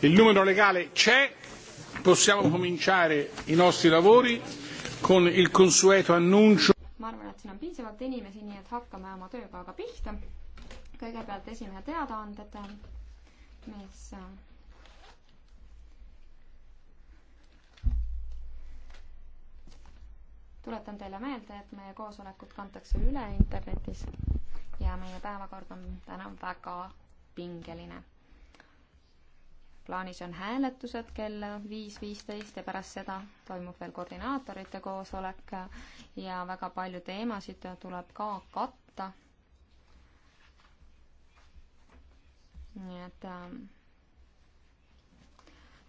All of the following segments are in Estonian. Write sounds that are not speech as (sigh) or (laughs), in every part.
Il numero legale c'è, possiamo cominciare i nostri lavori con il consueto annuncio. ma arvan, et siin on piisavalt inimesi, nii et hakkame oma tööga aga pihta. kõigepealt esimene teadaanded, mis äh, tuletan teile meelde, et meie koosolekud kantakse üle internetis ja meie päevakord on täna väga pingeline. plaanis on hääletused kell viis viisteist ja pärast seda toimub veel koordinaatorite koosolek ja väga palju teemasid tuleb ka katta. nii et ähm,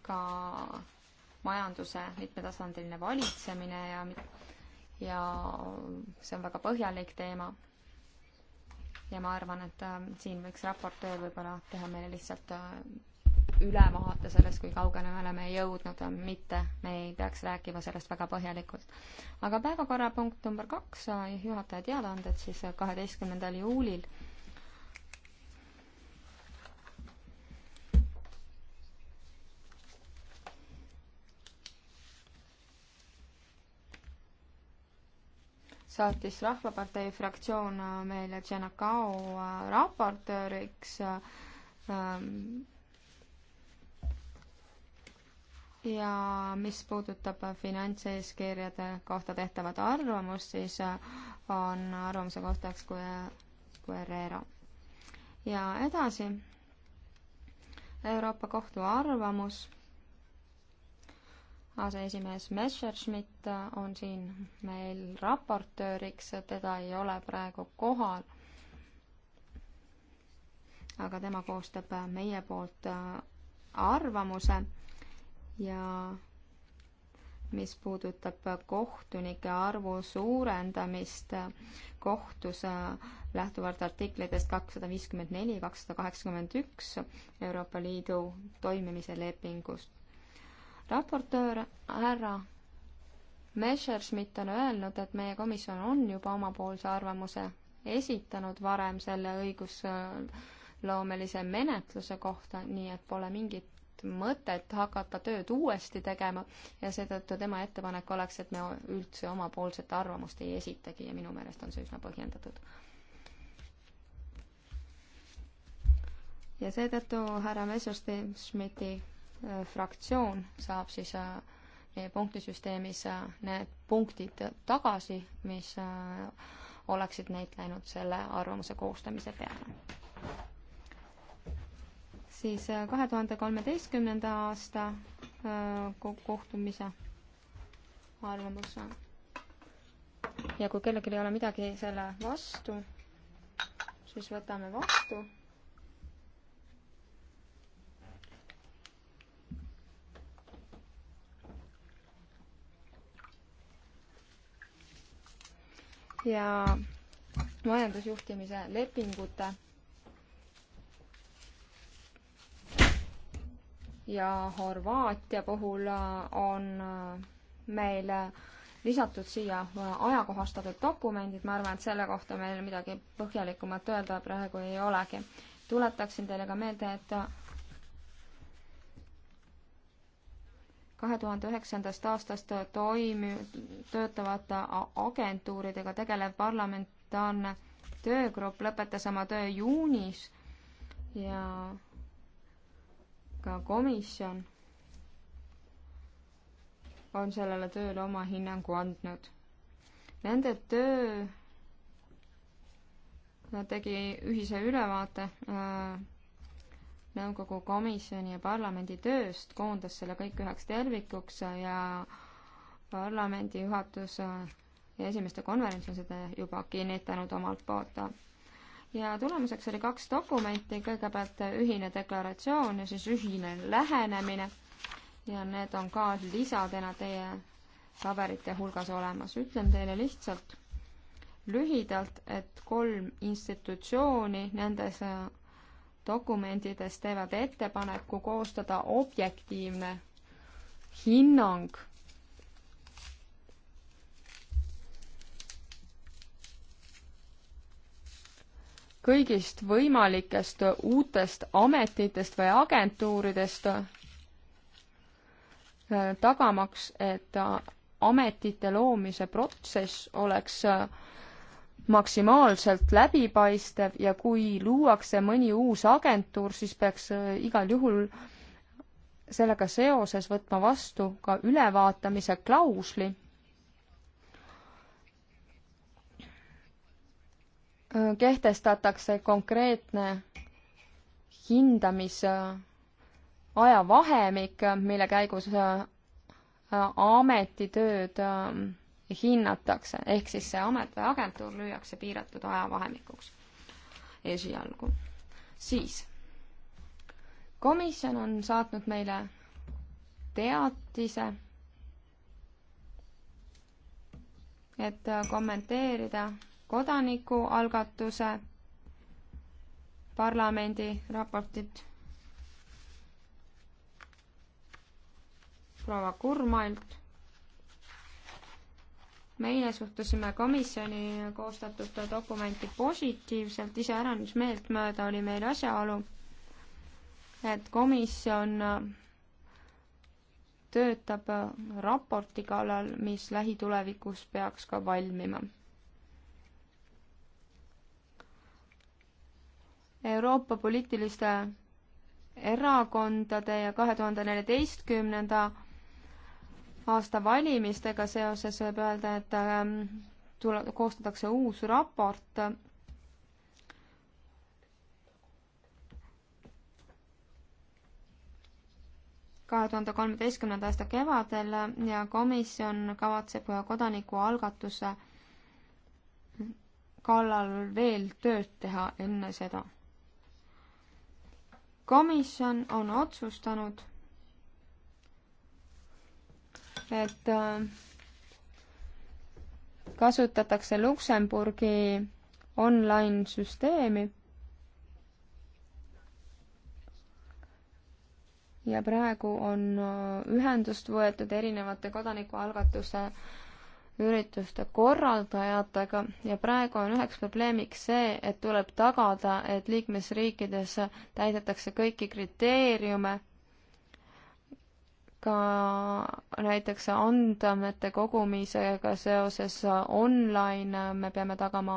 ka majanduse mitmetasandiline valitsemine ja, ja see on väga põhjalik teema ja ma arvan, et ähm, siin võiks raportöör võib-olla teha meile lihtsalt äh, ülevaate sellest, kui kaugele me oleme jõudnud, mitte me ei peaks rääkima sellest väga põhjalikult. aga päevakorrapunkt number kaks, äh, juhataja teadaanded siis äh, kaheteistkümnendal juulil saatis Rahvapartei fraktsioon meile Tšenakao äh, raportööriks äh, ähm, ja mis puudutab finantseeskirjade kohta tehtavat arvamust, siis äh, on arvamuse kohtaks Guerrero. ja edasi Euroopa Kohtu arvamus aseesimees Messerschmidt on siin meil raportööriks, teda ei ole praegu kohal. aga tema koostab meie poolt arvamuse ja mis puudutab kohtunike arvu suurendamist kohtus lähtuvalt artiklitest kakssada viiskümmend neli, kakssada kaheksakümmend üks Euroopa Liidu toimimise lepingust raportöör härra Messerschmidt on öelnud, et meie komisjon on juba omapoolse arvamuse esitanud varem selle õigusloomelise menetluse kohta, nii et pole mingit mõtet hakata tööd uuesti tegema ja seetõttu tema ettepanek oleks, et me üldse omapoolset arvamust ei esitagi ja minu meelest on see üsna põhjendatud. ja seetõttu härra Messerschmitti Äh, fraktsioon saab siis äh, meie punktisüsteemis äh, need punktid tagasi, mis oleksid neid läinud selle arvamuse koostamise peale. siis kahe tuhande kolmeteistkümnenda aasta kohtumise arvamus. ja kui kellelgi ei ole midagi selle vastu, siis võtame vastu ja majandusjuhtimise lepingute ja Horvaatia puhul äh, on äh, meil lisatud siia äh, ajakohastatud dokumendid, ma arvan, et selle kohta meil midagi põhjalikumat öelda praegu ei olegi. tuletaksin teile ka meelde, et kahe tuhande üheksandast aastast toimi-, töötavate agentuuridega tegelev parlamentaarne töögrupp lõpetas oma töö juunis ja ka komisjon on sellele tööle oma hinnangu andnud. Nende töö tegi ühise ülevaate äh, nõukogu komisjoni ja parlamendi tööst, koondas selle kõik üheks tervikuks ja parlamendi juhatus ja esimeste konverents on seda juba kinnitanud omalt poolt. ja tulemuseks oli kaks dokumenti, kõigepealt ühine deklaratsioon ja siis ühine lähenemine ja need on ka lisadena teie paberite hulgas olemas. ütlen teile lihtsalt lühidalt, et kolm institutsiooni nendes dokumentides teevad ettepaneku koostada objektiivne hinnang kõigist võimalikest uutest ametitest või agentuuridest, eh, tagamaks, et ametite loomise protsess oleks äh, maksimaalselt läbipaistev ja kui luuakse mõni uus agentuur, siis peaks äh, igal juhul sellega seoses võtma vastu ka ülevaatamise klausli, äh, kehtestatakse konkreetne hindamisajavahemik, mille käigus äh, ametitööd hinnatakse, ehk siis see amet või agentuur lüüakse piiratud ajavahemikuks esialgu. siis komisjon on saatnud meile teatise, et kommenteerida kodanikualgatuse parlamendi raportit proua Kurmailt meie suhtusime komisjoni koostatud dokumenti positiivselt, iseäranis meeltmööda oli meil asjaolu, et komisjon töötab raporti kallal, mis lähitulevikus peaks ka valmima. Euroopa poliitiliste erakondade ja kahe tuhande neljateistkümnenda aasta valimistega seoses võib öelda, et ähm, tule, koostatakse uus raport. kahe tuhande kolmeteistkümnenda aasta kevadel ja komisjon kavatseb kodanikualgatuse kallal veel tööd teha enne seda. komisjon on otsustanud et äh, kasutatakse Luksemburgi online-süsteemi ja praegu on äh, ühendust võetud erinevate kodanikualgatuse ürituste korraldajatega ja praegu on üheks probleemiks see, et tuleb tagada, et liikmesriikides täidetakse kõiki kriteeriume ka näiteks andmete kogumisega seoses online me peame tagama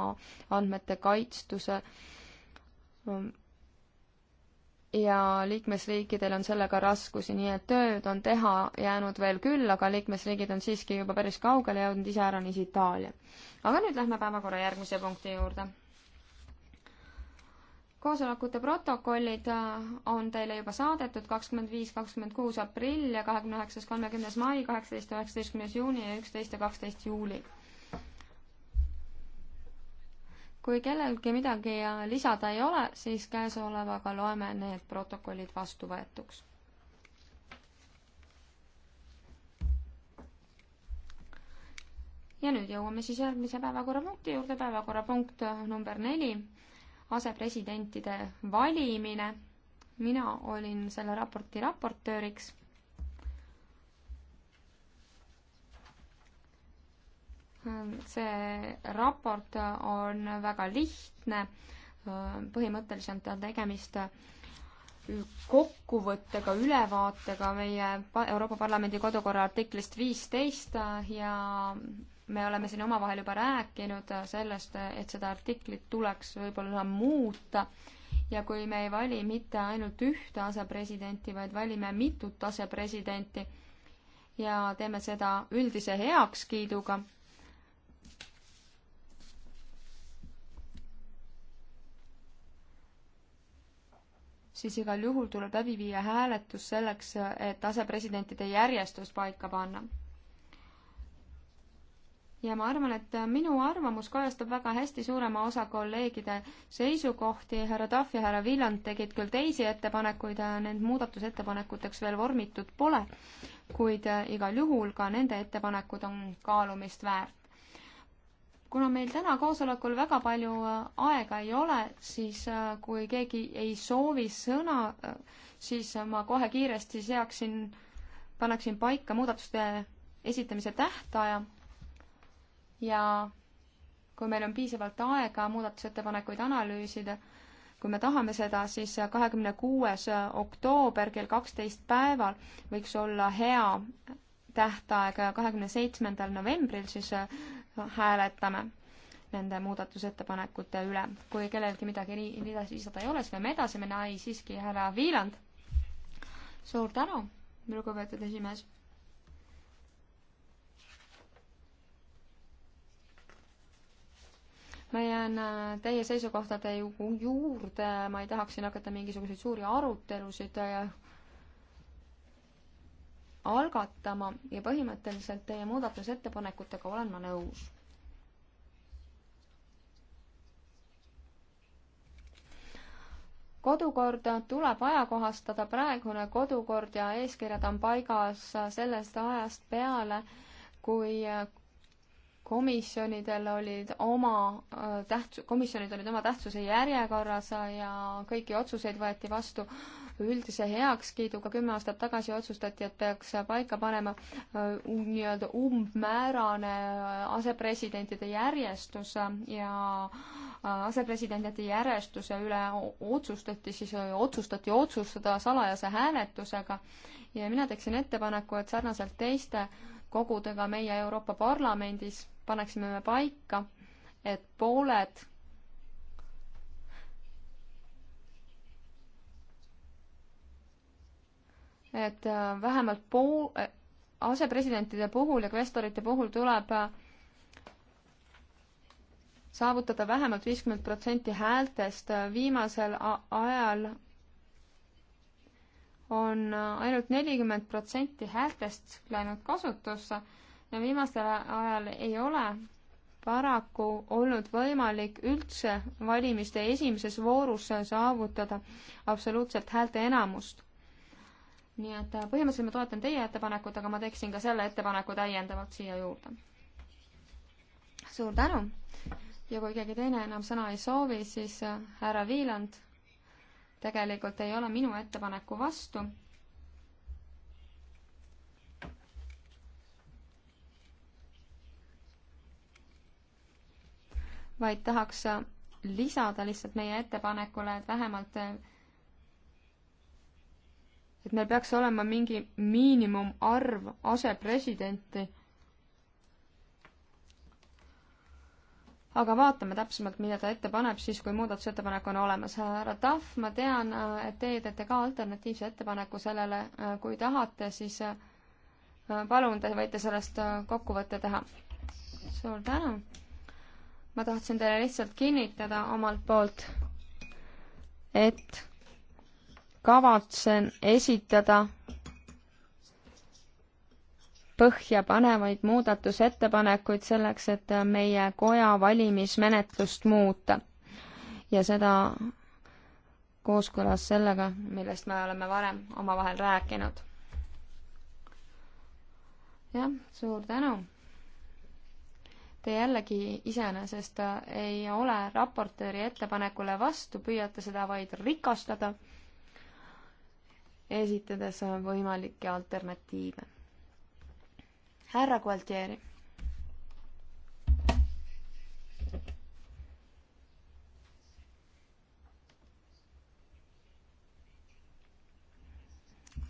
andmete kaitstuse. ja liikmesriikidel on sellega raskusi, nii et tööd on teha jäänud veel küll, aga liikmesriigid on siiski juba päris kaugele jõudnud, iseäranis Itaalia. aga nüüd lähme päevakorra järgmise punkti juurde koosolekute protokollid äh, on teile juba saadetud, kakskümmend viis, kakskümmend kuus aprill ja kahekümne üheksas, kolmekümnes mai, kaheksateist, üheksateistkümnes juuni ja üksteist ja kaksteist juuli. kui kellelgi midagi äh, lisada ei ole, siis käesolevaga loeme need protokollid vastuvõetuks ja nüüd jõuame siis järgmise päevakorrapunkti juurde, päevakorrapunkt äh, number neli asepresidentide valimine. mina olin selle raporti raportööriks. see raport on väga lihtne, põhimõtteliselt on tegemist kokkuvõttega, ülevaatega meie Euroopa Parlamendi kodukorra artiklist viisteist ja me oleme siin omavahel juba rääkinud äh, sellest, äh, et seda artiklit tuleks võib-olla muuta ja kui me ei vali mitte ainult ühte asepresidenti, vaid valime mitut asepresidenti ja teeme seda üldise heakskiiduga, siis igal juhul tuleb läbi viia hääletus selleks, äh, et asepresidentide järjestus paika panna ja ma arvan, et minu arvamus kajastab väga hästi suurema osa kolleegide seisukohti, härra Tahv ja härra Villand tegid küll teisi ettepanekuid ja need muudatusettepanekuteks veel vormitud pole, kuid äh, igal juhul ka nende ettepanekud on kaalumist väärt kuna meil täna koosolekul väga palju äh, aega ei ole, siis äh, kui keegi ei soovi sõna, siis ma kohe kiiresti seaksin, paneksin paika muudatuste esitamise tähtaja ja kui meil on piisavalt aega muudatusettepanekuid analüüsida, kui me tahame seda, siis kahekümne kuues oktoober kell kaksteist päeval võiks olla hea tähtaeg, kahekümne seitsmendal novembril siis hääletame nende muudatusettepanekute üle. kui kellelgi midagi edasi lisada ei ole, siis võime edasi minna, ei siiski, härra Viiland. suur tänu, lugupeetud esimees ma jään äh, teie seisukohtade juurde, ma ei tahaks siin hakata mingisuguseid suuri arutelusid äh, algatama ja põhimõtteliselt teie muudatusettepanekutega olen ma nõus. kodukorda tuleb ajakohastada, praegune kodukord ja eeskirjad on paigas sellest ajast peale, kui äh, komisjonidel olid oma äh, tähtsu-, komisjonid olid oma tähtsuse järjekorras ja kõiki otsuseid võeti vastu üldise heakskiiduga, kümme aastat tagasi otsustati, et peaks paika panema äh, nii-öelda umbmäärane äh, asepresidentide järjestus ja asepresidentide järjestuse üle otsustati siis, otsustati otsustada salajase hääletusega ja mina teeksin ettepaneku, et sarnaselt teiste kogudega meie Euroopa Parlamendis paneksime me paika, et pooled et äh, vähemalt pool, äh, asepresidentide puhul ja kvestorite puhul tuleb äh, saavutada vähemalt viiskümmend protsenti häältest. viimasel ajal on ainult nelikümmend protsenti häältest läinud kasutusse viimasel ajal ei ole paraku olnud võimalik üldse valimiste esimeses voorus saavutada absoluutselt häälte enamust. nii et äh, põhimõtteliselt ma toetan teie ettepanekut, aga ma teeksin ka selle ettepaneku täiendavalt siia juurde. suur tänu! ja kui keegi teine enam sõna ei soovi, siis äh, härra Viiland, tegelikult ei ole minu ettepaneku vastu vaid tahaks lisada lihtsalt meie ettepanekule, et vähemalt et meil peaks olema mingi miinimumarv asepresidenti. aga vaatame täpsemalt, mida ta ette paneb siis, kui muudatusettepanek on olemas. härra Tahv, ma tean, et teie teete ka alternatiivse ettepaneku sellele, kui tahate, siis äh, palun, te võite sellest äh, kokkuvõtte teha. suur tänu! ma tahtsin teile lihtsalt kinnitada omalt poolt, et kavatsen esitada põhjapanevaid muudatusettepanekuid selleks, et meie koja valimismenetlust muuta. ja seda kooskõlas sellega, millest me oleme varem omavahel rääkinud. jah, suur tänu Te jällegi iseenesest äh, ei ole raportööri ettepanekule vastu, püüate seda vaid rikastada, esitades võimalikke alternatiive. härra Gualtieri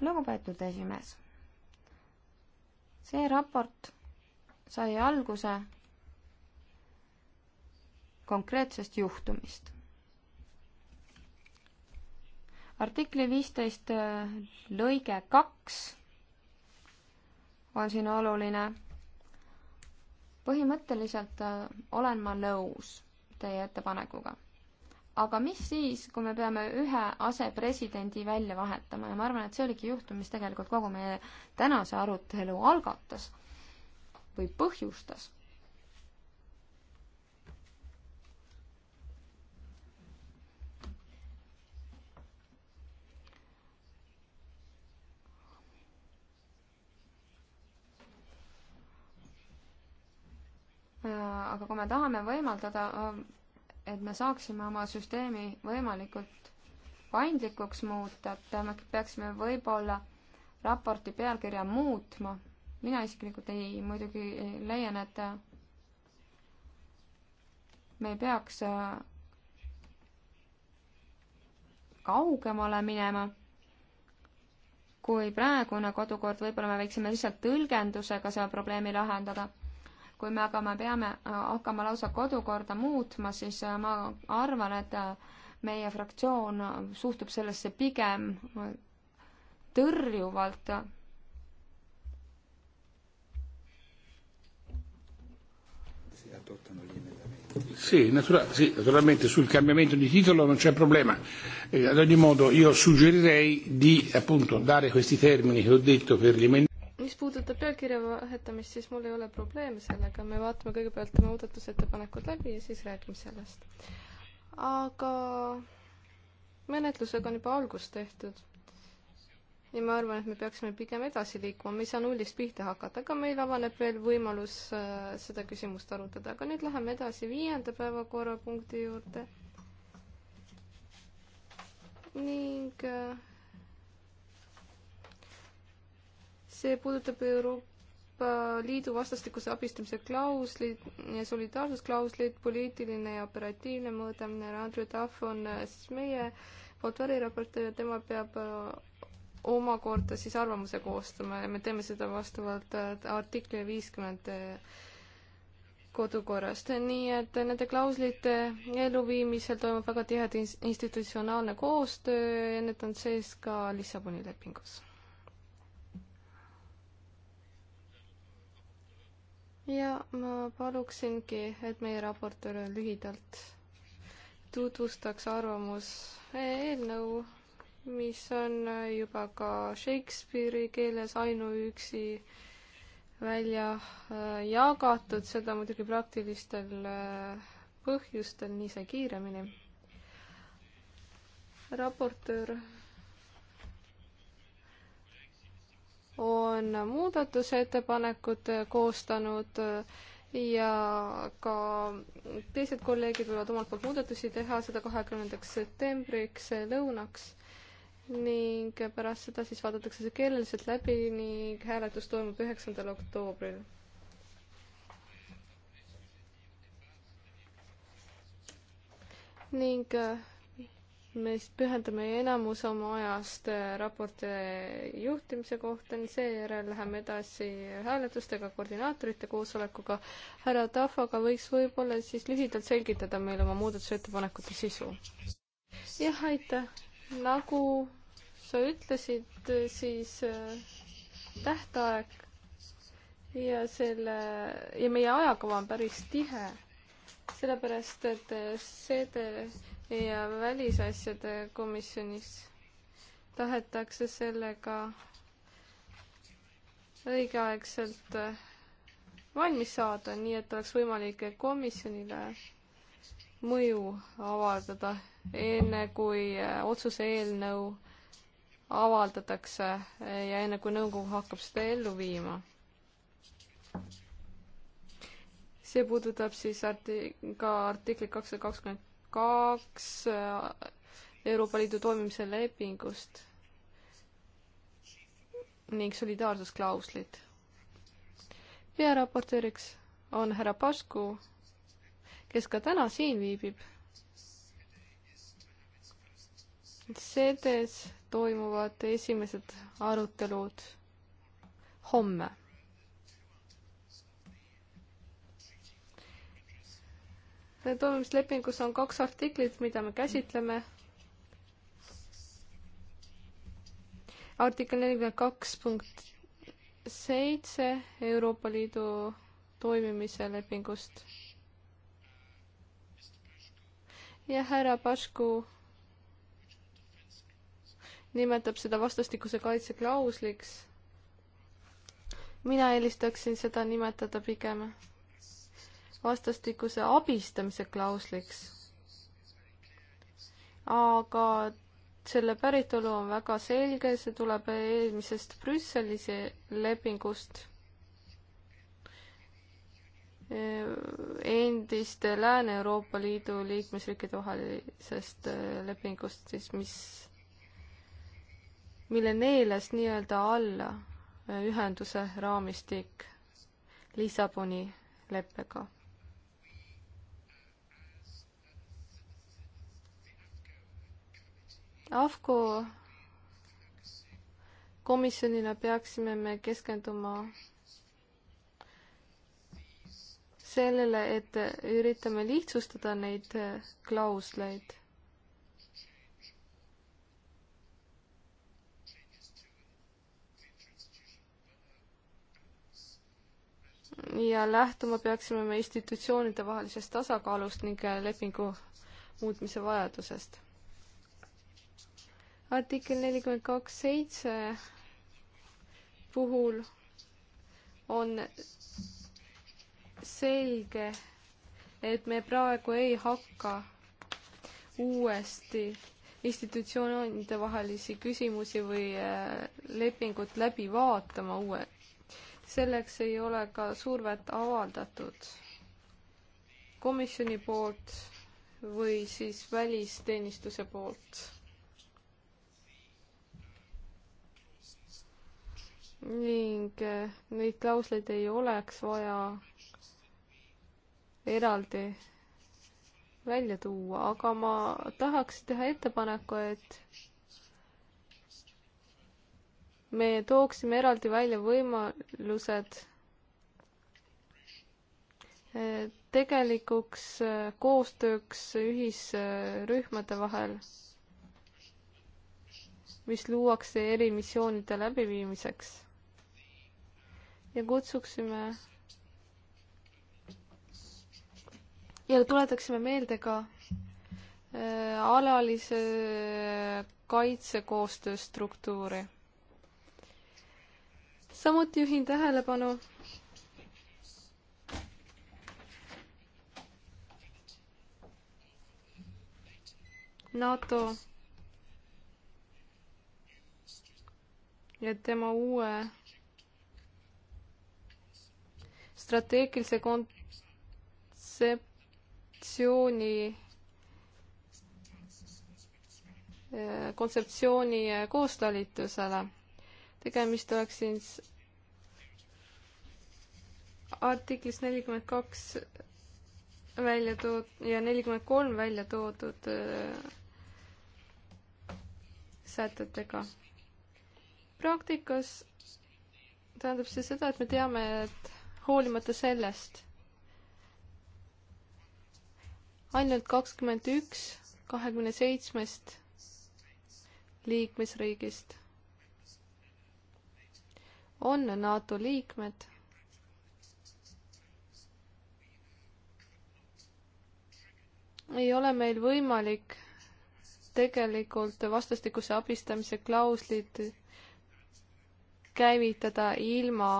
lugupeetud esimees, see raport sai alguse konkreetsest juhtumist. artikli viisteist äh, lõige kaks on siin oluline. põhimõtteliselt äh, olen ma nõus teie ettepanekuga. aga mis siis, kui me peame ühe asepresidendi välja vahetama ja ma arvan, et see oligi juhtum, mis tegelikult kogu meie tänase arutelu algatas või põhjustas Äh, aga kui me tahame võimaldada, äh, et me saaksime oma süsteemi võimalikult paindlikuks muuta, et me peaksime võib-olla raporti pealkirja muutma. mina isiklikult ei, muidugi leian, et äh, me ei peaks kaugemale minema kui praegune kodukord, võib-olla me võiksime lihtsalt tõlgendusega selle probleemi lahendada kui me aga, me peame äh, hakkama lausa kodukorda muutma, siis äh, ma arvan, et äh, meie fraktsioon suhtub sellesse pigem tõrjuvalt. Sì, natura- sì, naturalmente sul cambiamento di titolo non c'è problema. Eh, ad ogni modo io suggerirei di appunto dare questi termini che ho detto per gli emendamenti mis puudutab pealkirja vahetamist, siis mul ei ole probleeme sellega, me vaatame kõigepealt muudatusettepanekud läbi ja siis räägime sellest. aga menetlusega on juba algus tehtud. ja ma arvan, et me peaksime pigem edasi liikuma, me ei saa nullist pihta hakata, aga meil avaneb veel võimalus äh, seda küsimust arutada, aga nüüd läheme edasi viienda päevakorrapunkti juurde. ning äh, see puudutab Euroopa Liidu vastastikuse abistamise klauslit ja solidaarsusklauslit, poliitiline ja operatiivne mõõdamine. Andrew Duff on siis meie poolt variraportöör, tema peab äh, omakorda siis arvamuse koostama ja me teeme seda vastavalt äh, artikli viiskümmend äh, kodukorrast, nii et nende klauslite elluviimisel toimub väga tihe institutsionaalne koostöö ja need on sees ka Lissaboni lepingus ja ma paluksingi, et meie raportöör lühidalt tutvustaks arvamuseelnõu, mis on juba ka Shakespeare'i keeles ainuüksi välja äh, jagatud, seda muidugi praktilistel äh, põhjustel, nii sai kiiremini. raportöör on muudatusettepanekud koostanud ja ka teised kolleegid võivad omalt poolt muudatusi teha seda kahekümnendaks septembriks lõunaks ning pärast seda siis vaadatakse see keeleliselt läbi ning hääletus toimub üheksandal oktoobril. ning me pühendame enamus oma ajast äh, raporti juhtimise kohta, seejärel läheme edasi hääletustega, koordinaatorite koosolekuga. härra Tahvaga võiks võib-olla siis lühidalt selgitada meile oma muudatusettepanekute sisu. jah, aitäh. nagu sa ütlesid, äh, siis äh, tähtaeg ja selle ja meie ajakava on päris tihe sellepärast, et see ja välisasjade komisjonis tahetakse sellega õigeaegselt valmis saada, nii et oleks võimalik komisjonile mõju avaldada, enne kui äh, otsuse eelnõu avaldatakse ja enne kui nõukogu hakkab seda ellu viima. see puudutab siis arti-, ka artiklit kakssada kakskümmend kaks äh, Euroopa Liidu toimimise lepingust ning solidaarsusklauslid. pearaportööriks on härra Pasku, kes ka täna siin viibib. sedes toimuvad esimesed arutelud homme toimimislepingus on kaks artiklit, mida me käsitleme. artikkel nelikümmend kaks punkt seitse Euroopa Liidu toimimise lepingust. ja härra Pašku nimetab seda vastastikuse kaitse klausliks. mina eelistaksin seda nimetada pigem vastastikuse abistamise klausliks. aga selle päritolu on väga selge, see tuleb eelmisest Brüsseli lepingust. endiste Lääne-Euroopa Liidu liikmesriikide vahelisest äh, lepingust siis, mis, mille neelas nii-öelda alla ühenduse raamistik Lissaboni leppega AFCO komisjonina peaksime me keskenduma sellele, et üritame lihtsustada neid klausleid. ja lähtuma peaksime me institutsioonide vahelisest tasakaalust ning lepingu muutmise vajadusest artikkel nelikümmend kaks seitse puhul on selge, et me praegu ei hakka uuesti institutsioonide vahelisi küsimusi või äh, lepingut läbi vaatama uue. selleks ei ole ka survet avaldatud komisjoni poolt või siis välisteenistuse poolt ning eh, neid klausleid ei oleks vaja eraldi välja tuua, aga ma tahaks teha ettepaneku, et me tooksime eraldi välja võimalused eh, tegelikuks eh, koostööks ühisrühmade vahel, mis luuakse erimissioonide läbiviimiseks ja kutsuksime ja tuletaksime meelde ka äh, alalise äh, kaitsekoostöö struktuuri. samuti juhin tähelepanu NATO ja tema uue strateegilise kontseptsiooni eh, kontseptsiooni eh, koostalitusele. tegemist oleks siis artiklis nelikümmend kaks välja tood- ja nelikümmend kolm välja toodud eh, sätetega. praktikas tähendab see seda, et me teame, et hoolimata sellest ainult kakskümmend üks kahekümne seitsmest liikmesriigist on NATO liikmed ei ole meil võimalik tegelikult vastastikuse abistamise klauslit käivitada ilma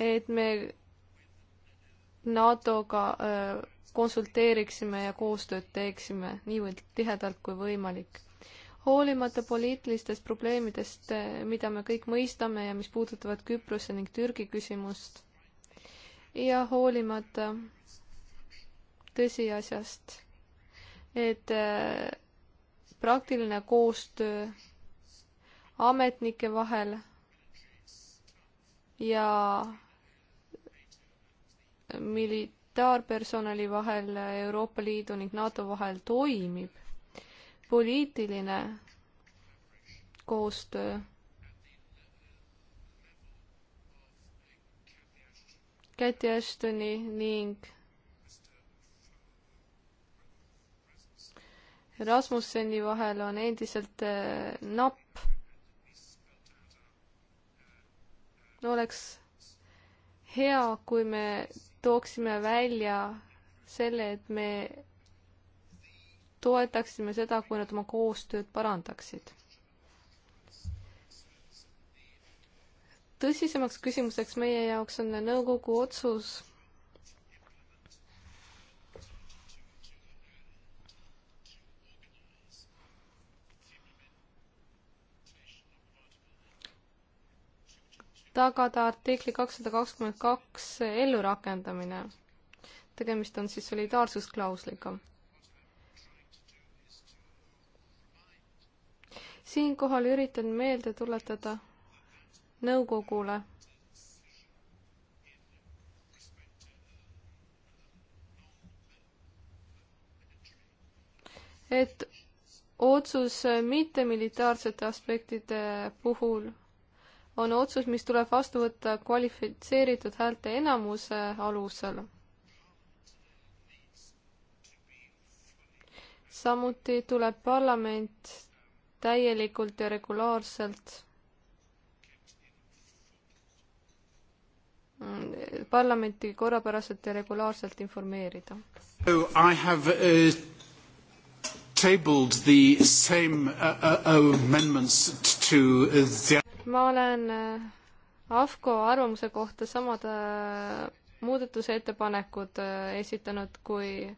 et me NATO-ga äh, konsulteeriksime ja koostööd teeksime niivõrd tihedalt kui võimalik. hoolimata poliitilistest probleemidest, äh, mida me kõik mõistame ja mis puudutavad Küprose ning Türgi küsimust, ja hoolimata tõsiasjast, et äh, praktiline koostöö ametnike vahel ja militaarpersonali vahel Euroopa Liidu ning NATO vahel toimib. poliitiline koostöö Käti Ashtoni ning Rasmusseni vahel on endiselt äh, napp. oleks hea, kui me tooksime välja selle, et me toetaksime seda, kui nad oma koostööd parandaksid. tõsisemaks küsimuseks meie jaoks on nõukogu otsus tagada artikli kakssada kakskümmend kaks ellurakendamine. tegemist on siis solidaarsusklausliga. siinkohal üritan meelde tuletada nõukogule et otsus mittemilitaarsete aspektide puhul on otsus, mis tuleb vastu võtta kvalifitseeritud häälte enamuse alusel. samuti tuleb parlament täielikult ja regulaarselt parlamenti korrapäraselt ja regulaarselt informeerida. I have uh, tabled the same uh, uh, amendments to uh, the ma olen äh, AFCO arvamuse kohta samad äh, muudatusettepanekud äh, esitanud kui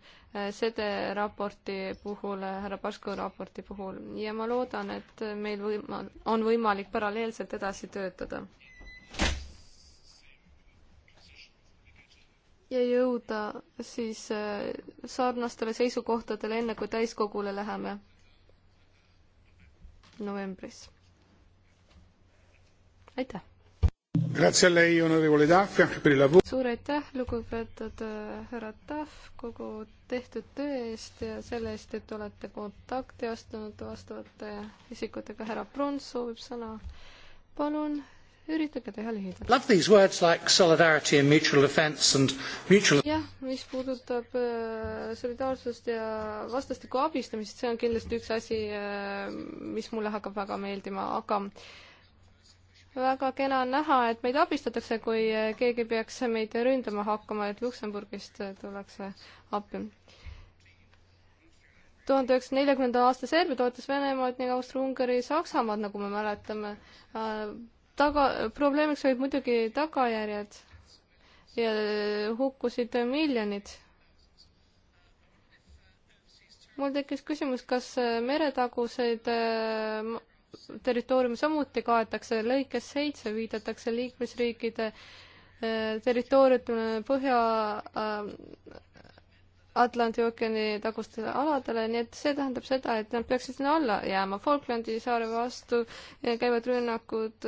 SEDE raporti puhul, härra Pašku raporti puhul ja ma loodan, et meil võima-, on võimalik paralleelselt edasi töötada. ja jõuda siis sarnastele seisukohtadele, enne kui täiskogule läheme novembris aitäh! suur aitäh, lugupeetud äh, härra Tahv, kogu tehtud töö eest ja selle eest, et olete kontakti astunud vastavate isikutega. härra Prons soovib sõna. palun üritage teha lühidalt. Love these words like solidarity and mutual defense and mutual jah, mis puudutab äh, solidaarsust ja vastastikku abistamist, see on kindlasti üks asi, äh, mis mulle hakkab väga meeldima, aga väga kena on näha, et meid abistatakse, kui keegi peaks meid ründama hakkama, et Luksemburgist tullakse appi. tuhande üheksasaja neljakümnenda aasta Serbia toetas Venemaad ning Austria-Ungari Saksamaad, nagu me mäletame. Äh, taga, probleemiks olid muidugi tagajärjed ja hukkusid miljonid. mul tekkis küsimus, kas meretaguseid äh, territoorium samuti kaetakse, lõikes seitse viidatakse liikmesriikide äh, territooriumile Põhja-Atlandi äh, ookeani tagustele aladele, nii et see tähendab seda, et nad peaksid sinna alla jääma. Falklandi saare vastu äh, käivad rünnakud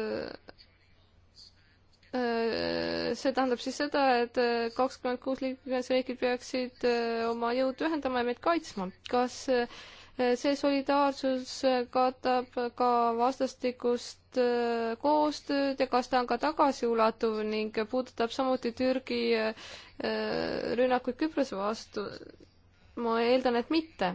see tähendab siis seda, et kakskümmend kuus liikmesriiki peaksid oma jõud ühendama ja meid kaitsma. kas Eh, see solidaarsus eh, katab ka vastastikust eh, koostööd ja kas ta on ka tagasiulatuv ning puudutab samuti Türgi rünnakuid Küprose vastu? ma eeldan, et mitte.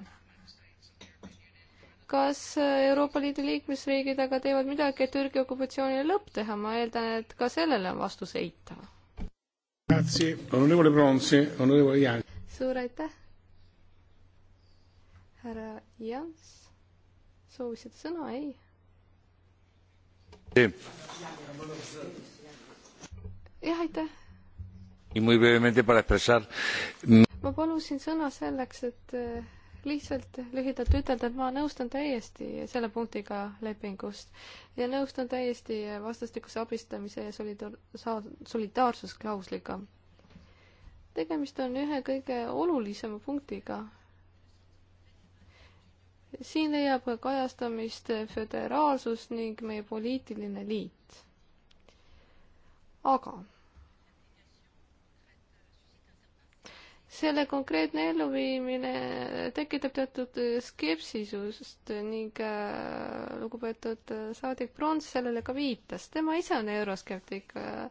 kas Euroopa Liidu liikmesriigid aga teevad midagi, et Türgi okupatsioonile lõpp teha? ma eeldan, et ka sellele on vastus eitav. suur aitäh härra Jans, soovisid sõna, ei? jah, aitäh. Mm, ma palusin sõna selleks, et eh, lihtsalt lühidalt ütelda, et ma nõustun täiesti selle punktiga lepingust ja nõustun täiesti vastastikuse abistamise ja solidaar-, solidaarsusklausliga. tegemist on ühe kõige olulisema punktiga siin leiab ka kajastamist föderaalsus ning meie poliitiline liit. aga selle konkreetne elluviimine tekitab teatud skepsisust ning äh, lugupeetud saadik Prons sellele ka viitas, tema ise on euroskeptik. Äh,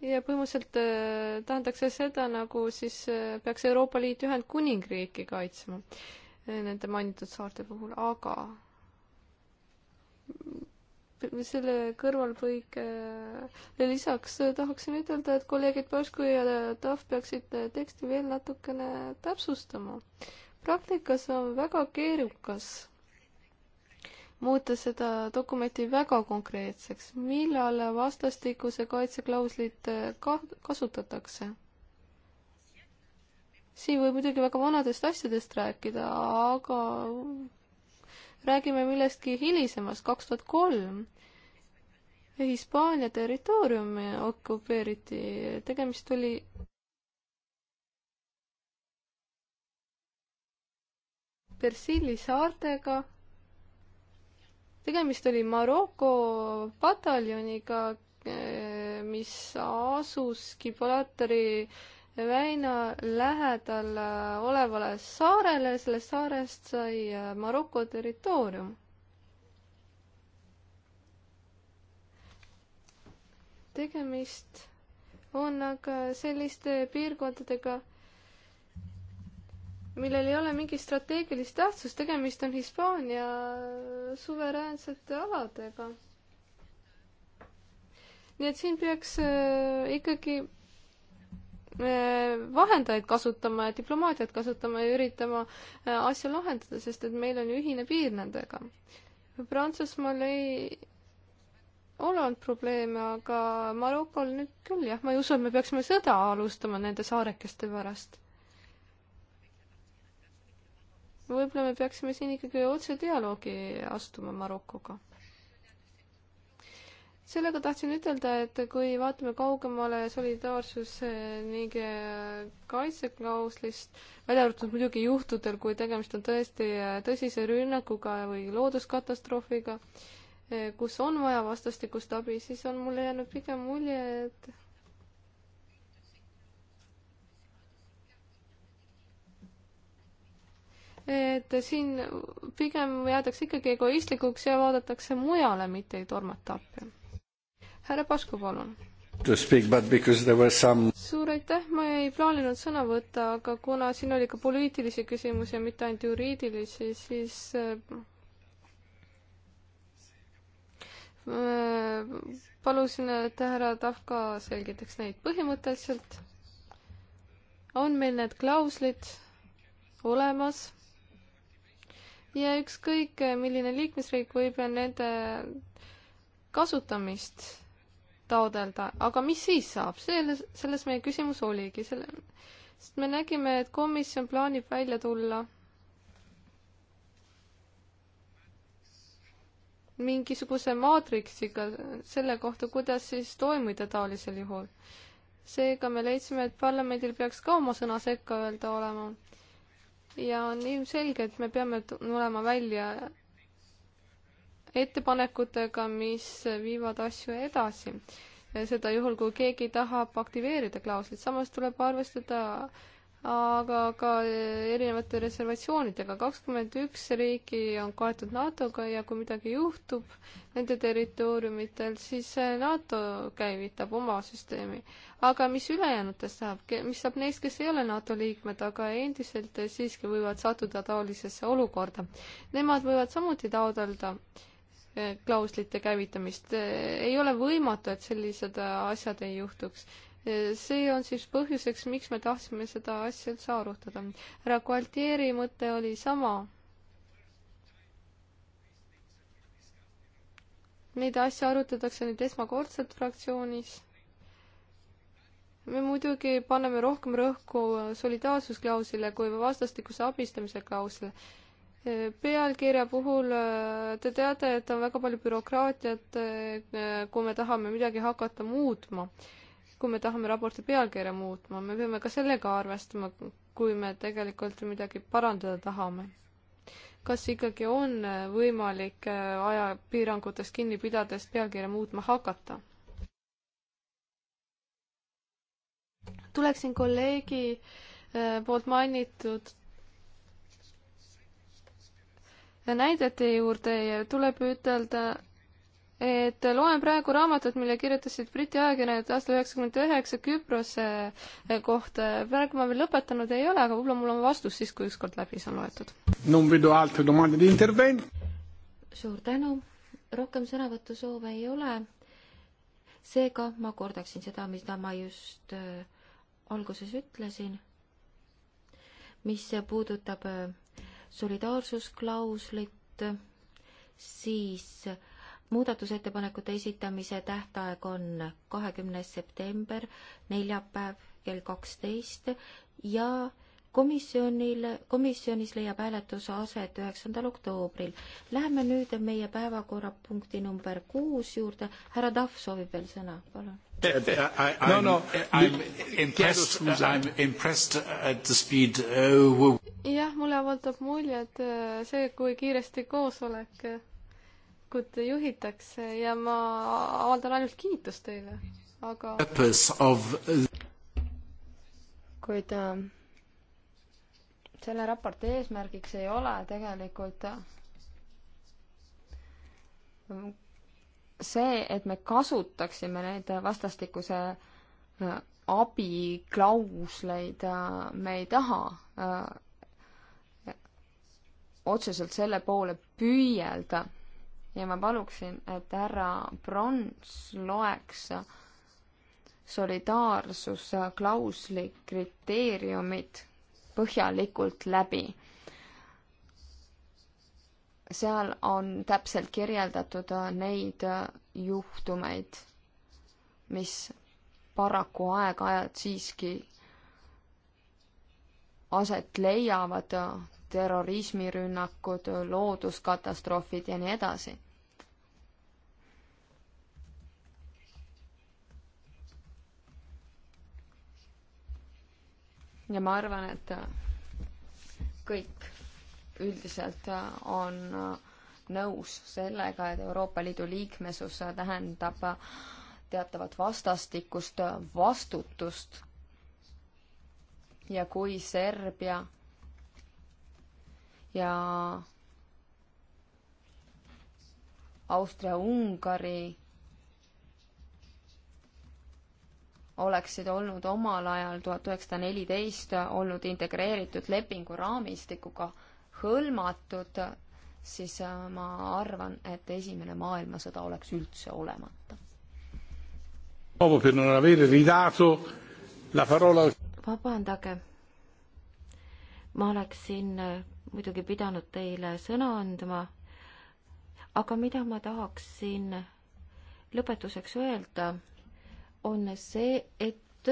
ja põhimõtteliselt äh, tahetakse seda, nagu siis peaks Euroopa Liit Ühendkuningriiki kaitsma nende mainitud saarte puhul, aga selle kõrvalpõike lisaks tahaksin ütelda, et kolleegid Pašku ja Tahv peaksid teksti veel natukene täpsustama. praktikas on väga keerukas muuta seda dokumenti väga konkreetseks, millal vastastikuse kaitseklauslit ka-, kasutatakse siin võib muidugi väga vanadest asjadest rääkida, aga räägime millestki hilisemast, kaks tuhat kolm. Hispaania territooriumi okupeeriti, tegemist oli Persiili saartega. tegemist oli Maroko pataljoniga, eh, mis asus Gibraltari äh, väina lähedal äh, olevale saarele, sellest saarest sai äh, Maroko territoorium. tegemist on aga selliste piirkondadega, millel ei ole mingit strateegilist tähtsust, tegemist on Hispaania suveräänsete aladega. nii et siin peaks äh, ikkagi vahendajaid kasutama ja diplomaatiat kasutama ja üritama äh, asju lahendada, sest et meil on ju ühine piir nendega. Prantsusmaal ei ole olnud probleeme, aga Marokol nüüd küll jah, ma ei usu, et me peaksime sõda alustama nende saarekeste pärast. võib-olla me peaksime siin ikkagi otse dialoogi astuma Marokoga sellega tahtsin ütelda, et kui vaatame kaugemale solidaarsuse ning äh, kaitseklauslist, välja arvatud muidugi juhtudel, kui tegemist on tõesti äh, tõsise rünnakuga või looduskatastroofiga, äh, kus on vaja vastastikust abi, siis on mulle jäänud pigem mulje, et et siin pigem jäädakse ikkagi egoistlikuks ja vaadatakse mujale, mitte ei tormata appi härra Pasku, palun. Some... suur aitäh, ma ei plaaninud sõna võtta, aga kuna siin oli ka poliitilisi küsimusi ja mitte ainult juriidilisi, siis äh, palusin, et härra Tafka selgitaks neid põhimõtteliselt. on meil need klauslid olemas ja ükskõik, milline liikmesriik võib nende kasutamist taodelda, aga mis siis saab, selles, selles meie küsimus oligi, selle, sest me nägime, et komisjon plaanib välja tulla mingisuguse maatriksiga selle kohta, kuidas siis toimida taolisel juhul. seega me leidsime, et parlamendil peaks ka oma sõna sekka öelda olema. ja on ilmselge, et me peame tulema välja ettepanekutega, mis viivad asju edasi. seda juhul, kui keegi tahab aktiveerida klauslit, samas tuleb arvestada aga ka erinevate reservatsioonidega. kakskümmend üks riiki on kaetud NATO-ga ja kui midagi juhtub nende territooriumitel, siis NATO käivitab oma süsteemi. aga mis ülejäänutest saab, mis saab neist, kes ei ole NATO liikmed, aga endiselt siiski võivad sattuda taolisesse olukorda? Nemad võivad samuti taotleda äh, klauslite käivitamist. ei ole võimatu, et sellised asjad ei juhtuks. see on siis põhjuseks, miks me tahtsime seda asja üldse arutada. härra Gualtieri mõte oli sama. Neid asju arutatakse nüüd esmakordselt fraktsioonis. me muidugi paneme rohkem rõhku solidaarsusklausile kui vastastikuse abistamise klausile pealkirja puhul äh, te teate, et on väga palju bürokraatiat, äh, kui me tahame midagi hakata muutma, kui me tahame raporti pealkirja muutma, me peame ka sellega arvestama, kui me tegelikult midagi parandada tahame. kas ikkagi on äh, võimalik ajapiirangutest kinni pidades pealkirja muutma hakata? tuleksin kolleegi poolt mainitud näidete juurde ja tuleb ütelda, et loen praegu raamatut, mille kirjutasid Briti ajakirjanikud aastal üheksakümmend üheksa Küprose kohta. praegu ma veel lõpetanud ei ole, aga võib-olla mul on vastus siis, kui ükskord läbi saan loetud. suur tänu, rohkem sõnavõtusoove ei ole. seega ma kordaksin seda, mida ma just äh, alguses ütlesin, mis puudutab äh, solidaarsusklauslit, siis muudatusettepanekute esitamise tähtaeg on kahekümnes september, neljapäev kell kaksteist ja komisjonil, komisjonis leiab hääletuse aset üheksandal oktoobril. Läheme nüüd meie päevakorrapunkti number kuus juurde. härra Tahv soovib veel sõna, palun. Eh, eh, no, no. I am impressed, I am impressed at the speed uh, jah, mulle avaldab mulje, et äh, see, kui kiiresti koosolekut äh, juhitakse ja ma avaldan ainult kiitust teile, aga of... Äh, kuid äh, selle raporti eesmärgiks ei ole tegelikult see, et me kasutaksime neid vastastikuse abiklausleid, me ei taha otseselt selle poole püüelda ja ma paluksin, et härra Brons loeks solidaarsusklausli kriteeriumid põhjalikult läbi. seal on täpselt kirjeldatud neid juhtumeid, mis paraku aeg-ajalt siiski aset leiavad terrorismirünnakud, looduskatastroofid ja nii edasi. ja ma arvan, et kõik üldiselt on nõus sellega, et Euroopa Liidu liikmesus tähendab teatavat vastastikust vastutust ja kui Serbia ja Austria-Ungari oleksid olnud omal ajal, tuhat üheksasada neliteist, olnud integreeritud lepinguraamistikuga hõlmatud, siis äh, ma arvan, et Esimene maailmasõda oleks üldse olemata. vabandage, ma oleksin äh, muidugi pidanud teile sõna andma, aga mida ma tahaksin lõpetuseks öelda, on see, et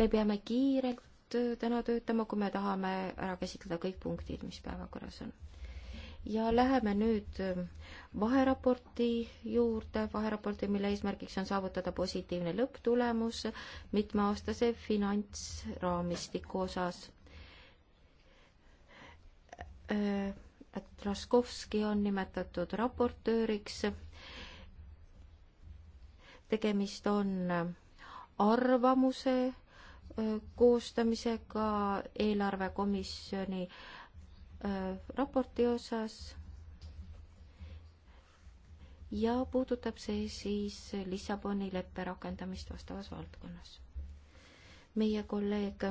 me peame kiirelt täna töötama, kui me tahame ära käsitleda kõik punktid, mis päevakorras on. ja läheme nüüd vaheraporti juurde, vaheraporti, mille eesmärgiks on saavutada positiivne lõpptulemus mitmeaastase finantsraamistiku osas Äh, et Raskovski on nimetatud raportööriks. tegemist on arvamuse äh, koostamisega eelarvekomisjoni äh, raporti osas ja puudutab see siis Lissaboni leppe rakendamist vastavas valdkonnas. meie kolleeg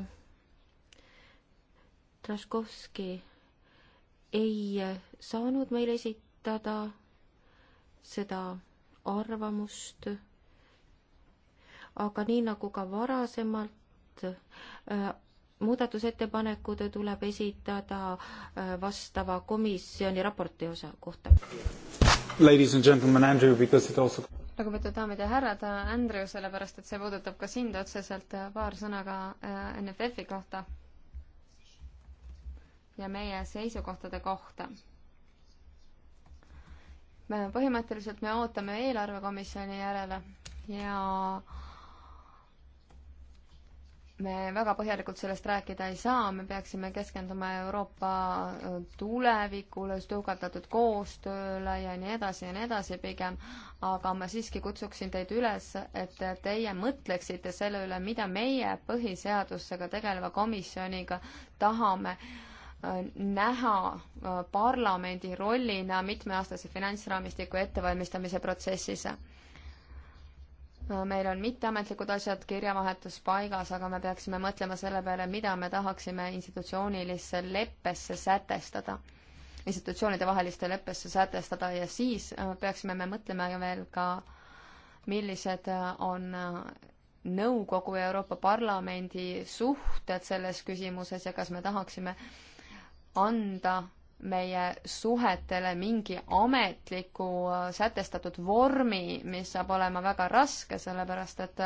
Traskovski ei saanud meile esitada seda arvamust, aga nii nagu ka varasemalt äh,, muudatusettepanekud tuleb esitada äh, vastava komisjoni raporti osa kohta. Also... lugupeetud daamid ja härrad, Andrew, sellepärast et see puudutab ka sind otseselt, paar sõna ka äh, NFF-i kohta ja meie seisukohtade kohta. me põhimõtteliselt me ootame eelarvekomisjoni järele ja me väga põhjalikult sellest rääkida ei saa, me peaksime keskenduma Euroopa tulevikule, tugevdatud koostööle ja nii edasi ja nii edasi pigem, aga ma siiski kutsuksin teid üles, et teie mõtleksite selle üle, mida meie põhiseadusega tegeleva komisjoniga tahame äh, näha äh, parlamendi rollina mitmeaastase finantsraamistiku ettevalmistamise protsessis. Äh, meil on mitteametlikud asjad, kirjavahetus paigas, aga me peaksime mõtlema selle peale, mida me tahaksime institutsioonilisse leppesse sätestada, institutsioonide vaheliste leppesse sätestada ja siis äh, peaksime me mõtlema veel ka, millised on nõukogu ja Euroopa Parlamendi suhted selles küsimuses ja kas me tahaksime äh, anda meie suhetele mingi ametliku äh, sätestatud vormi, mis saab olema väga raske, sellepärast et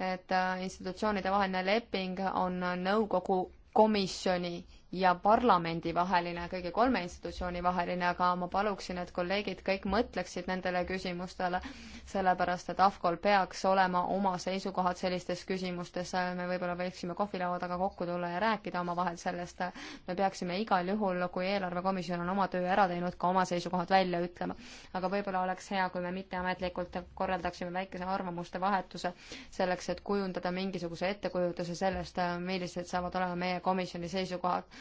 et äh, institutsioonide vaheline leping on äh, nõukogu komisjoni ja parlamendi vaheline, kõigi kolme institutsiooni vaheline, aga ma paluksin, et kolleegid kõik mõtleksid nendele küsimustele, sellepärast et AFCO-l peaks olema oma seisukohad sellistes küsimustes, me võib-olla võiksime kohvilaua taga kokku tulla ja rääkida omavahel sellest, me peaksime igal juhul, kui eelarvekomisjon on oma töö ära teinud, ka oma seisukohad välja ütlema. aga võib-olla oleks hea, kui me mitteametlikult korraldaksime väikese arvamuste vahetuse selleks, et kujundada mingisuguse ettekujutuse sellest, millised saavad olema meie komisjoni seisukohad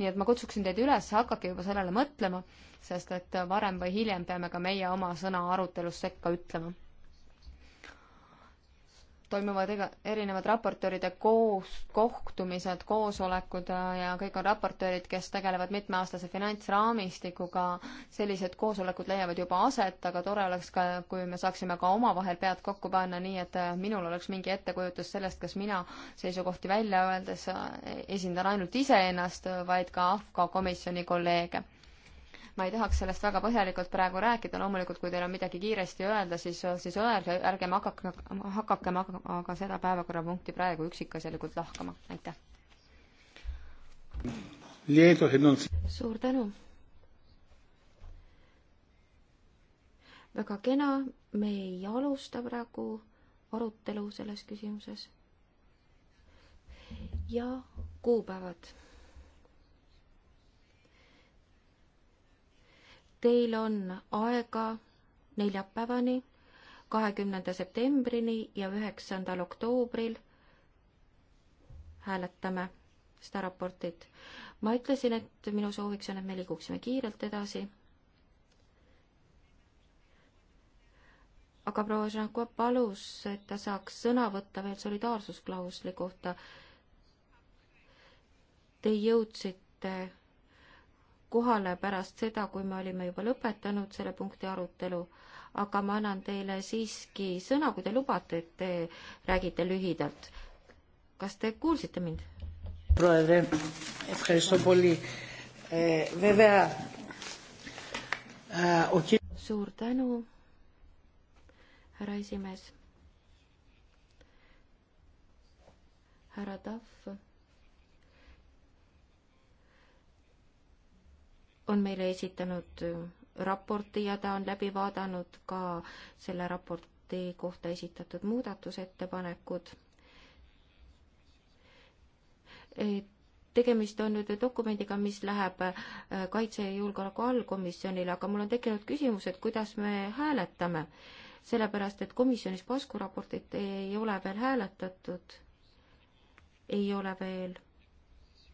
nii et ma kutsuksin teid üles, hakake juba sellele mõtlema, sest et varem või hiljem peame ka meie oma sõna arutelus sekka ütlema toimuvad ega, erinevad raportööride koos, kohtumised, koosolekud ja kõik on raportöörid, kes tegelevad mitmeaastase finantsraamistikuga. sellised koosolekud leiavad juba aset, aga tore oleks ka, kui me saaksime ka omavahel pead kokku panna, nii et äh, minul oleks mingi ettekujutus sellest, kas mina seisukohti välja öeldes äh, esindan ainult iseennast, vaid ka AFCO komisjoni kolleege ma ei tahaks sellest väga põhjalikult praegu rääkida, loomulikult kui teil on midagi kiiresti öelda, siis, siis öelge, ärgem hakake, hakakem aga, aga seda päevakorrapunkti praegu üksikasjalikult lahkama, aitäh. suur tänu. väga kena, me ei alusta praegu arutelu selles küsimuses. ja kuupäevad Teil on aega neljapäevani, kahekümnenda septembrini ja üheksandal oktoobril hääletame seda raportit. ma ütlesin, et minu sooviks on, et me liiguksime kiirelt edasi. aga proua Žanko palus, et ta saaks sõna võtta veel solidaarsusklausli kohta. Te jõudsite kohale pärast seda, kui me olime juba lõpetanud selle punkti arutelu, aga ma annan teile siiski sõna, kui te lubate, et te räägite lühidalt. kas te kuulsite mind? E, e, suur tänu, härra esimees. härra Tahv on meile esitanud äh, raporti ja ta on läbi vaadanud ka selle raporti kohta esitatud muudatusettepanekud. tegemist on nüüd dokumendiga, mis läheb äh, Kaitse- ja Julgeoleku allkomisjonile, aga mul on tekkinud küsimus, et kuidas me hääletame, sellepärast et komisjonis Pasku raportit ei ole veel hääletatud, ei ole veel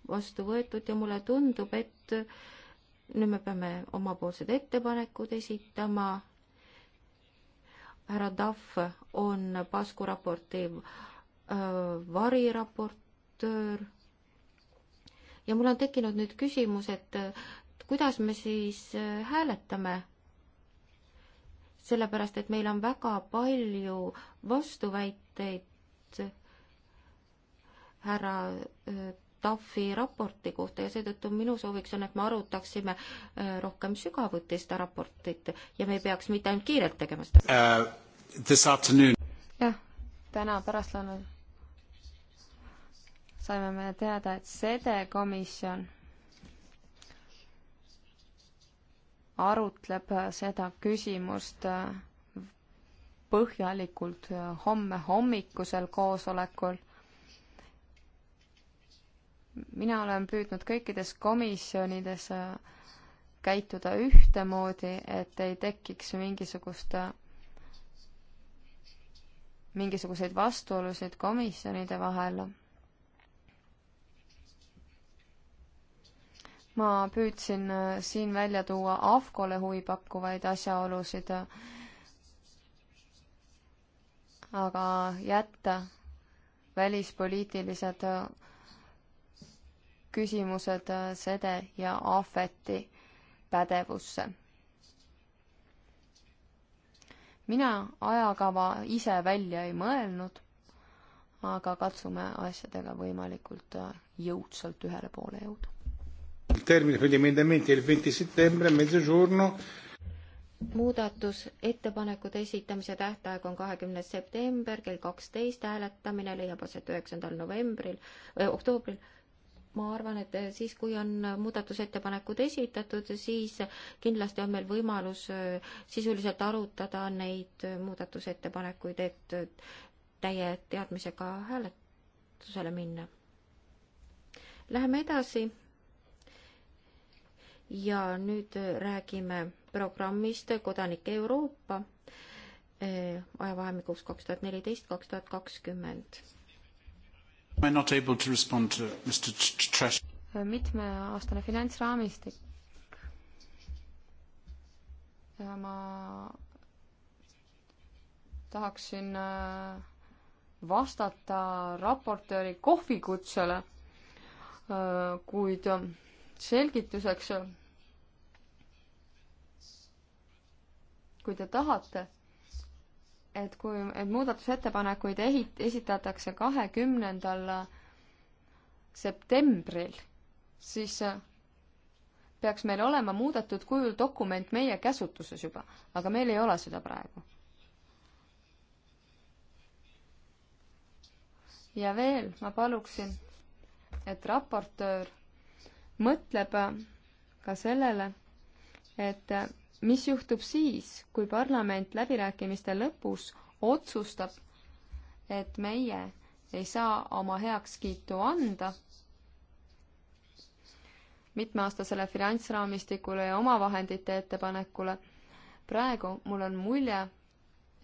vastu võetud ja mulle tundub, et nüüd me peame omapoolsed ettepanekud esitama. härra Tahv on Pasku raporti äh, variraportöör. ja mul on tekkinud nüüd küsimus, et äh, kuidas me siis äh, hääletame? sellepärast, et meil on väga palju vastuväiteid härra Taffi raporti kohta ja seetõttu minu sooviks on, et me arutaksime äh, rohkem sügavuti seda raportit ja me ei peaks mitte ainult kiirelt tegema seda uh,. jah, täna pärastlõunal saime me teada, et sede komisjon arutleb seda küsimust äh, põhjalikult homme hommikusel koosolekul mina olen püüdnud kõikides komisjonides äh, käituda ühtemoodi, et ei tekiks mingisugust, äh, mingisuguseid vastuolusid komisjonide vahel. ma püüdsin äh, siin välja tuua AFCO-le huvi pakkuvaid asjaolusid, aga jätta välispoliitilised küsimused äh, sede ja ahveti pädevusse. mina ajakava ise välja ei mõelnud, aga katsume asjadega võimalikult äh, jõudsalt ühele poole jõuda. muudatusettepanekute esitamise tähtaeg on kahekümnes september kell kaksteist, hääletamine leiab aset üheksandal novembril eh,, oktoobril ma arvan, et siis, kui on muudatusettepanekud esitatud, siis kindlasti on meil võimalus äh, sisuliselt arutada neid muudatusettepanekuid, et äh, täie teadmisega hääletusele minna. Läheme edasi. ja nüüd äh, räägime programmist Kodanik Euroopa ajavahemikuks kaks tuhat neliteist, kaks tuhat kakskümmend mitmeaastane finantsraamistik. ja ma tahaksin äh, vastata raportööri kohvikutsele, äh, kuid äh, selgituseks, kui te tahate et kui et muudatusettepanekuid ehit-, esitatakse kahekümnendal septembril, siis äh, peaks meil olema muudetud kujul dokument meie käsutuses juba, aga meil ei ole seda praegu. ja veel ma paluksin, et raportöör mõtleb ka sellele, et mis juhtub siis, kui parlament läbirääkimiste lõpus otsustab, et meie ei saa oma heakskiitu anda mitmeaastasele finantsraamistikule ja omavahendite ettepanekule. praegu mul on mulje,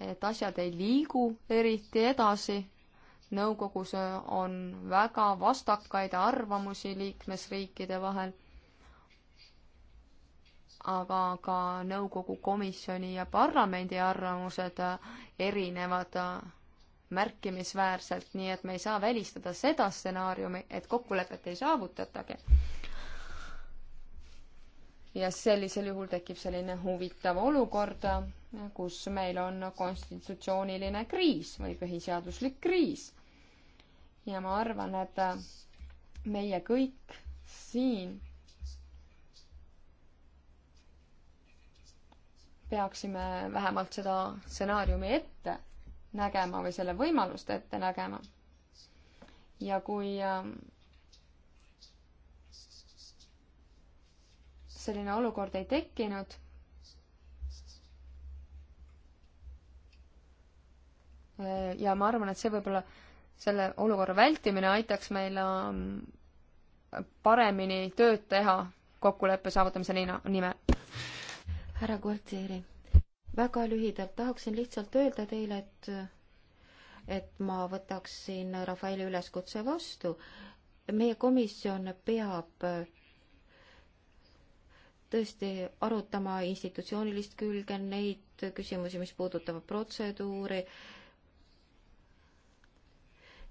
et asjad ei liigu eriti edasi. nõukogus on väga vastakaid arvamusi liikmesriikide vahel aga ka nõukogu komisjoni ja parlamendi arvamused erinevad märkimisväärselt, nii et me ei saa välistada seda stsenaariumi, et kokkulepet ei saavutatagi. ja sellisel juhul tekib selline huvitav olukord, kus meil on konstitutsiooniline kriis või põhiseaduslik kriis. ja ma arvan, et meie kõik siin peaksime vähemalt seda stsenaariumi ette nägema või selle võimalust ette nägema. ja kui ähm, selline olukord ei tekkinud, äh, ja ma arvan, et see võib-olla, selle olukorra vältimine aitaks meil ähm, paremini tööd teha kokkuleppe saavutamise nina, nimel härra Gualtieri, väga lühidalt tahaksin lihtsalt öelda teile, et et ma võtaksin Rafaeli üleskutse vastu. meie komisjon peab tõesti arutama institutsioonilist külge neid küsimusi, mis puudutavad protseduuri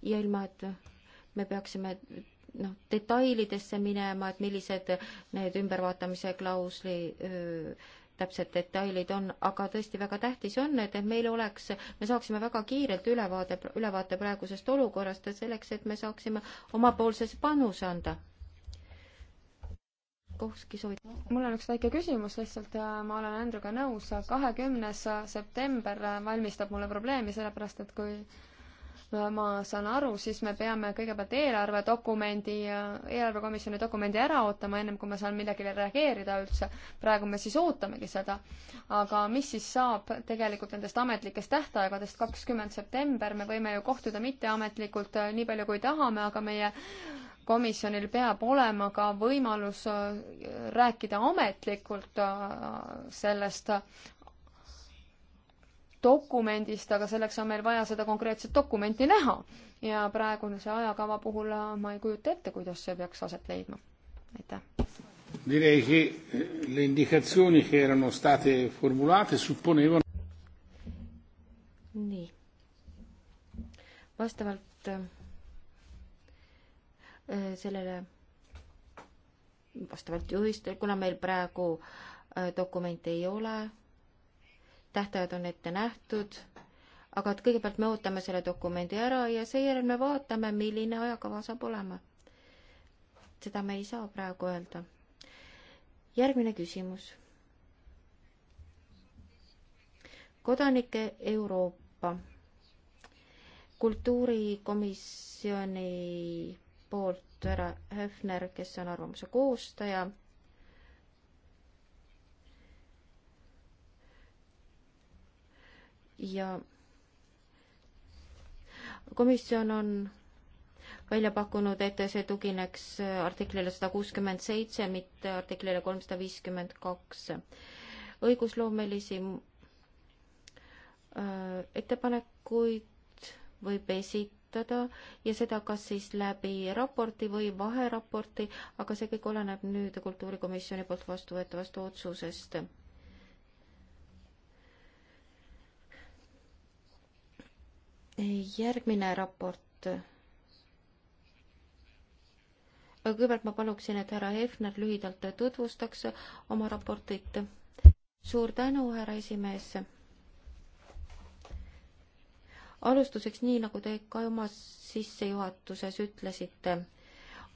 ja ilma, et me peaksime noh, detailidesse minema, et millised need ümbervaatamise klausli öö, täpsed detailid on, aga tõesti väga tähtis on, et, et meil oleks, me saaksime väga kiirelt ülevaade, ülevaate praegusest olukorrast selleks, et me saaksime omapoolses panuse anda. Kohski soovib. mul on üks väike küsimus lihtsalt, ma olen Andruga nõus, kahekümnes september valmistab mulle probleemi, sellepärast et kui ma saan aru, siis me peame kõigepealt eelarvedokumendi, eelarvekomisjoni dokumendi ära ootama, ennem kui ma saan midagi veel reageerida üldse. praegu me siis ootamegi seda. aga mis siis saab tegelikult nendest ametlikest tähtaegadest, kakskümmend september, me võime ju kohtuda mitteametlikult äh, nii palju, kui tahame, aga meie komisjonil peab olema ka võimalus äh, rääkida ametlikult äh, sellest dokumendist, aga selleks on meil vaja seda konkreetset dokumenti näha. ja praeguse ajakava puhul äh, ma ei kujuta ette, kuidas see peaks aset leidma. aitäh. Direi che eh, le indicazioni che erano state formulate supponevano nii. vastavalt äh, sellele, vastavalt juhistele, kuna meil praegu äh, dokumente ei ole tähtajad on ette nähtud, aga et kõigepealt me ootame selle dokumendi ära ja seejärel me vaatame, milline ajakava saab olema. seda me ei saa praegu öelda. järgmine küsimus. kodanike Euroopa kultuurikomisjoni poolt härra Höfner, kes on arvamuse koostaja ja komisjon on välja pakkunud, et see tugineks artiklile sada kuuskümmend seitse, mitte artiklile kolmsada viiskümmend kaks. õigusloomelisi äh, ettepanekuid võib esitada ja seda kas siis läbi raporti või vaheraporti, aga see kõik oleneb nüüd kultuurikomisjoni poolt vastuvõetavast otsusest järgmine raport. kõigepealt ma paluksin, et härra Hefner lühidalt tutvustaks oma raportit. suur tänu, härra esimees. alustuseks, nii nagu te ka oma sissejuhatuses ütlesite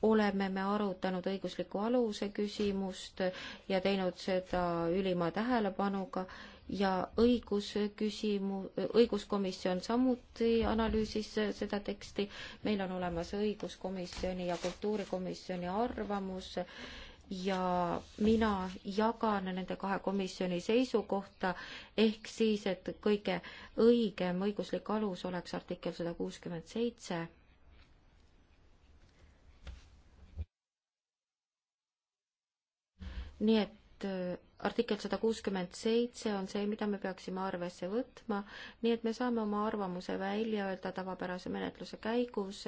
oleme me arutanud õigusliku aluse küsimust ja teinud seda ülima tähelepanuga ja õigusküsimu-, õiguskomisjon samuti analüüsis seda teksti, meil on olemas õiguskomisjoni ja kultuurikomisjoni arvamus ja mina jagan nende kahe komisjoni seisukohta, ehk siis, et kõige õigem õiguslik alus oleks artikkel sada kuuskümmend seitse. nii et artikkel sada kuuskümmend seitse on see, mida me peaksime arvesse võtma, nii et me saame oma arvamuse välja öelda tavapärase menetluse käigus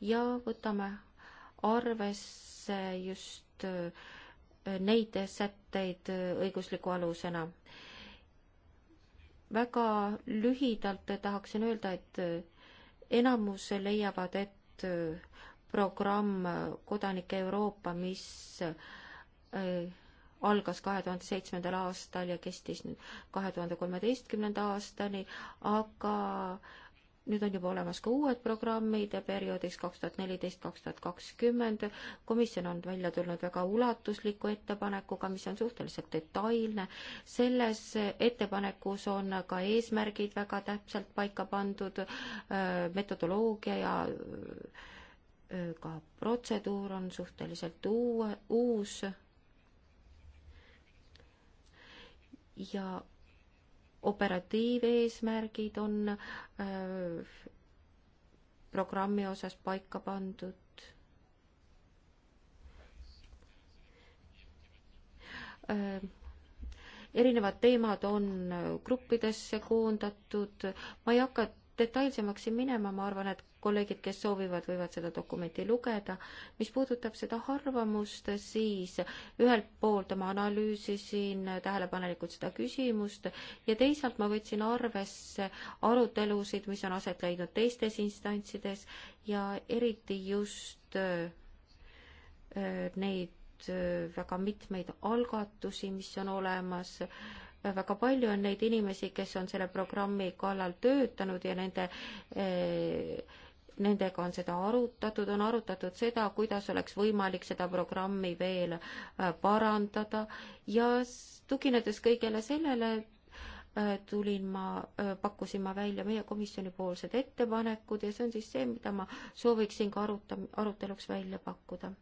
ja võtame arvesse just äh, neid sätteid äh, õigusliku alusena. väga lühidalt tahaksin öelda, et äh, enamus leiavad, et programm Kodanike Euroopa, mis algas kahe tuhande seitsmendal aastal ja kestis nüüd kahe tuhande kolmeteistkümnenda aastani, aga nüüd on juba olemas ka uued programmid perioodiks kaks tuhat neliteist, kaks tuhat kakskümmend. komisjon on välja tulnud väga ulatusliku ettepanekuga, mis on suhteliselt detailne. selles ettepanekus on ka eesmärgid väga täpselt paika pandud, metodoloogia ja ka protseduur on suhteliselt uue, uus ja operatiiveesmärgid on öö, äh, programmi osas paika pandud. Äh, erinevad teemad on gruppidesse koondatud, ma ei hakka detailsemaks siin minema, ma arvan, et kolleegid, kes soovivad, võivad seda dokumenti lugeda. mis puudutab seda arvamust, siis ühelt poolt ma analüüsisin tähelepanelikult seda küsimust ja teisalt ma võtsin arvesse arutelusid, mis on aset leidnud teistes instantsides ja eriti just äh, neid äh, väga mitmeid algatusi, mis on olemas väga palju on neid inimesi, kes on selle programmi kallal töötanud ja nende eh, Nendega on seda arutatud, on arutatud seda, kuidas oleks võimalik seda programmi veel eh, parandada ja tuginedes kõigele sellele, eh, tulin ma, pakkusin ma välja meie komisjonipoolsed ettepanekud ja see on siis see, mida ma sooviksin ka aruta, aruteluks välja pakkuda.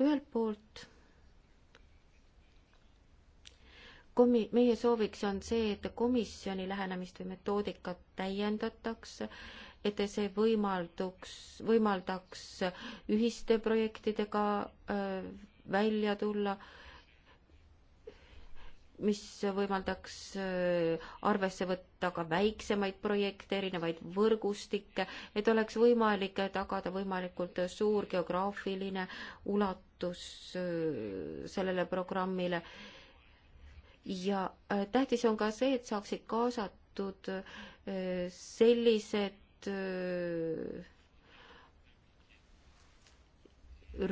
ühelt poolt komi-, meie sooviks on see, et komisjoni lähenemist või metoodikat täiendataks, et see võimalduks, võimaldaks ühiste projektidega öö, äh, välja tulla, mis võimaldaks öö, äh, arvesse võtta ka väiksemaid projekte, erinevaid võrgustikke, et oleks võimalik tagada võimalikult suur geograafiline ulatus öö, äh, sellele programmile ja äh, tähtis on ka see, et saaksid kaasatud äh, sellised äh,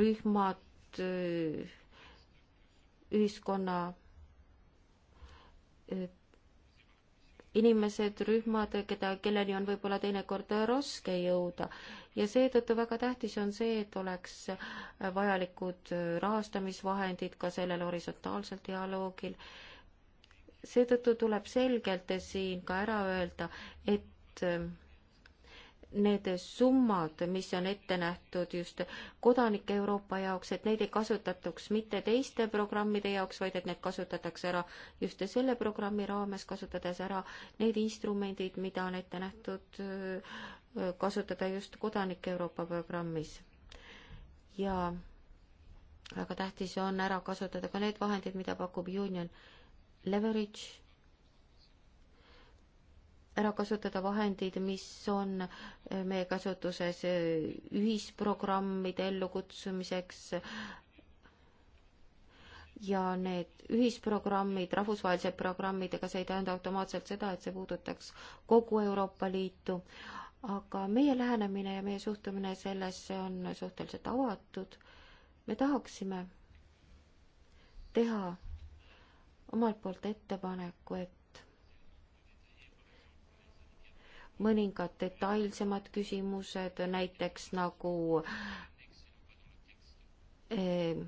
rühmad ühiskonna inimesed, rühmad, keda, kelleni on võib-olla teinekord raske jõuda. ja seetõttu väga tähtis on see, et oleks vajalikud rahastamisvahendid ka sellel horisontaalsel dialoogil äh, seetõttu tuleb selgelt siin ka ära öelda, et ähm, need summad, mis on ette nähtud just kodanike Euroopa jaoks, et neid ei kasutatuks mitte teiste programmide jaoks, vaid et need kasutatakse ära just selle programmi raames, kasutades ära need instrumendid, mida on ette nähtud äh, kasutada just kodanike Euroopa programmis. ja väga tähtis on ära kasutada ka need vahendid, mida pakub Union leverage, ära kasutada vahendid, mis on äh, meie kasutuses äh, ühisprogrammide ellukutsumiseks ja need ühisprogrammid, rahvusvahelised programmid, ega see ei tähenda automaatselt seda, et see puudutaks kogu Euroopa Liitu, aga meie lähenemine ja meie suhtumine sellesse on suhteliselt avatud. me tahaksime teha omalt poolt ettepaneku, et mõningad detailsemad küsimused, näiteks nagu eh,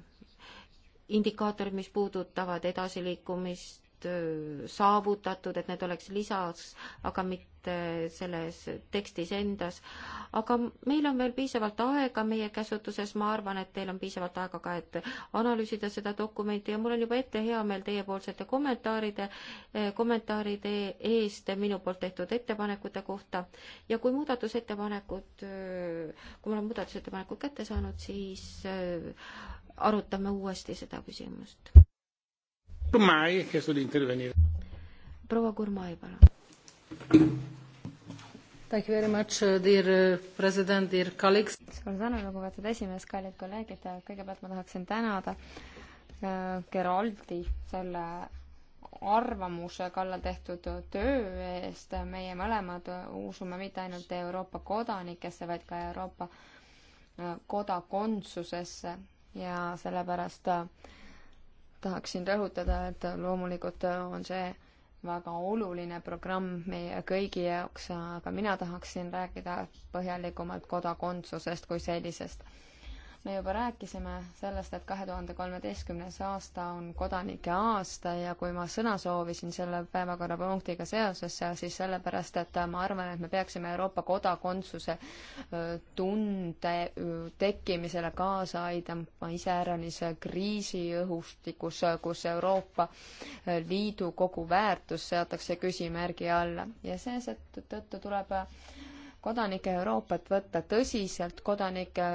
indikaatorid, mis puudutavad edasiliikumist, oleksid saavutatud, et need oleks lisas, aga mitte selles tekstis endas. aga meil on veel piisavalt aega meie käsutuses, ma arvan, et teil on piisavalt aega ka, et analüüsida seda dokumenti ja mul on juba ette hea meel teiepoolsete kommentaaride, kommentaaride eest minu poolt tehtud ettepanekute kohta. ja kui muudatusettepanekud, kui ma olen muudatusettepanekud kätte saanud, siis arutame uuesti seda küsimust. Gurmai, kes oli intervjueerinud. proua Gurmai, palun. Thank you very much, uh, dear uh, president, dear colleagues. suur tänu, lugupeetud esimees, kallid kolleegid, kõigepealt ma tahaksin tänada äh, Geraldi selle arvamuse kallal tehtud töö eest, meie mõlemad usume mitte ainult Euroopa kodanikesse, vaid ka Euroopa äh, kodakondsusesse ja sellepärast äh, tahaksin rõhutada, et loomulikult on see väga oluline programm meie kõigi jaoks, aga mina tahaksin rääkida põhjalikumalt kodakondsusest kui sellisest me juba rääkisime sellest, et kahe tuhande kolmeteistkümnes aasta on kodanike aasta ja kui ma sõna soovisin selle päevakorrapunktiga seoses, siis sellepärast, et ma arvan, et me peaksime Euroopa kodakondsuse tunde tekkimisele kaasa aidama iseäranis kriisiõhustikus, kus Euroopa Liidu kogu väärtus seatakse küsimärgi alla ja seetõttu tuleb kodanike Euroopat võtta tõsiselt, kodanike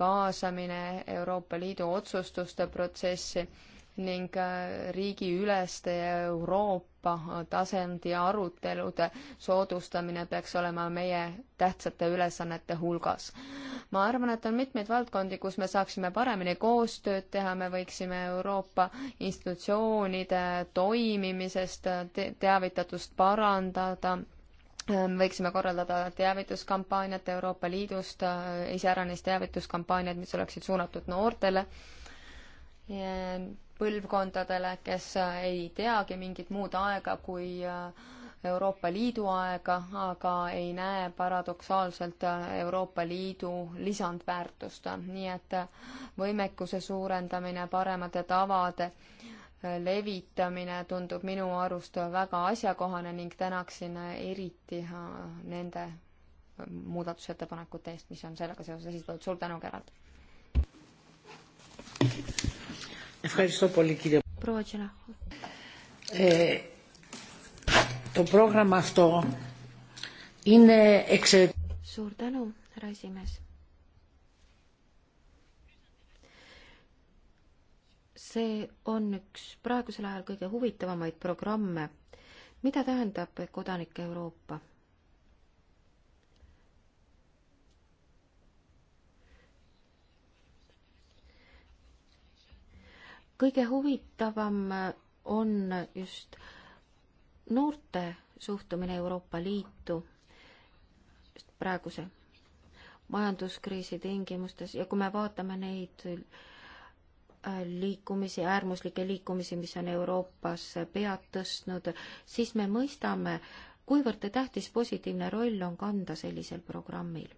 kaasamine Euroopa Liidu otsustuste protsessi ning äh, riigiüleste Euroopa tasandi arutelude soodustamine peaks olema meie tähtsate ülesannete hulgas. ma arvan, et on mitmeid valdkondi, kus me saaksime paremini koostööd teha, me võiksime Euroopa institutsioonide toimimisest te teavitatust parandada Ehm, võiksime korraldada teavituskampaaniat Euroopa Liidust, äh, iseäranis teavituskampaaniad, mis oleksid suunatud noortele, põlvkondadele, kes äh, ei teagi mingit muud aega kui äh, Euroopa Liidu aega, aga ei näe paradoksaalselt Euroopa Liidu lisandväärtust. nii et võimekuse suurendamine, paremate tavade äh, levitamine tundub minu arust väga asjakohane ning tänaksin eriti äh, nende muudatusettepanekute eest, mis on sellega seoses esitatud. suur tänu, Gerald! proua Tšelahu. Eh, eh, suur tänu, härra esimees see on üks praegusel ajal kõige huvitavamaid programme. mida tähendab kodanike Euroopa? kõige huvitavam on just noorte suhtumine Euroopa Liitu praeguse majanduskriisi tingimustes ja kui me vaatame neid liikumisi, äärmuslikke liikumisi, mis on Euroopas pead tõstnud, siis me mõistame, kuivõrd tähtis positiivne roll on kanda sellisel programmil.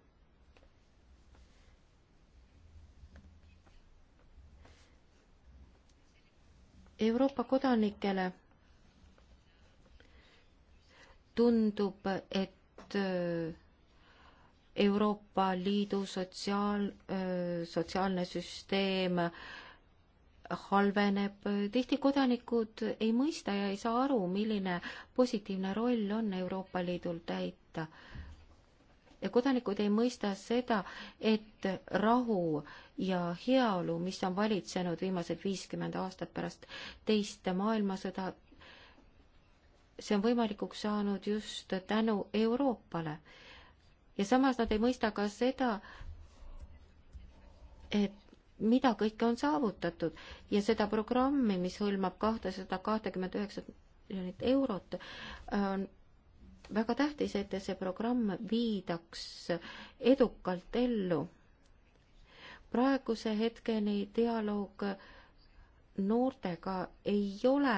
Euroopa kodanikele tundub, et äh, Euroopa Liidu sotsiaal, äh, sotsiaalne süsteem äh, halveneb. tihti kodanikud ei mõista ja ei saa aru, milline positiivne roll on Euroopa Liidul täita. ja kodanikud ei mõista seda, et rahu ja heaolu, mis on valitsenud viimased viiskümmend aastat pärast teist maailmasõda, see on võimalikuks saanud just tänu Euroopale. ja samas nad ei mõista ka seda, et mida kõike on saavutatud ja seda programmi, mis hõlmab kahtesada kahtekümmet üheksat miljonit eurot, on väga tähtis, et see programm viidaks edukalt ellu. praeguse hetkeni dialoog noortega ei ole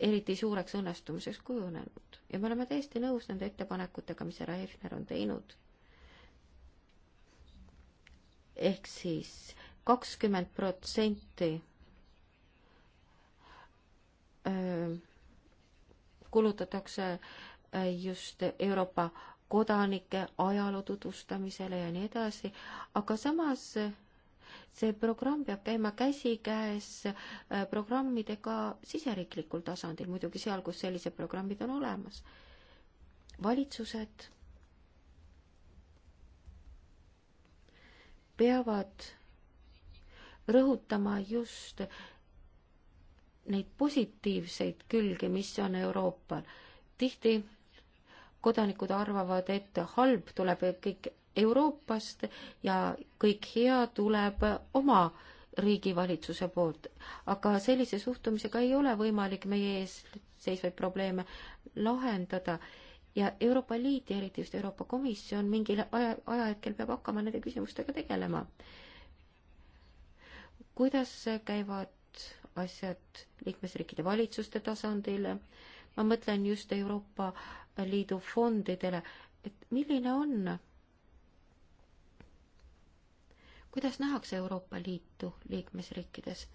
eriti suureks õnnestumiseks kujunenud ja me oleme täiesti nõus nende ettepanekutega, mis härra Hefner on teinud ehk siis kakskümmend protsenti kulutatakse just Euroopa kodanike ajaloo tutvustamisele ja nii edasi, aga samas see programm peab käima käsikäes programmidega siseriiklikul tasandil, muidugi seal, kus sellised programmid on olemas. valitsused peavad rõhutama just neid positiivseid külgi, mis on Euroopal. tihti kodanikud arvavad, et halb tuleb kõik Euroopast ja kõik hea tuleb oma riigivalitsuse poolt. aga sellise suhtumisega ei ole võimalik meie ees seisvaid probleeme lahendada ja Euroopa Liit ja eriti just Euroopa Komisjon mingil aja, ajahetkel peab hakkama nende küsimustega tegelema. kuidas käivad asjad liikmesriikide valitsuste tasandil, ma mõtlen just Euroopa Liidu fondidele, et milline on, kuidas nähakse Euroopa Liitu liikmesriikides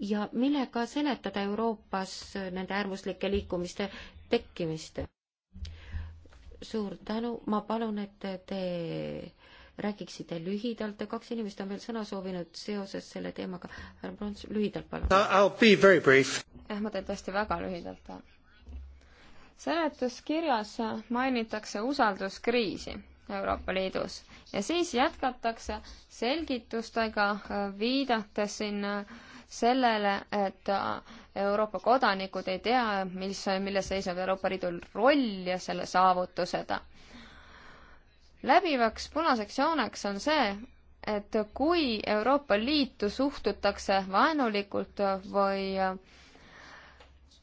ja millega seletada Euroopas nende äärmuslike liikumiste tekkimist? suur tänu, ma palun, et te räägiksite lühidalt, kaks inimest on veel sõna soovinud seoses selle teemaga. härra Prants, lühidalt palun. jah, uh, eh, ma teen tõesti väga lühidalt. seletuskirjas mainitakse usalduskriisi Euroopa Liidus ja siis jätkatakse selgitustega, viidates sinna äh, sellele, et äh, Euroopa kodanikud ei tea, mis, milles seisneb Euroopa Liidu roll ja selle saavutused. läbivaks punaseks jooneks on see, et kui Euroopa Liitu suhtutakse vaenulikult või äh,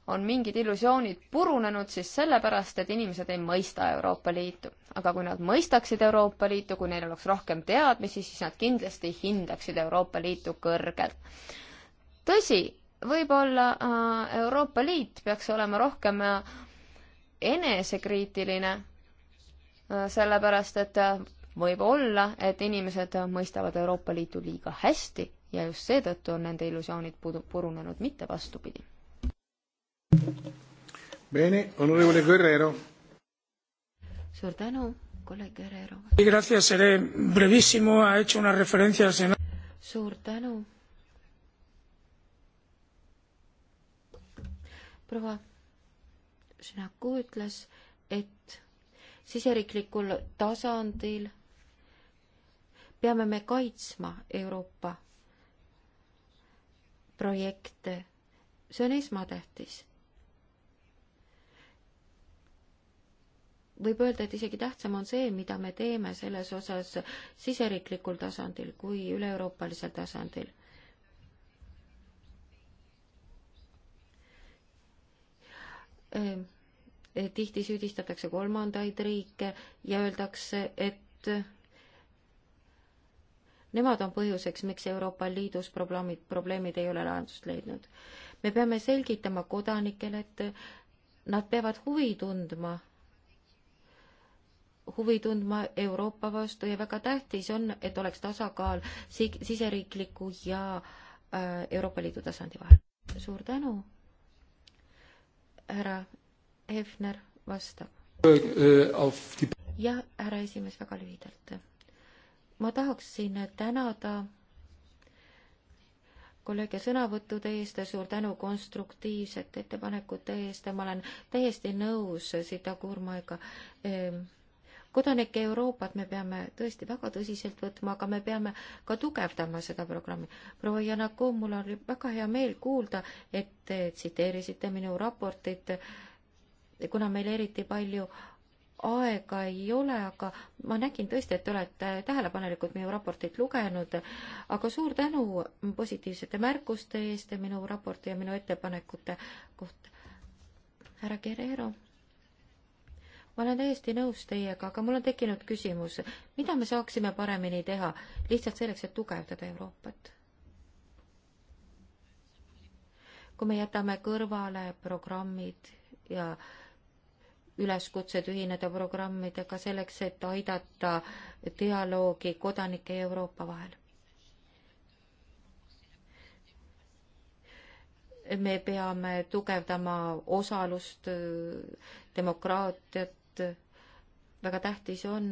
on mingid illusioonid purunenud, siis sellepärast, et inimesed ei mõista Euroopa Liitu. aga kui nad mõistaksid Euroopa Liitu, kui neil oleks rohkem teadmisi, siis nad kindlasti hindaksid Euroopa Liitu kõrgelt tõsi, võib-olla äh, Euroopa Liit peaks olema rohkem äh, enesekriitiline, äh, sellepärast et võib-olla, et inimesed mõistavad Euroopa Liitu liiga hästi ja just seetõttu on nende illusioonid pudu-, purunenud, mitte vastupidi. Bene, onorevole Guerrero. suur tänu, kolleeg Guerrero. suur tänu proua Šinaku ütles, et siseriiklikul tasandil peame me kaitsma Euroopa projekte. see on esmatähtis. võib öelda, et isegi tähtsam on see, mida me teeme selles osas siseriiklikul tasandil kui üle-euroopalisel tasandil Ehm, tihti süüdistatakse kolmandaid riike ja öeldakse, et nemad on põhjuseks, miks Euroopa Liidus probleemid, probleemid ei ole lahendust leidnud. me peame selgitama kodanikele, et nad peavad huvi tundma, huvi tundma Euroopa vastu ja väga tähtis on, et oleks tasakaal si-, siseriikliku ja äh, Euroopa Liidu tasandi vahel. suur tänu! härra Hefner vastab. jah, härra esimees, väga lühidalt. ma tahaksin tänada kolleege sõnavõttude eest ja suur tänu konstruktiivsete ettepanekute eest ja ma olen täiesti nõus Sita Kurmaiga ehm, kodanike Euroopat me peame tõesti väga tõsiselt võtma, aga me peame ka tugevdama seda programmi. proua Janakov, mul on väga hea meel kuulda, et te tsiteerisite minu raportit, kuna meil eriti palju aega ei ole, aga ma nägin tõesti, et te olete tähelepanelikult minu raportit lugenud, aga suur tänu positiivsete märkuste eest minu raporti ja minu ettepanekute kohta. härra Guerrero ma olen täiesti nõus teiega, aga mul on tekkinud küsimus, mida me saaksime paremini teha lihtsalt selleks, et tugevdada Euroopat? kui me jätame kõrvale programmid ja üleskutsed ühineda programmidega selleks, et aidata dialoogi kodanike ja Euroopa vahel. me peame tugevdama osalust, demokraatiat, et väga tähtis on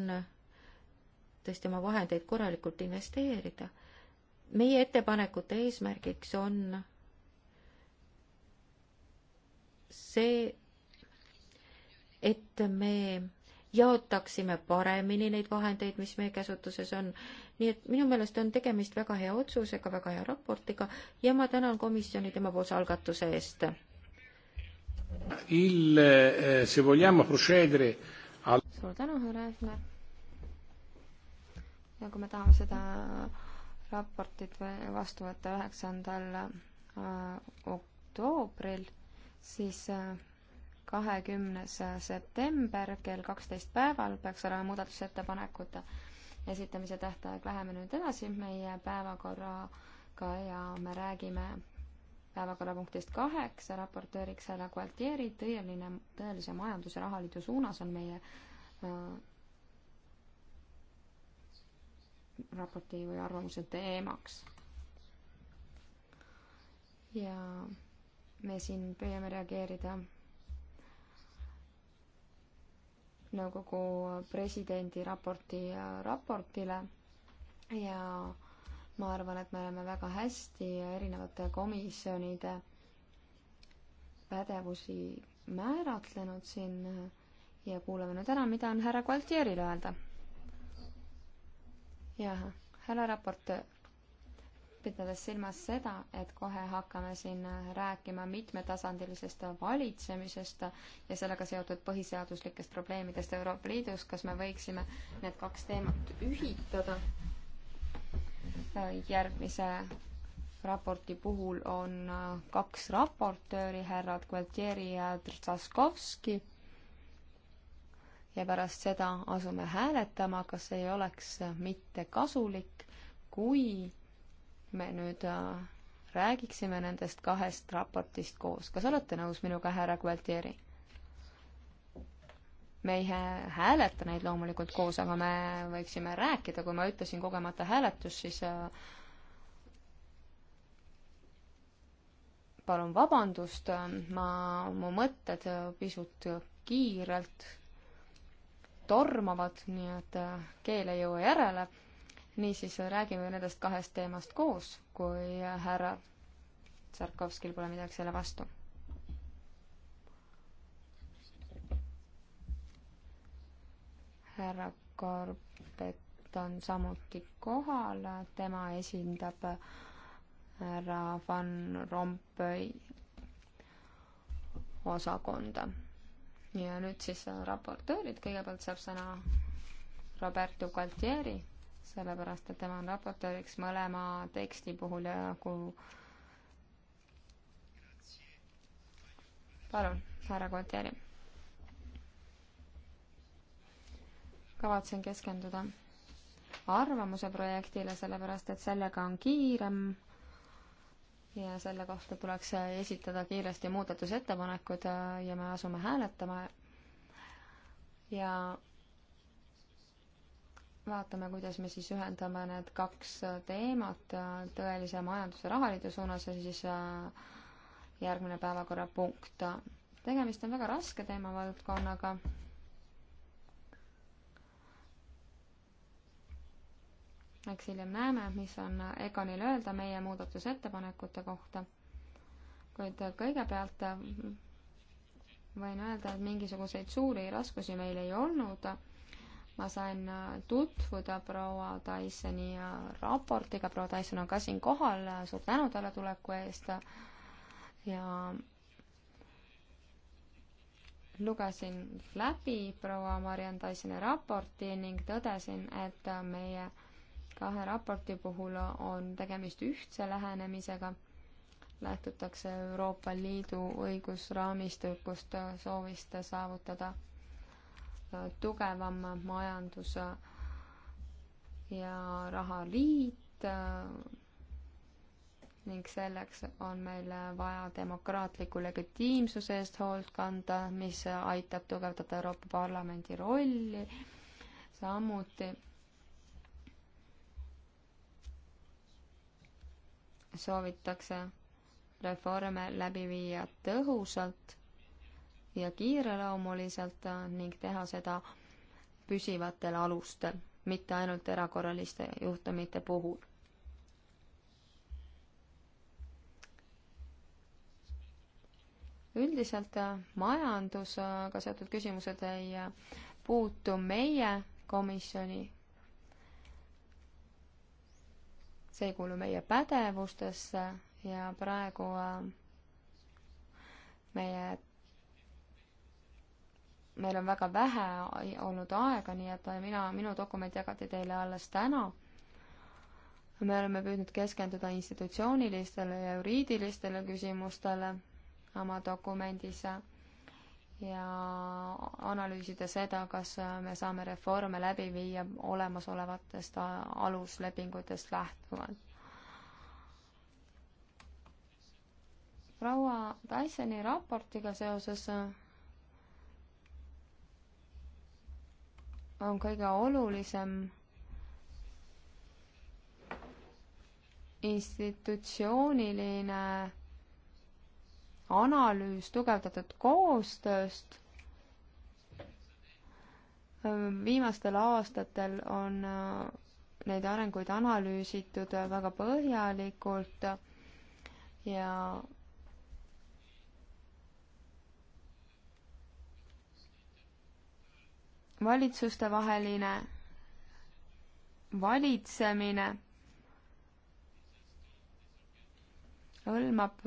tõesti oma vahendeid korralikult investeerida. meie ettepanekute eesmärgiks on see, et me jaotaksime paremini neid vahendeid, mis meie käsutuses on. nii et minu meelest on tegemist väga hea otsusega, väga hea raportiga ja ma tänan komisjoni tema poolse algatuse eest. Il, eh, se vogliamo procedere al... suur tänu, härra Eesmär. ja kui me tahame seda raportit vastu võtta üheksandal eh, oktoobril, siis eh, kahekümnes september kell kaksteist päeval peaks olema muudatusettepanekute esitamise tähtaeg. Läheme nüüd edasi meie päevakorraga ja me räägime päevakorrapunktist kaheksa raportööriks härra Gualtieri, tõeline, tõelise majandus- ja rahaliidu suunas on meie äh, raporti või arvamuse teemaks. ja me siin püüame reageerida nõukogu presidendi raporti äh, raportile ja ma arvan, et me oleme väga hästi erinevate komisjonide pädevusi määratlenud siin ja kuulame nüüd ära, mida on härra Gualtierile öelda. jah, härra raportöör, pidades silmas seda, et kohe hakkame siin rääkima mitmetasandilisest valitsemisest ja sellega seotud põhiseaduslikest probleemidest Euroopa Liidus, kas me võiksime need kaks teemat ühitada? järgmise raporti puhul on äh, kaks raportööri, härrad Gvaltieri ja Trzaskovski. ja pärast seda asume hääletama, kas ei oleks mitte kasulik, kui me nüüd äh, räägiksime nendest kahest raportist koos. kas olete nõus minuga, härra Gvaltieri? me ei hääleta neid loomulikult koos, aga me võiksime rääkida, kui ma ütlesin kogemata hääletus, siis äh, palun vabandust, ma, mu mõtted pisut kiirelt tormavad, nii et äh, keel ei jõua järele. niisiis räägime nendest kahest teemast koos, kui härra Tsarkovskil pole midagi selle vastu härra Korbet on samuti kohal, tema esindab härra Van Rompuy osakonda. ja nüüd siis raportöörid, kõigepealt saab sõna Roberto Galtieri, sellepärast et tema on raportööriks mõlema teksti puhul ja kui palun, härra Galtieri kavatsen keskenduda arvamuse projektile, sellepärast et sellega on kiirem ja selle kohta tuleks esitada kiiresti muudatusettepanekud äh, ja me asume hääletama ja vaatame, kuidas me siis ühendame need kaks teemat äh, tõelise majanduse rahaliidu suunas ja siis äh, järgmine päevakorrapunkt. tegemist on väga raske teemavaldkonnaga eks hiljem näeme, mis on Egonil öelda meie muudatusettepanekute kohta. kuid kõigepealt võin öelda, et mingisuguseid suuri raskusi meil ei olnud. ma sain tutvuda proua Dysoni raportiga, proua Dyson on ka siin kohal, suur tänu talle tuleku eest ja lugesin läbi proua Mariann Dysoni raporti ning tõdesin, et meie äh, kahe raporti puhul on tegemist ühtse lähenemisega, lähtutakse Euroopa Liidu õigusraamistikust, soovist saavutada äh, tugevam majandus- ja rahaliit äh, ning selleks on meil vaja demokraatliku legitiimsuse eest hoolt kanda, mis aitab tugevdada Euroopa Parlamendi rolli, samuti soovitakse reforme läbi viia tõhusalt ja kiireloomuliselt ning teha seda püsivatel alustel, mitte ainult erakorraliste juhtumite puhul. üldiselt majandusega seotud küsimused ei puutu meie komisjoni see ei kuulu meie pädevustesse ja praegu äh, meie meil on väga vähe olnud aega, nii et mina, minu dokument jagati teile alles täna. me oleme püüdnud keskenduda institutsioonilistele ja juriidilistele küsimustele oma dokumendis ja analüüsida seda, kas me saame reforme läbi viia olemasolevatest aluslepingutest lähtuvalt. proua Dysoni raportiga seoses on kõige olulisem institutsiooniline analüüs tugevdatud koostööst. viimastel aastatel on äh, neid arenguid analüüsitud äh, väga põhjalikult ja valitsustevaheline valitsemine hõlmab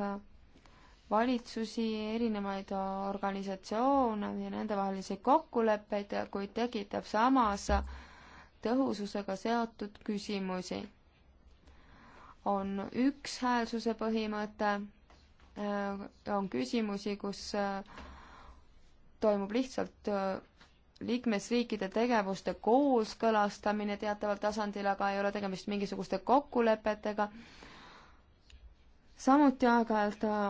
valitsusi, erinevaid organisatsioone ja nendevahelisi kokkuleppeid, kuid tekitab samas tõhususega seotud küsimusi. on ükshäälsuse põhimõte, äh, on küsimusi, kus äh, toimub lihtsalt äh, liikmesriikide tegevuste kooskõlastamine teataval tasandil, aga ei ole tegemist mingisuguste kokkulepetega samuti aeg-ajalt äh,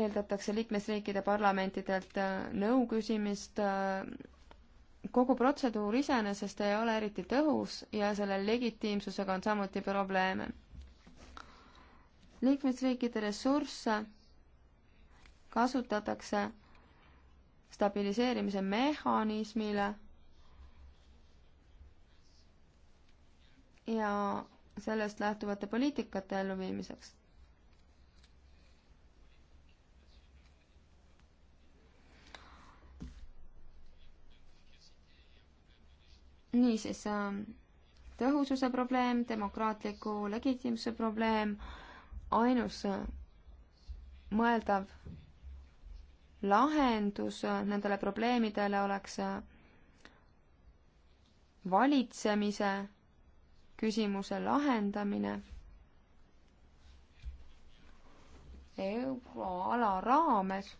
eeldatakse liikmesriikide parlamentidelt äh, nõu küsimist. Äh, kogu protseduur iseenesest ei ole eriti tõhus ja selle legitiimsusega on samuti probleeme. liikmesriikide ressursse kasutatakse stabiliseerimise mehhanismile ja sellest lähtuvate poliitikate elluviimiseks niisiis, ähm, tõhususe probleem, demokraatliku legitiimsuse probleem, ainus äh, mõeldav lahendus äh, nendele probleemidele oleks äh, valitsemise küsimuse lahendamine euroala raames.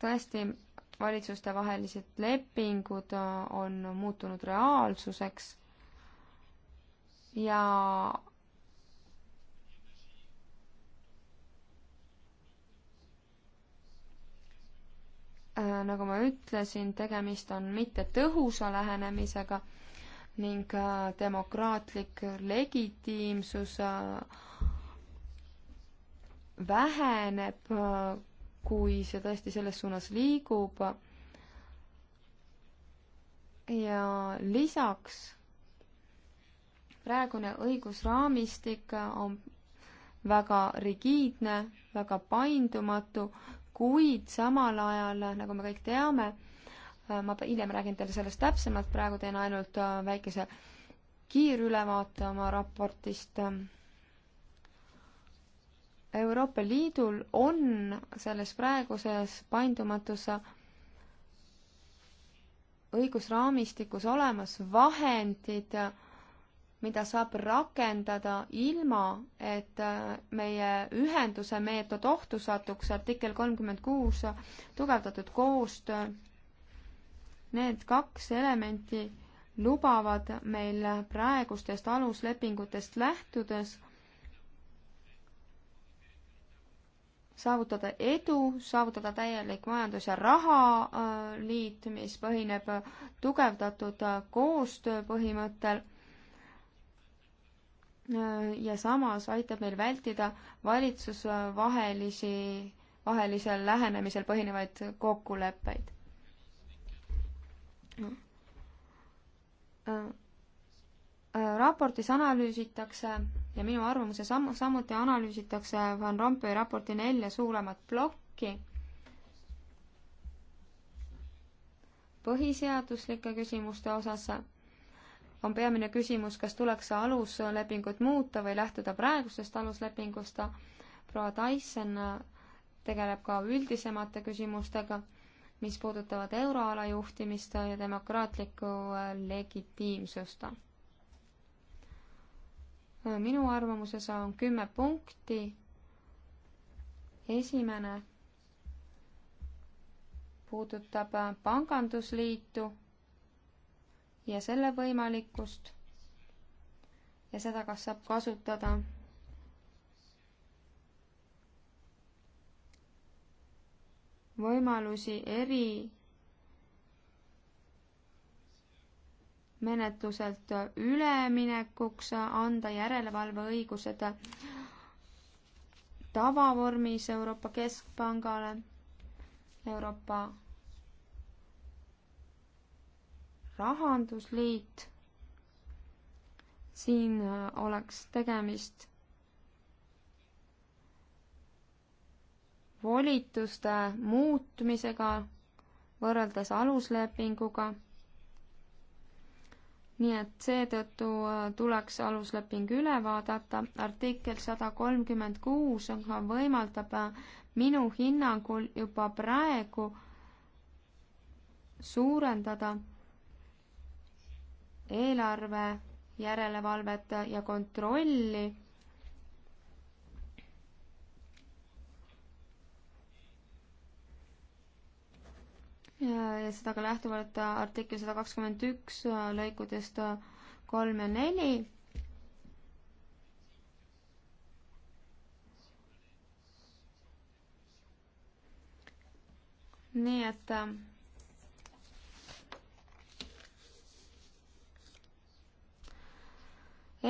tõesti valitsustevahelised lepingud äh, on muutunud reaalsuseks ja äh, nagu ma ütlesin, tegemist on mitte tõhusa lähenemisega ning äh, demokraatlik legitiimsus väheneb kui see tõesti selles suunas liigub. ja lisaks praegune õigusraamistik on väga rigiidne, väga paindumatu, kuid samal ajal, nagu me kõik teame, ma hiljem räägin teile sellest täpsemalt, praegu teen ainult väikese kiirülevaate oma raportist Euroopa Liidul on selles praeguses paindumatus õigusraamistikus olemas vahendid, mida saab rakendada ilma, et meie ühenduse meetod ohtu satuks, artikkel kolmkümmend kuus, tugevdatud koostöö. Need kaks elementi lubavad meil praegustest aluslepingutest lähtudes saavutada edu, saavutada täielik majandus- ja rahaliit, mis põhineb tugevdatud äh, koostöö põhimõttel. Äh, ja samas aitab meil vältida valitsusvahelisi, vahelisel lähenemisel põhinevaid kokkuleppeid äh, raportis analüüsitakse ja minu arvamuse sam-, samuti analüüsitakse Van Rompuy raporti nelja suuremat plokki. põhiseaduslike küsimuste osas on peamine küsimus, kas tuleks aluslepingut muuta või lähtuda praegusest aluslepingust. proua Tyson tegeleb ka üldisemate küsimustega, mis puudutavad euroala juhtimist ja demokraatlikku legitiimsust minu arvamuses on kümme punkti. esimene puudutab pangandusliitu ja selle võimalikkust ja seda, kas saab kasutada võimalusi eri menetluselt üleminekuks anda järelevalveõigused tavavormis Euroopa Keskpangale, Euroopa Rahandusliit. siin oleks tegemist volituste muutmisega võrreldes aluslepinguga nii et seetõttu äh, tuleks alusleping üle vaadata. artikkel sada kolmkümmend kuus aga võimaldab äh, minu hinnangul juba praegu suurendada eelarve järelevalvet ja kontrolli ja seda ka lähtuvalt artikkel sada kakskümmend üks äh, lõikudest äh, kolm ja neli. nii et äh,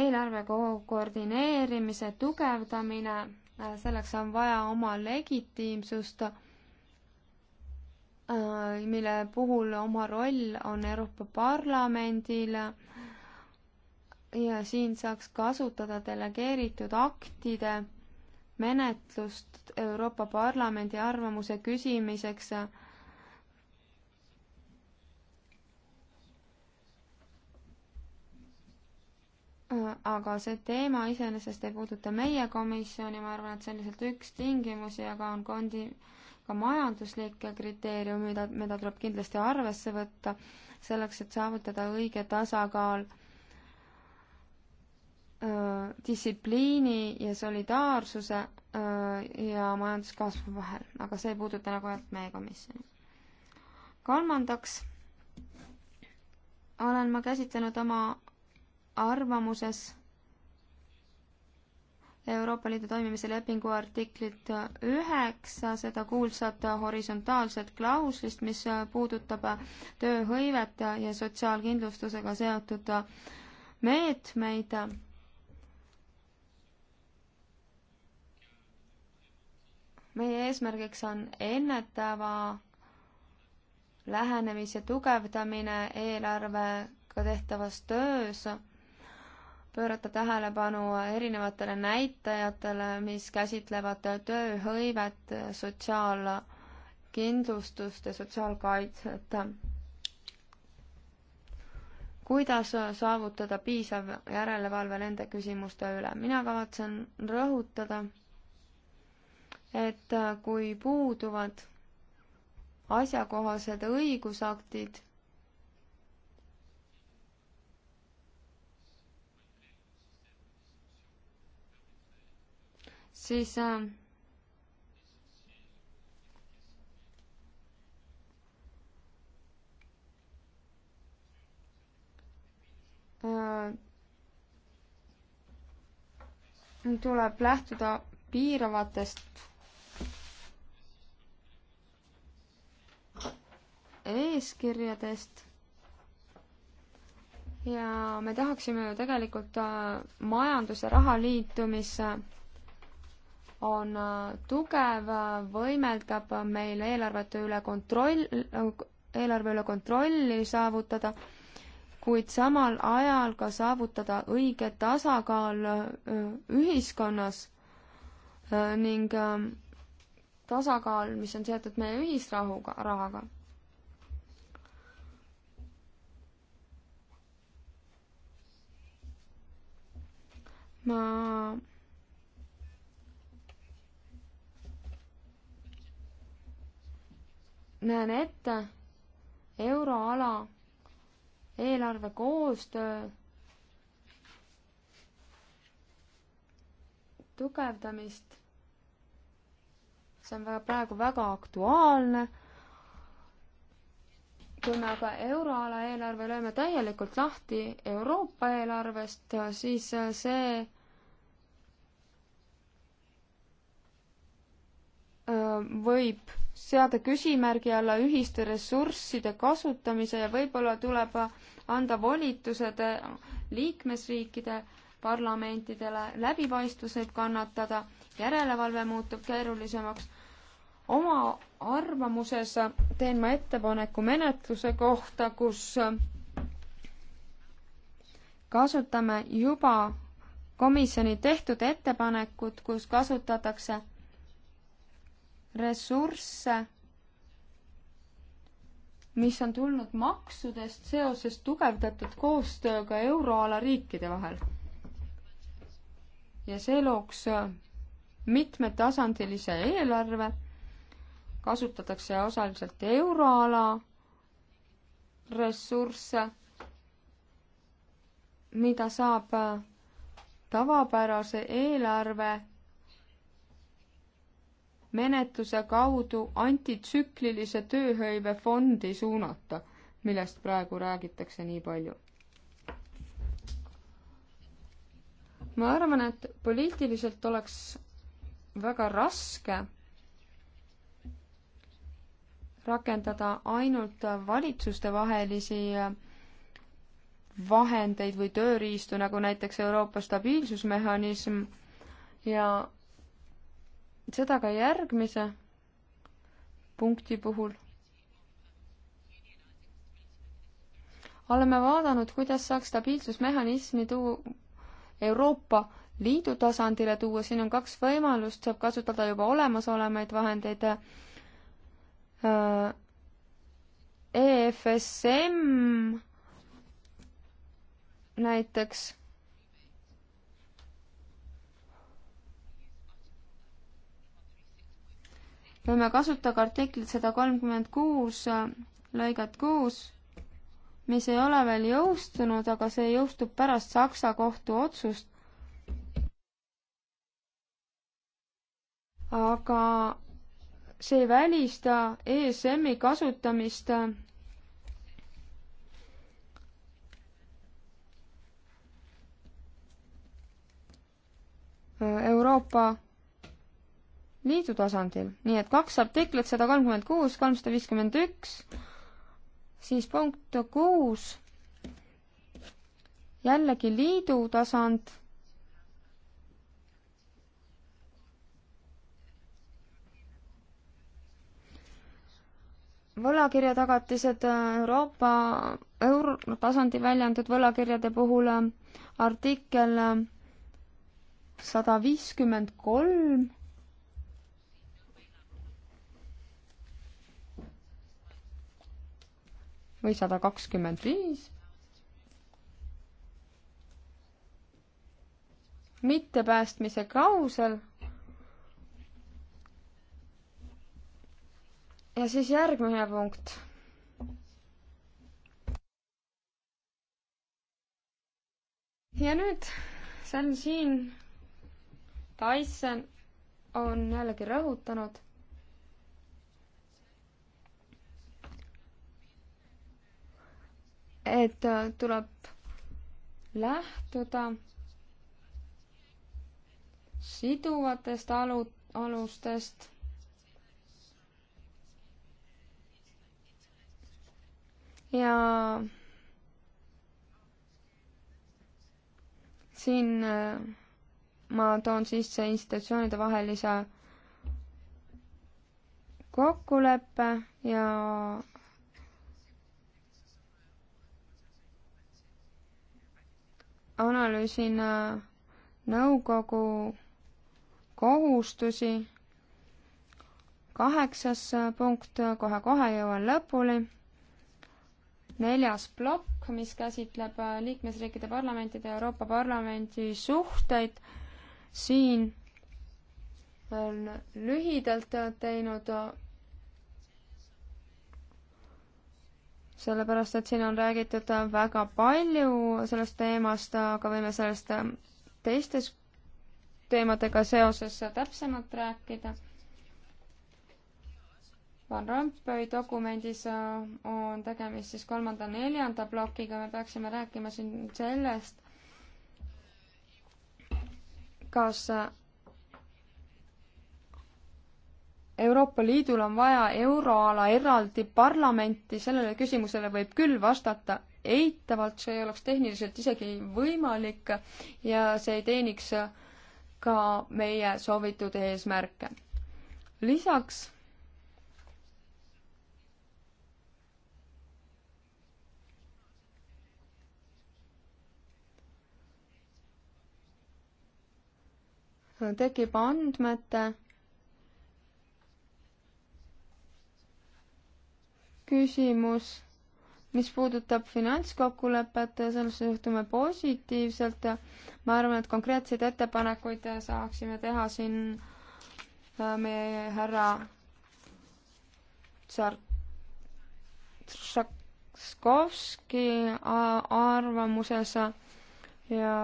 eelarve koordineerimise tugevdamine, selleks on vaja oma legitiimsust Äh, mille puhul oma roll on Euroopa Parlamendil ja siin saaks kasutada delegeeritud aktide menetlust Euroopa Parlamendi arvamuse küsimiseks äh, aga see teema iseenesest ei puuduta meie komisjoni, ma arvan, et see on lihtsalt üks tingimusi, aga on kondi-, ka majanduslikke kriteeriume, mida, mida tuleb kindlasti arvesse võtta, selleks et saavutada õige tasakaal öö, distsipliini ja solidaarsuse öö, ja majanduskasvu vahel, aga see ei puuduta nagu ainult meie komisjoni. kolmandaks olen ma käsitlenud oma arvamuses Euroopa Liidu toimimise lepingu artiklit üheksa, seda kuulsat horisontaalset klauslist, mis puudutab tööhõivet ja sotsiaalkindlustusega seotud meetmeid. meie eesmärgiks on ennetava lähenemise tugevdamine eelarvega tehtavas töös pöörata tähelepanu erinevatele näitajatele, mis käsitlevad tööhõivet, sotsiaalkindlustust ja sotsiaalkaitset. kuidas saavutada piisav järelevalve nende küsimuste üle? mina kavatsen rõhutada, et kui puuduvad asjakohased õigusaktid siis äh, äh, tuleb lähtuda piiravatest eeskirjadest ja me tahaksime ju tegelikult äh, majandus- ja rahaliitu, mis on äh, tugev, äh, võimeldab äh, meil eelarvete üle kontroll, eelarve üle kontrolli saavutada, kuid samal ajal ka saavutada õige tasakaal ühiskonnas ning ähm, tasakaal, mis on seotud meie ühisrahuga, rahaga ma näen ette euroala eelarve koostöö tugevdamist. see on väga, praegu väga aktuaalne. kui me aga euroala eelarve lööme täielikult lahti Euroopa eelarvest, siis see äh, võib seada küsimärgi alla ühiste ressursside kasutamise ja võib-olla tuleb anda volitused liikmesriikide parlamentidele, läbipaistvus võib kannatada, järelevalve muutub keerulisemaks. oma arvamuses teen ma ettepaneku menetluse kohta, kus kasutame juba komisjoni tehtud ettepanekut, kus kasutatakse ressursse, mis on tulnud maksudest seoses tugevdatud koostööga euroala riikide vahel. ja see looks mitmetasandilise eelarve, kasutatakse osaliselt euroala ressursse, mida saab tavapärase eelarve menetluse kaudu antitsüklilise tööhõive fondi suunata, millest praegu räägitakse nii palju. ma arvan, et poliitiliselt oleks väga raske rakendada ainult valitsustevahelisi vahendeid või tööriistu, nagu näiteks Euroopa stabiilsusmehhanism ja seda ka järgmise punkti puhul. oleme vaadanud, kuidas saaks stabiilsusmehhanismi tuua Euroopa Liidu tasandile tuua, siin on kaks võimalust, saab kasutada juba olemasolevaid vahendeid. Äh, EFSM näiteks me kasutame artiklit sada kolmkümmend kuus lõiget kuus, mis ei ole veel jõustunud, aga see jõustub pärast Saksa kohtu otsust. aga see ei välista ESM-i kasutamist Euroopa liidu tasandil, nii et kaks artiklit, sada kolmkümmend kuus, kolmsada viiskümmend üks, siis punkt kuus, jällegi liidu tasand, võlakirjatagatised äh, Euroopa euro tasandi välja antud võlakirjade puhul äh, artikkel äh, sada viiskümmend kolm või sada kakskümmend viis. mittepäästmise klausel. ja siis järgmine punkt. ja nüüd, see on siin, Tyson on jällegi rõhutanud et äh, tuleb lähtuda siduvatest alu-, alustest ja siin äh, ma toon sisse institutsioonide vahelise kokkuleppe ja analüüsin äh, nõukogu kohustusi. kaheksas äh, punkt, äh, kohe-kohe jõuan lõpuni. neljas plokk, mis käsitleb liikmesriikide parlamentide ja Euroopa Parlamendi suhteid. siin on lühidalt teinud sellepärast et siin on räägitud väga palju sellest teemast, aga võime sellest teistes teemadega seoses täpsemalt rääkida. Van Rompuy dokumendis on tegemist siis kolmanda-neljanda plokiga, me peaksime rääkima siin sellest, kas Euroopa Liidul on vaja euroala eraldi parlamenti, sellele küsimusele võib küll vastata eitavalt, see ei oleks tehniliselt isegi võimalik ja see ei teeniks ka meie soovitud eesmärke. lisaks tekib andmete küsimus, mis puudutab finantskokkulepet, sellesse suhtume positiivselt. ma arvan, et konkreetseid ettepanekuid saaksime teha siin äh, meie härra Tsarkovski äh, arvamuses ja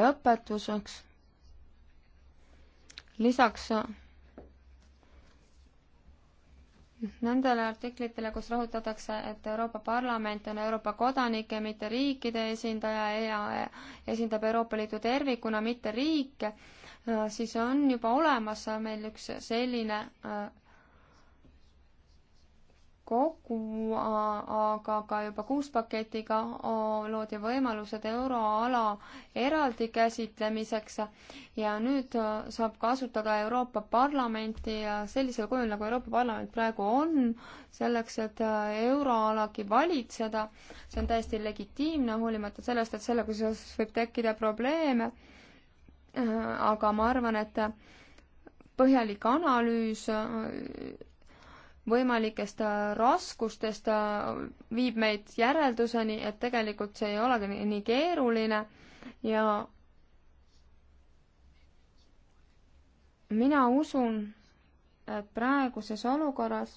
lõpetuseks lisaks nendele artiklitele, kus rõhutatakse, et Euroopa Parlament on Euroopa kodanike, mitte riikide esindaja ja esindab Euroopa Liidu tervikuna, mitte riike, siis on juba olemas meil üks selline kogu, aga ka juba kuus paketiga loodi võimalused euroala eraldi käsitlemiseks ja nüüd saab kasutada Euroopa Parlamenti ja sellisel kujul, nagu Euroopa Parlament praegu on, selleks, et euroalagi valitseda. see on täiesti legitiimne, hoolimata sellest, et sellega seoses võib tekkida probleeme. aga ma arvan, et põhjalik analüüs võimalikest äh, raskustest äh, viib meid järelduseni, et tegelikult see ei olegi nii keeruline ja mina usun, et praeguses olukorras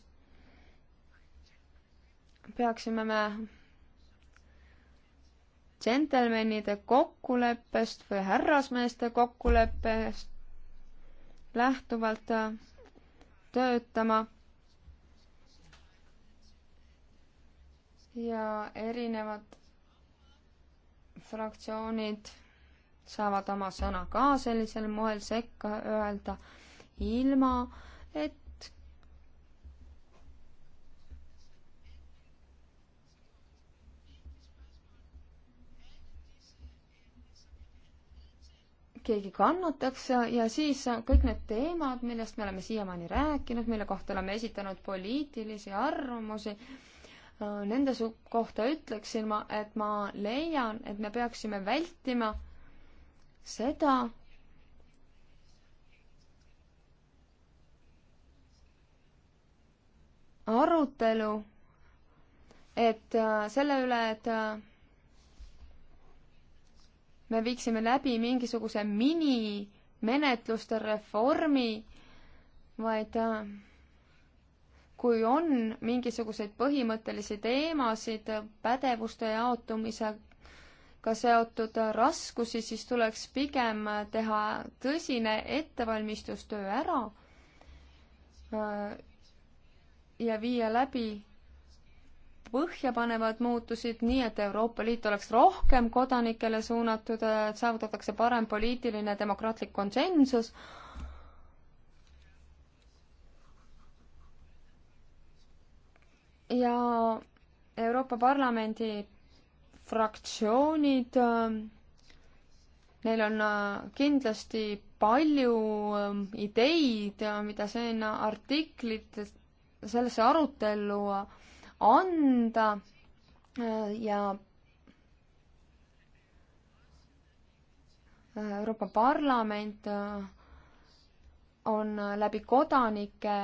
peaksime me džentelmenide kokkuleppest või härrasmeeste kokkuleppest lähtuvalt äh, töötama ja erinevad fraktsioonid saavad oma sõna ka sellisel moel sekka öelda, ilma et keegi kannataks ja, ja siis kõik need teemad, millest me oleme siiamaani rääkinud, mille kohta oleme esitanud poliitilisi arvamusi, nende kohta ütleksin ma, et ma leian, et me peaksime vältima seda, arutelu, et äh, selle üle, et äh, me viiksime läbi mingisuguse minimenetluste reformi, vaid äh, kui on mingisuguseid põhimõttelisi teemasid pädevuste jaotumisega seotud raskusi, siis tuleks pigem teha tõsine ettevalmistustöö ära äh, ja viia läbi põhjapanevad muutusid, nii et Euroopa Liit oleks rohkem kodanikele suunatud, äh, saavutatakse parem poliitiline demokraatlik konsensus ja Euroopa Parlamendi fraktsioonid, ähm, neil on äh, kindlasti palju ähm, ideid, äh, mida sinna artiklite, sellesse arutellu äh, anda ja Euroopa Parlament on läbi kodanike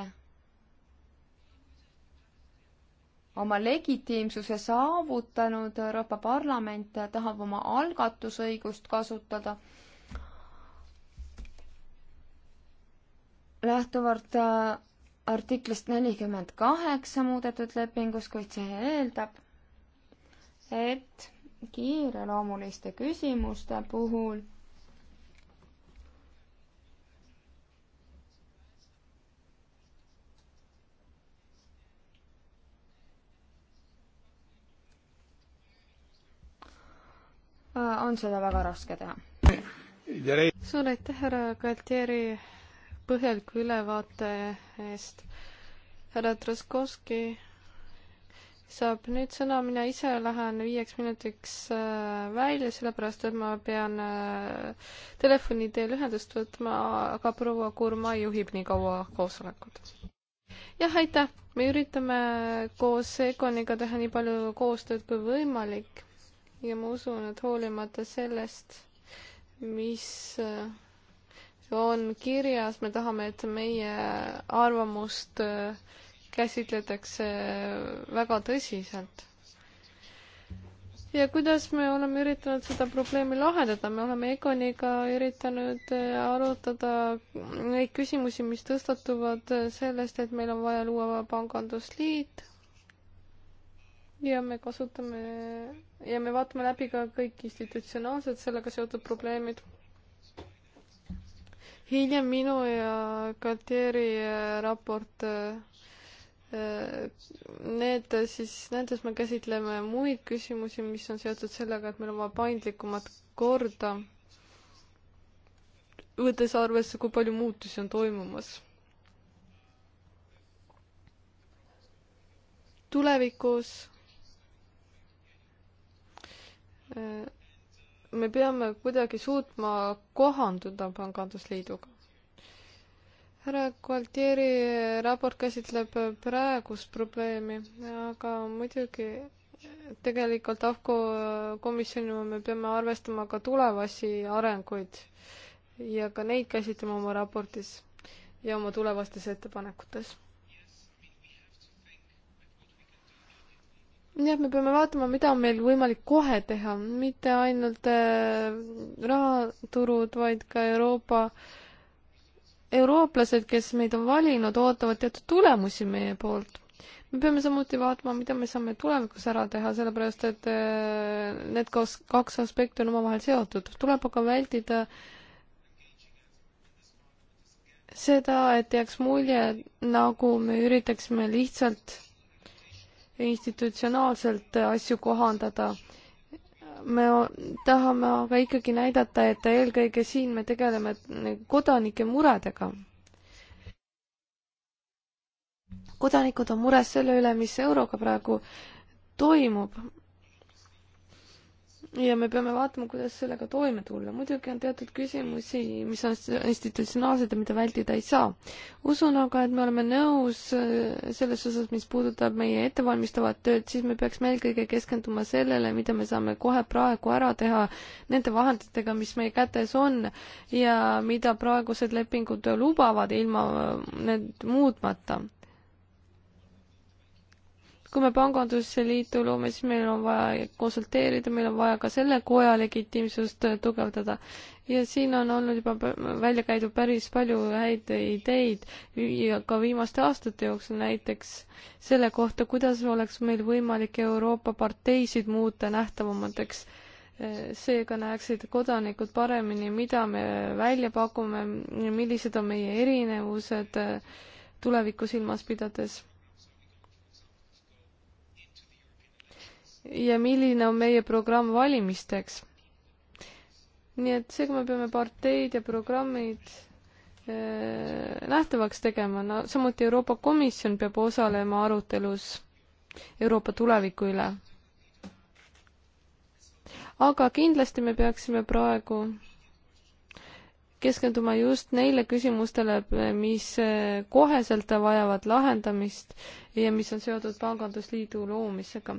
oma legitiimsuse saavutanud, Euroopa Parlament tahab oma algatusõigust kasutada. lähtuvalt äh, artiklist nelikümmend kaheksa muudetud lepingus, kuid see eeldab, et kiireloomuliste küsimuste puhul Äh, on seda väga raske teha. suur aitäh, härra Galtieri, põhjaliku ülevaate eest. härra Troskovski saab nüüd sõna, mina ise lähen viieks minutiks äh, välja, sellepärast et ma pean äh, telefoni teel ühendust võtma, aga proua Kurma juhib nii kaua koosolekut. jah, aitäh, me üritame koos Egoniga teha nii palju koostööd kui võimalik ja ma usun, et hoolimata sellest, mis äh, on kirjas, me tahame, et meie arvamust äh, käsitletakse äh, väga tõsiselt. ja kuidas me oleme üritanud seda probleemi lahendada, me oleme Egoniga üritanud arutada neid küsimusi, mis tõstatuvad sellest, et meil on vaja luua pangandusliit ja me kasutame ja me vaatame läbi ka kõik institutsionaalsed sellega seotud probleemid. hiljem minu ja Kateri äh, raport äh, äh, Need siis, nendes me käsitleme muid küsimusi, mis on seotud sellega, et meil on vaja paindlikumat korda, võttes arvesse, kui palju muutusi on toimumas. tulevikus Äh, me peame kuidagi suutma kohanduda pangandusliiduga. härra Gualtieri raport käsitleb praegust probleemi, aga muidugi tegelikult AFCO komisjonina me peame arvestama ka tulevasi arenguid ja ka neid käsitlema oma raportis ja oma tulevastes ettepanekutes jah, me peame vaatama, mida on meil võimalik kohe teha, mitte ainult äh, rahaturud, vaid ka Euroopa, eurooplased, kes meid on valinud, ootavad teatud tulemusi meie poolt. me peame samuti vaatama, mida me saame tulevikus ära teha, sellepärast et äh, need kos-, kaks aspekti on omavahel seotud. tuleb aga vältida seda, et jääks mulje, nagu me üritaksime lihtsalt institutsionaalselt asju kohandada. me tahame aga ikkagi näidata, et eelkõige siin me tegeleme kodanike muredega. kodanikud on mures selle üle, mis euroga praegu toimub ja me peame vaatama, kuidas sellega toime tulla. muidugi on teatud küsimusi, mis on institutsionaalsed ja mida vältida ei saa. usun aga, et me oleme nõus äh, selles osas, mis puudutab meie ettevalmistavat tööd, siis me peaksime eelkõige keskenduma sellele, mida me saame kohe praegu ära teha nende vahenditega, mis meie kätes on ja mida praegused lepingud lubavad ilma äh, need muutmata kui me pangandusliitu loome, siis meil on vaja konsulteerida, meil on vaja ka selle koja legitiimsust tugevdada. ja siin on olnud juba välja käidud päris palju häid ideid ja ka viimaste aastate jooksul näiteks selle kohta, kuidas oleks meil võimalik Euroopa parteisid muuta nähtavamateks seega näeksid kodanikud paremini, mida me välja pakume, millised on meie erinevused tulevikku silmas pidades ja milline on meie programm valimisteks. nii et seega me peame parteid ja programmid äh, nähtavaks tegema, no samuti Euroopa Komisjon peab osalema arutelus Euroopa tuleviku üle. aga kindlasti me peaksime praegu keskenduma just neile küsimustele, mis koheselt vajavad lahendamist ja mis on seotud Pangandusliidu loomisega.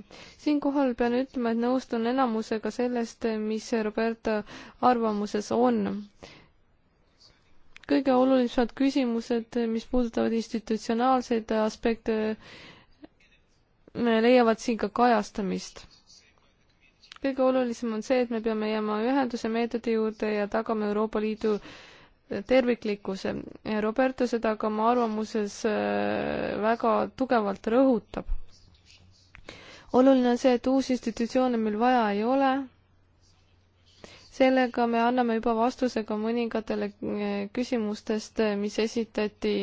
siinkohal pean ütlema, et nõustun enamusega sellest, mis Roberto arvamuses on. kõige olulisemad küsimused, mis puudutavad institutsionaalseid aspekte, leiavad siin ka kajastamist kõige olulisem on see, et me peame jääma ühenduse meetodi juurde ja tagama Euroopa Liidu terviklikkuse. Roberto seda ka oma arvamuses äh, väga tugevalt rõhutab. oluline on see, et uusi institutsioone meil vaja ei ole. sellega me anname juba vastuse ka mõningatele äh, küsimustest, äh, mis esitati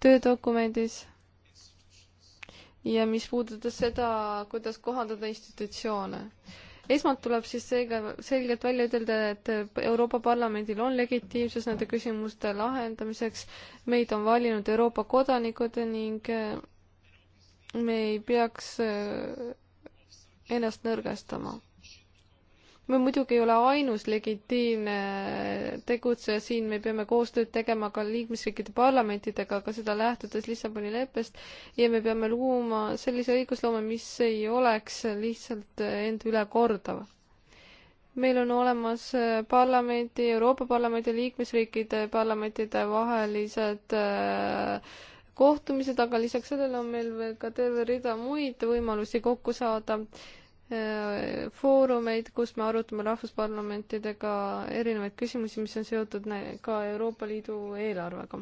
töödokumendis ja mis puudutas seda, kuidas kohandada institutsioone esmalt tuleb siis seega selgelt välja ütelda, et Euroopa Parlamendil on legitiimsus nende küsimuste lahendamiseks, meid on valinud Euroopa kodanikud ning eh, me ei peaks eh, ennast nõrgestama me muidugi ei ole ainus legitiimne tegutseja siin, me peame koostööd tegema ka liikmesriikide parlamentidega, aga seda lähtudes Lissaboni leppest ja me peame looma sellise õigusloome, mis ei oleks lihtsalt end üle kordav. meil on olemas parlamendi, Euroopa Parlamendi liikmesriikide parlamentide vahelised äh, kohtumised, aga lisaks sellele on meil veel ka terve rida muid võimalusi kokku saada äh, Äh, foorumeid, kus me arutame rahvusparlamentidega erinevaid küsimusi, mis on seotud ka Euroopa Liidu eelarvega.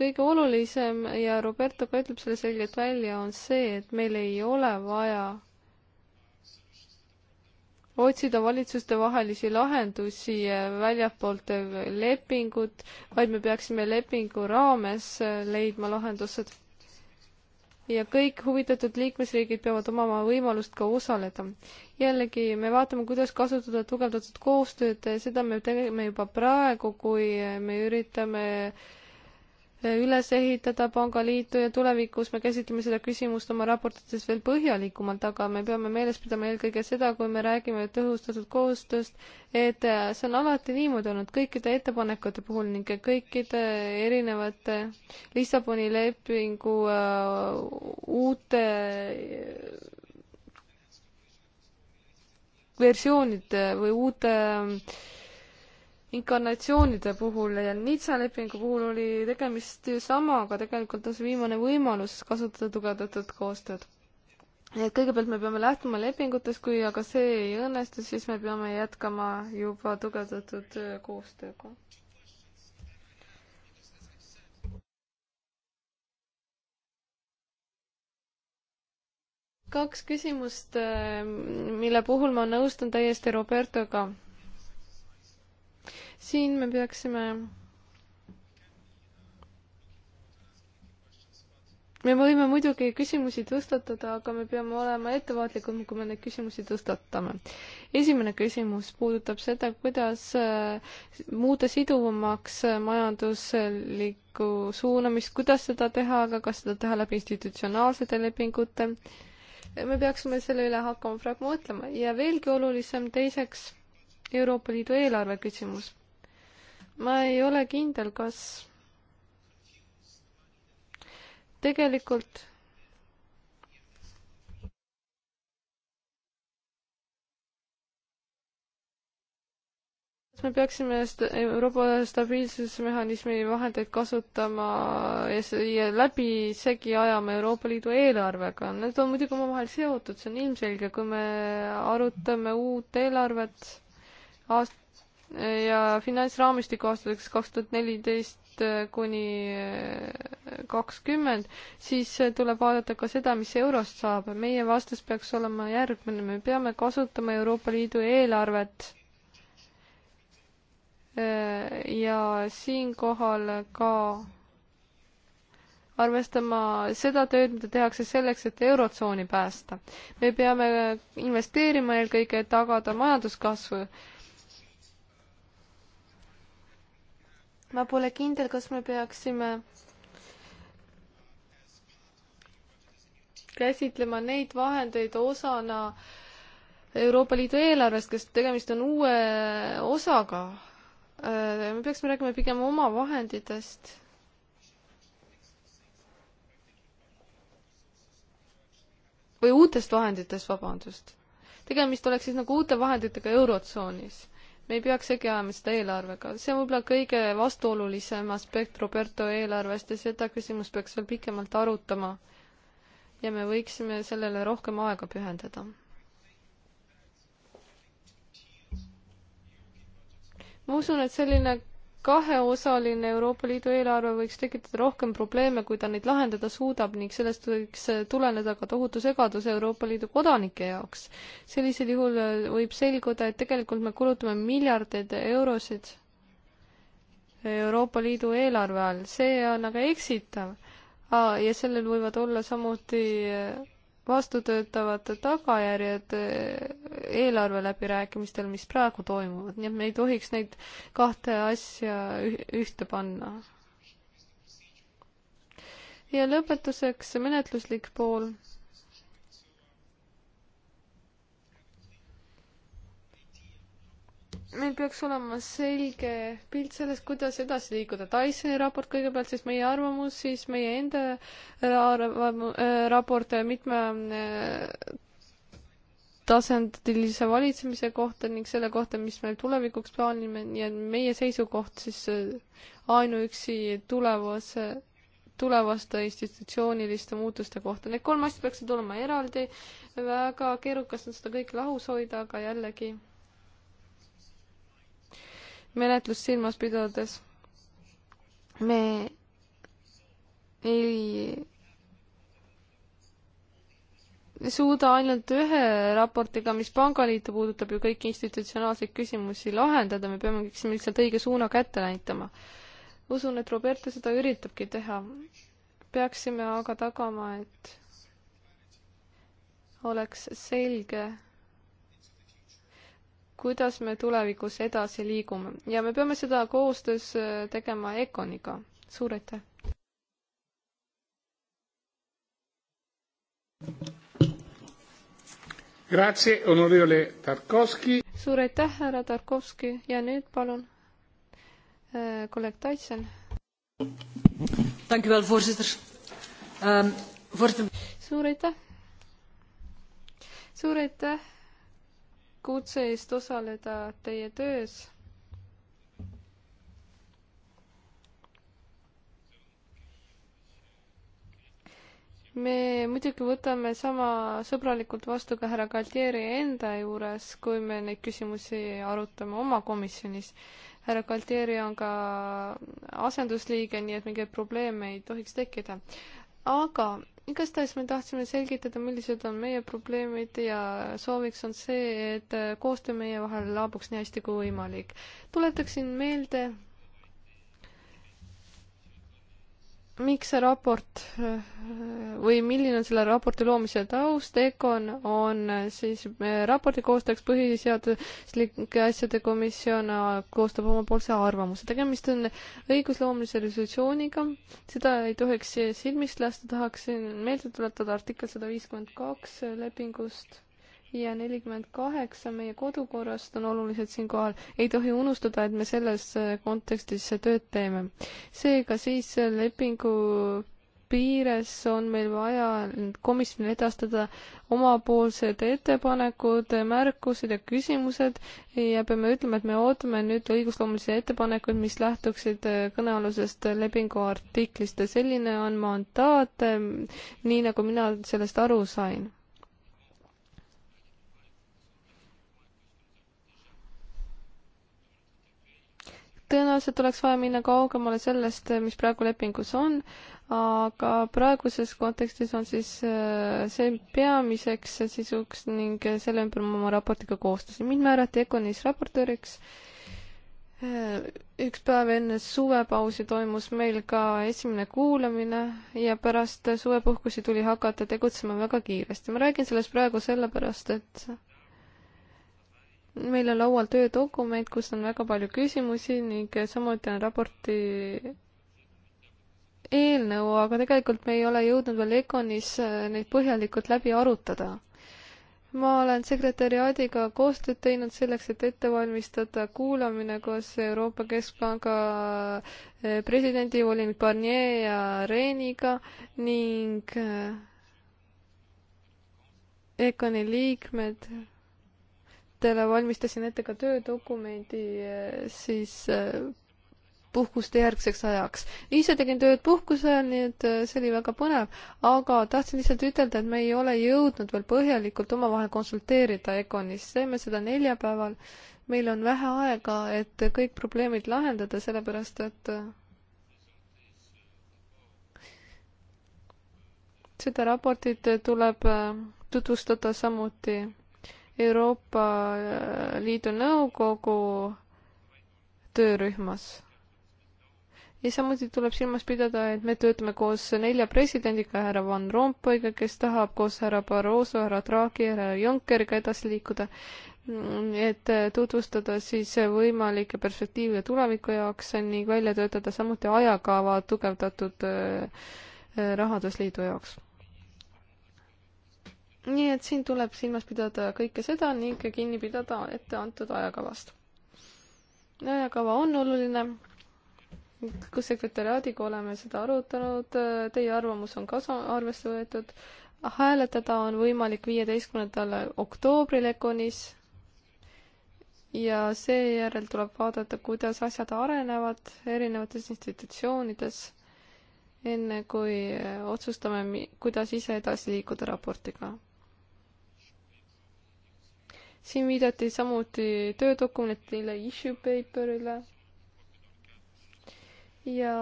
kõige olulisem ja Roberto ka ütleb selle selgelt välja, on see, et meil ei ole vaja otsida valitsustevahelisi lahendusi väljapoolt lepingut, vaid me peaksime lepingu raames leidma lahendused ja kõik huvitatud liikmesriigid peavad omama võimalust ka osaleda. jällegi, me vaatame, kuidas kasutada tugevdatud koostööd, seda me teeme juba praegu, kui me üritame äh, üles ehitada pangaliitu ja tulevikus me käsitleme seda küsimust oma raportites veel põhjalikumalt, aga me peame meeles pidama eelkõige seda, kui me räägime tõhustatud koostööst, et see on alati niimoodi olnud kõikide ettepanekute puhul ning kõikide erinevate Lissaboni lepingu äh, uute äh, versioonide või uute äh, inkarnatsioonide puhul ja Nitsa lepingu puhul oli tegemist ju sama, aga tegelikult on see viimane võimalus kasutada tugevdatud koostööd. nii et kõigepealt me peame lähtuma lepingutest, kui aga see ei õnnestu, siis me peame jätkama juba tugevdatud koostööga. kaks küsimust, mille puhul ma nõustun täiesti Robertoga siin me peaksime me võime muidugi küsimusi tõstatada, aga me peame olema ettevaatlikud, kui me neid küsimusi tõstatame. esimene küsimus puudutab seda, kuidas äh, muuta siduvamaks majanduslikku suunamist, kuidas seda teha, aga kas seda teha läbi institutsionaalsete lepingute. me peaksime selle üle hakkama praegu mõtlema ja veelgi olulisem teiseks Euroopa Liidu eelarve küsimus ma ei ole kindel, kas tegelikult kas me peaksime Euroopa stabiilsusmehhanismi vahendeid kasutama ja läbisegi ajama Euroopa Liidu eelarvega? Need on muidugi omavahel seotud, see on ilmselge, kui me arutame uut eelarvet aast-, ja finantsraamistik aastateks kaks tuhat neliteist äh, kuni äh, kakskümmend, siis äh, tuleb vaadata ka seda, mis eurost saab. meie vastus peaks olema järgmine, me peame kasutama Euroopa Liidu eelarvet ja siinkohal ka arvestama seda tööd, mida tehakse selleks, et eurotsooni päästa. me peame investeerima eelkõige, et tagada majanduskasvu ma pole kindel, kas me peaksime käsitlema neid vahendeid osana Euroopa Liidu eelarvest, kas tegemist on uue osaga. Äh, me peaksime rääkima pigem oma vahenditest. või uutest vahenditest, vabandust. tegemist oleks siis nagu uute vahenditega Eurotsoonis me ei peaks segi ajama seda eelarvega, see on võib-olla kõige vastuolulisem aspekt Roberto eelarvest ja seda küsimust peaks veel pikemalt arutama. ja me võiksime sellele rohkem aega pühendada. ma usun, et selline kaheosaline Euroopa Liidu eelarve võiks tekitada rohkem probleeme, kui ta neid lahendada suudab ning sellest võiks tuleneda ka tohutu segadus Euroopa Liidu kodanike jaoks. sellisel juhul võib selguda, et tegelikult me kulutame miljardeid eurosid Euroopa Liidu eelarve all, see on aga eksitav ah,. ja sellel võivad olla samuti vastutöötavad tagajärjed eh, eelarve läbirääkimistel, mis praegu toimuvad, nii et me ei tohiks neid kahte asja ühte panna. ja lõpetuseks menetluslik pool meil peaks olema selge pilt sellest, kuidas edasi liikuda. Dysoni raport kõigepealt, siis meie arvamus, siis meie enda äh, raport mitme äh, tasandilise valitsemise kohta ning selle kohta, mis meil tulevikuks plaanime ja meie seisukoht siis äh, ainuüksi tulevase, tulevaste institutsiooniliste muutuste kohta. Need kolm asja peaksid olema eraldi, väga keerukas on seda kõike lahus hoida, aga jällegi menetlust silmas pidades me ei suuda ainult ühe raportiga, mis Pangaliitu puudutab ju kõiki institutsionaalseid küsimusi lahendada, me peame lihtsalt õige suuna kätte näitama. usun, et Roberta seda üritabki teha. peaksime aga tagama, et oleks selge kuidas me tulevikus edasi liigume ja me peame seda koostöös äh, tegema Econiga. suur aitäh! suur aitäh, härra Tarkovski ja nüüd palun äh, kolleeg Tyson. Ehm, suur aitäh! suur aitäh kutse eest osaleda teie töös me muidugi võtame sama sõbralikult vastu ka härra Galtieri enda juures, kui me neid küsimusi arutame oma komisjonis. härra Galtieri on ka asendusliige, nii et mingeid probleeme ei tohiks tekkida. aga igastahes me tahtsime selgitada, millised on meie probleemid ja sooviks on see, et koostöö meie vahel laabuks nii hästi kui võimalik. tuletaksin meelde, miks see raport või milline on selle raporti loomise taust, EKON on äh, siis äh, raporti koostajaks põhiseaduslike asjade komisjon äh, koostab omapoolse arvamuse. tegemist on õigusloomelise resolutsiooniga, seda ei tohiks silmist lasta, tahaksin meelde tuletada artikkel sada viiskümmend kaks lepingust ja nelikümmend kaheksa meie kodukorrast on olulised siinkohal. ei tohi unustada, et me selles äh, kontekstis tööd teeme. seega siis äh, lepingu piires on meil vaja komisjonile edastada omapoolsed ettepanekud, märkused ja küsimused ja peame ütlema, et me ootame nüüd õigusloomulisi ettepanekuid, mis lähtuksid äh, kõnealusest lepingu artiklist ja selline on mandaat, nii nagu mina sellest aru sain tõenäoliselt oleks vaja minna kaugemale sellest, mis praegu lepingus on, aga praeguses kontekstis on siis äh, see peamiseks sisuks ning selle ümber ma oma raportiga koostasin. mind määrati Econis raportööriks. Äh, üks päev enne suvepausi toimus meil ka esimene kuulamine ja pärast suvepuhkusi tuli hakata tegutsema väga kiiresti. ma räägin sellest praegu sellepärast, et meil on laual töödokument, kus on väga palju küsimusi ning samuti on raporti eelnõu, aga tegelikult me ei ole jõudnud veel Econis äh, neid põhjalikult läbi arutada. ma olen sekretäriaadiga koostööd teinud selleks, et ette valmistada kuulamine koos Euroopa Keskpanga äh, presidendi volinik Barnier ja Rehniga ning äh, Econi liikmed liikmetele valmistasin ette ka töödokumendi eh, siis eh, puhkuste järgseks ajaks. ise tegin tööd puhkuse ajal, nii et eh, see oli väga põnev, aga tahtsin lihtsalt ütelda, et me ei ole jõudnud veel põhjalikult omavahel konsulteerida Econis, teeme seda neljapäeval. meil on vähe aega, et kõik probleemid lahendada, sellepärast et seda raportit tuleb tutvustada samuti Euroopa äh, Liidu Nõukogu töörühmas. ja samuti tuleb silmas pidada, et me töötame koos nelja presidendiga, härra Van Rompuyga, kes tahab koos härra Barroso, härra Draghi, härra Junckeriga edasi liikuda, mm, et äh, tutvustada siis võimalikke perspektiive tuleviku jaoks ning välja töötada samuti ajakava tugevdatud äh, rahandusliidu jaoks nii et siin tuleb silmas pidada kõike seda ning kinni pidada ette antud ajakavast. ajakava on oluline, kus sekretäriaadiga oleme seda arutanud, teie arvamus on kaasa arvesse võetud, hääletada on võimalik viieteistkümnendal oktoobril Econis ja seejärel tuleb vaadata, kuidas asjad arenevad erinevates institutsioonides, enne kui otsustame, kuidas ise edasi liikuda raportiga siin viidati samuti töödokumentile, issue paper'ile ja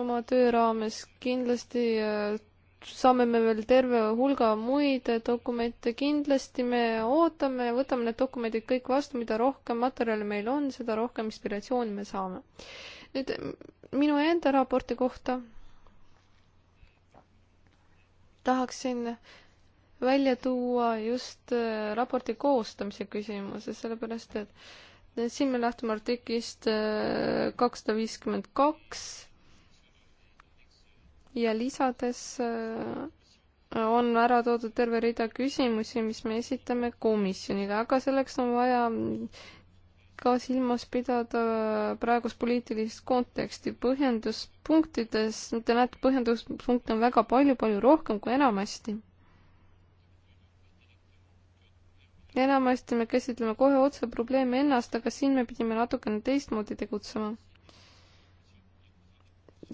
oma töö raames kindlasti äh, saame me veel terve hulga muid dokumente, kindlasti me ootame ja võtame need dokumendid kõik vastu, mida rohkem materjali meil on, seda rohkem inspiratsiooni me saame. nüüd minu enda raporti kohta tahaksin välja tuua just äh, raporti koostamise küsimuse, sellepärast et siin me lähtume artiklist äh, kakssada viiskümmend kaks ja lisades äh, on ära toodud terve rida küsimusi, mis me esitame komisjonile, aga selleks on vaja ka silmas pidada praegust poliitilist konteksti. põhjenduspunktides, te näete, põhjenduspunkte on väga palju, palju rohkem kui enamasti enamasti me käsitleme kohe otse probleemi ennast, aga siin me pidime natukene teistmoodi tegutsema.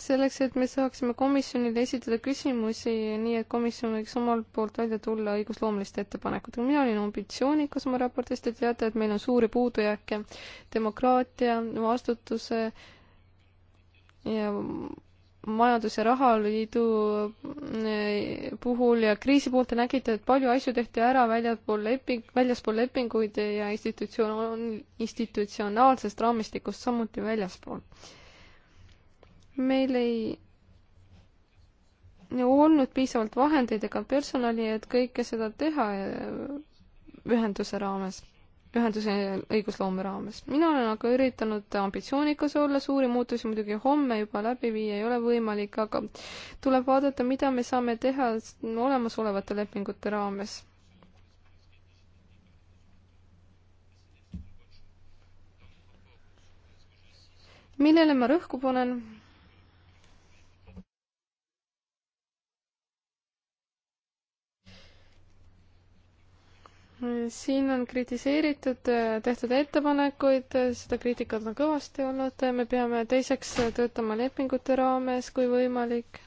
selleks, et me saaksime komisjonile esitada küsimusi, nii et komisjon võiks omalt poolt välja tulla õigusloomuliste ettepanekutega. mina olin ambitsioonikas oma raportis, te teate, et meil on suuri puudujääke demokraatia, vastutuse ja majandus- ja rahaliidu eh, puhul ja kriisi puhul te nägite, et palju asju tehti ära väljapool leping, väljaspool lepinguid ja institutsioon, institutsionaalsest raamistikust samuti väljaspool. meil ei olnud piisavalt vahendeid ega personali, et kõike seda teha eh, ühenduse raames ühenduse õigusloome raames. mina olen aga üritanud ambitsioonikas olla, suuri muutusi muidugi homme juba läbi viia ei ole võimalik, aga tuleb vaadata, mida me saame teha olemasolevate lepingute raames. millele ma rõhku panen? siin on kritiseeritud, tehtud ettepanekuid, seda kriitikat on kõvasti olnud, me peame teiseks töötama lepingute raames, kui võimalik.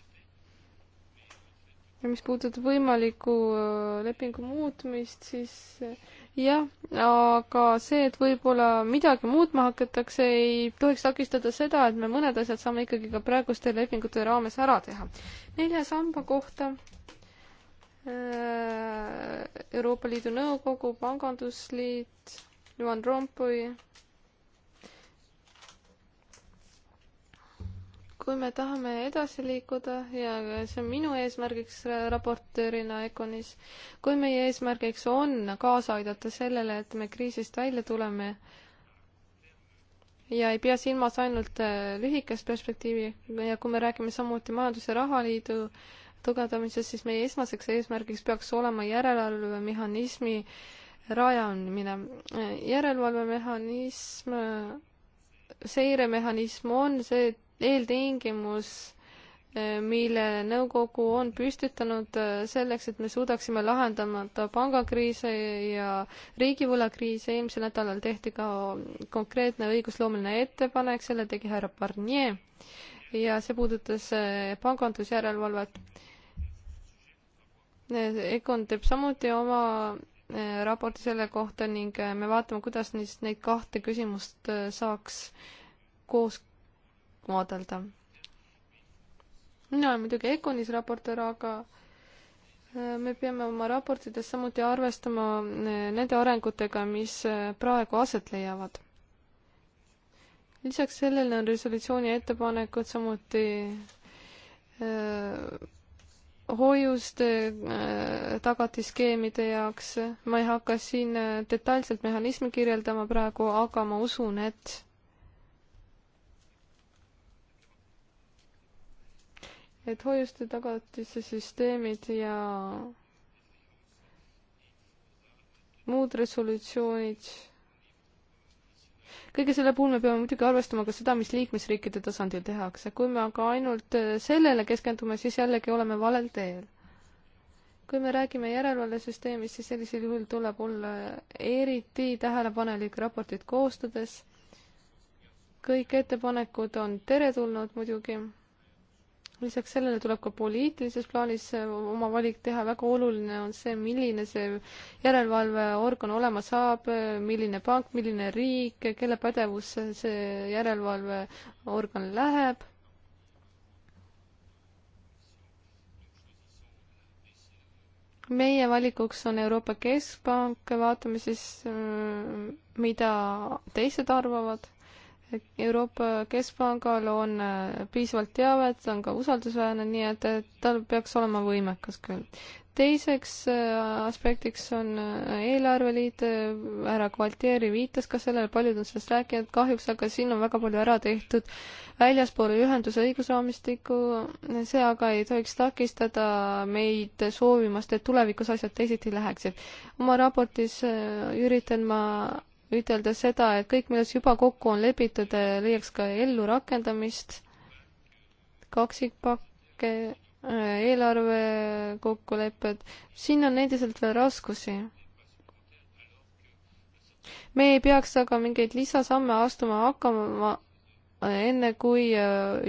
ja mis puudutab võimalikku äh, lepingu muutmist, siis äh, jah, aga see, et võib-olla midagi muutma hakatakse, ei tohiks takistada seda, et me mõned asjad saame ikkagi ka praeguste lepingute raames ära teha. nelja samba kohta Äh, Euroopa Liidu Nõukogu, Pangandusliit, Juan Rompuy. kui me tahame edasi liikuda ja see on minu eesmärgiks raportöörina Econis, kui meie eesmärgiks on kaasa aidata sellele, et me kriisist välja tuleme ja ei pea silmas ainult lühikest perspektiivi ja kui me räägime samuti majandus- ja rahaliidu äh, tugevdamises, siis meie esmaseks eesmärgiks peaks olema järelevalvemehhanismi rajamine. järelevalvemehhanism, seiremehhanism on see eeltingimus, mille nõukogu on püstitanud äh, selleks, et me suudaksime lahendamata pangakriise ja riigivõlakriise. eelmisel nädalal tehti ka konkreetne õigusloomeline ettepanek, selle tegi härra Barnier ja see puudutas äh, pangandusjärelevalvet Egon teeb samuti oma eh, raporti selle kohta ning eh, me vaatame, kuidas neist neid kahte küsimust eh, saaks koos vaadelda. mina olen muidugi Econis raportöör, aga me peame oma raportides samuti arvestama nende arengutega, mis praegu aset leiavad. lisaks sellele on resolutsiooni ettepanekud samuti öö, hoiuste äh, tagatisskeemide jaoks, ma ei hakka siin äh, detailselt mehhanismi kirjeldama praegu, aga ma usun, et et hoiuste tagatise süsteemid ja muud resolutsioonid kõige selle puhul me peame muidugi arvestama ka seda, mis liikmesriikide tasandil tehakse. kui me aga ainult äh, sellele keskendume, siis jällegi oleme valel teel. kui me räägime järelevalvesüsteemist, siis sellisel juhul tuleb olla eriti tähelepanelik raportit koostades. kõik ettepanekud on teretulnud muidugi lisaks sellele tuleb ka poliitilises plaanis äh, oma valik teha, väga oluline on see, milline see järelevalveorgan olema saab, äh, milline pank, milline riik, kelle pädevusse see järelevalveorgan läheb. meie valikuks on Euroopa Keskpank, vaatame siis, äh, mida teised arvavad Euroopa Keskpangal on äh, piisavalt teavet, ta on ka usaldusväärne, nii et tal peaks olema võimekas küll. teiseks äh, aspektiks on äh, eelarveliit, härra Gualtieri viitas ka sellele, paljud on sellest rääkinud kahjuks, aga siin on väga palju ära tehtud väljaspool ühenduse õigusraamistikku, see aga ei tohiks takistada meid soovimast, et tulevikus asjad teisiti läheksid. oma raportis üritan ma ütelda seda, et kõik, milles juba kokku on lepitud, eh, leiaks ka ellurakendamist, kaksikpakke, eh, eelarve kokkulepped, siin on endiselt veel raskusi. me ei peaks aga mingeid lisasamme astuma hakkama, eh, enne kui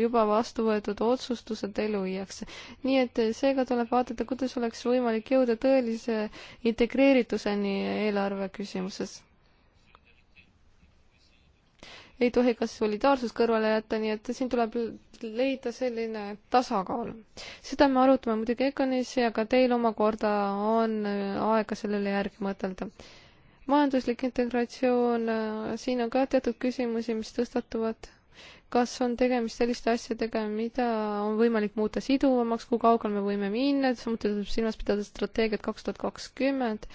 juba vastu võetud otsustused ellu viiakse. nii et seega tuleb vaadata, kuidas oleks võimalik jõuda tõelise integreerituseni eelarve küsimuses ei tohi ka solidaarsust kõrvale jätta, nii et siin tuleb leida selline tasakaal. seda me arutame muidugi EKONis ja ka teil omakorda on aega sellele järgi mõtelda. majanduslik integratsioon, siin on ka teatud küsimusi, mis tõstatuvad kas on tegemist selliste asjadega, mida on võimalik muuta siduvamaks, kui kaugele me võime minna, samuti tuleb silmas pidada strateegiat kaks tuhat kakskümmend,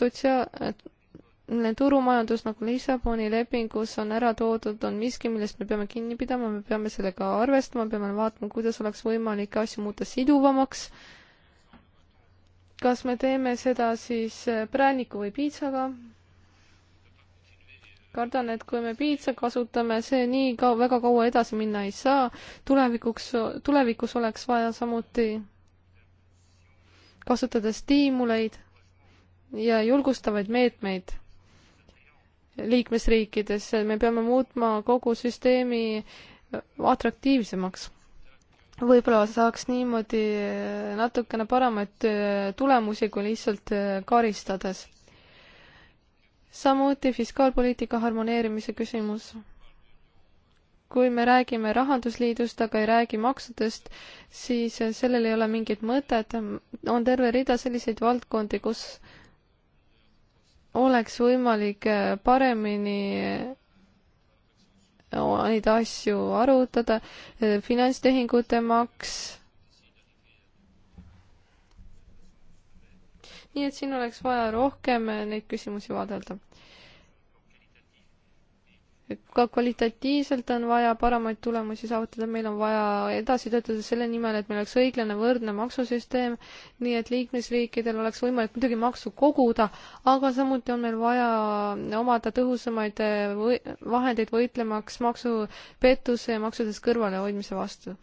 sotsiaal, turumajandus nagu Lissaboni lepingus on ära toodud, on miski, millest me peame kinni pidama, me peame sellega arvestama, peame vaatama, kuidas oleks võimalik asju muuta siduvamaks. kas me teeme seda siis eh, prääniku või piitsaga? kardan, et kui me piitsa kasutame, see nii ka väga kaua edasi minna ei saa. tulevikuks, tulevikus oleks vaja samuti kasutada stiimuleid ja julgustavaid meetmeid liikmesriikides, me peame muutma kogu süsteemi atraktiivsemaks. võib-olla saaks niimoodi natukene paremaid tulemusi kui lihtsalt karistades. samuti fiskaalpoliitika harmoneerimise küsimus. kui me räägime Rahandusliidust, aga ei räägi maksudest, siis sellel ei ole mingit mõtet, on terve rida selliseid valdkondi, kus oleks võimalik äh, paremini äh, neid asju arutada, äh, finantstehingute maks. nii et siin oleks vaja rohkem neid küsimusi vaadelda ka kvalitatiivselt on vaja paremaid tulemusi saavutada, meil on vaja edasi töötada selle nimel, et meil oleks õiglane võrdne maksusüsteem, nii et liikmesriikidel oleks võimalik muidugi maksu koguda, aga samuti on meil vaja omada tõhusamaid või, vahendeid võitlemaks maksupettuse ja maksudest kõrvalehoidmise vastu.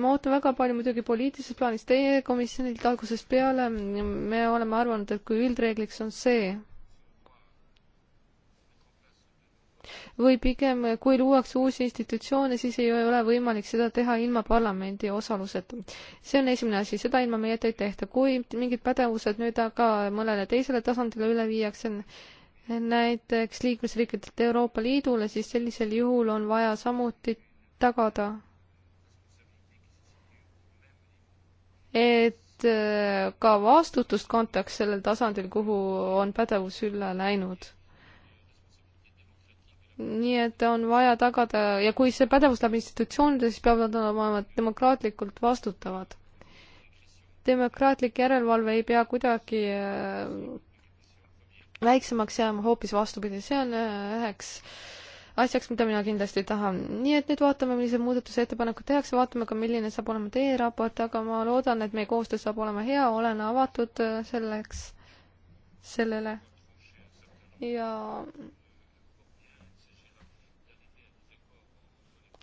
ma ootan väga palju muidugi poliitilises plaanis teie komisjonilt algusest peale, me oleme arvanud, et kui üldreegliks on see, või pigem, kui luuakse uusi institutsioone, siis ei ole võimalik seda teha ilma parlamendi osaluseta. see on esimene asi, seda ilma meie ette ei tehta. kui mingid pädevused nüüd aga mõnele teisele tasandile üle viiakse, näiteks liikmesriikidelt Euroopa Liidule, siis sellisel juhul on vaja samuti tagada, et äh, ka vastutust kantakse sellel tasandil, kuhu on pädevus üle läinud nii et on vaja tagada ja kui see pädevus läheb institutsioonidele, siis peavad nad olema demokraatlikult vastutavad. demokraatlik järelevalve ei pea kuidagi äh, väiksemaks jääma, hoopis vastupidi, see on äh, üheks asjaks, mida mina kindlasti tahan. nii et nüüd vaatame, millised muudatusettepanekud tehakse, vaatame ka, milline saab olema teie raport, aga ma loodan, et meie koostöö saab olema hea, olen avatud äh, selleks, sellele ja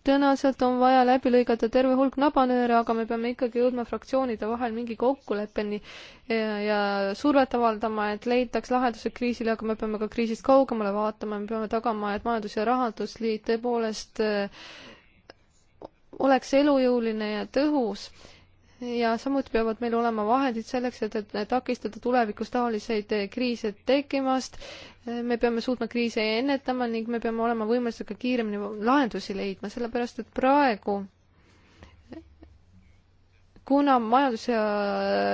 tõenäoliselt on vaja läbi lõigata terve hulk nabanööre, aga me peame ikkagi jõudma fraktsioonide vahel mingi kokkuleppeni ja, ja survet avaldama, et leitaks lahendused kriisile, aga me peame ka kriisist kaugemale vaatama, me peame tagama, et Majandus- ja Rahandusliit tõepoolest äh, oleks elujõuline ja tõhus ja samuti peavad meil olema vahendid selleks, et, et takistada tulevikus taoliseid eh, kriise tekkimast. Eh, me peame suutma kriise ennetama ning me peame olema võimelised ka kiiremini lahendusi leidma, sellepärast et praegu kuna majandus- ja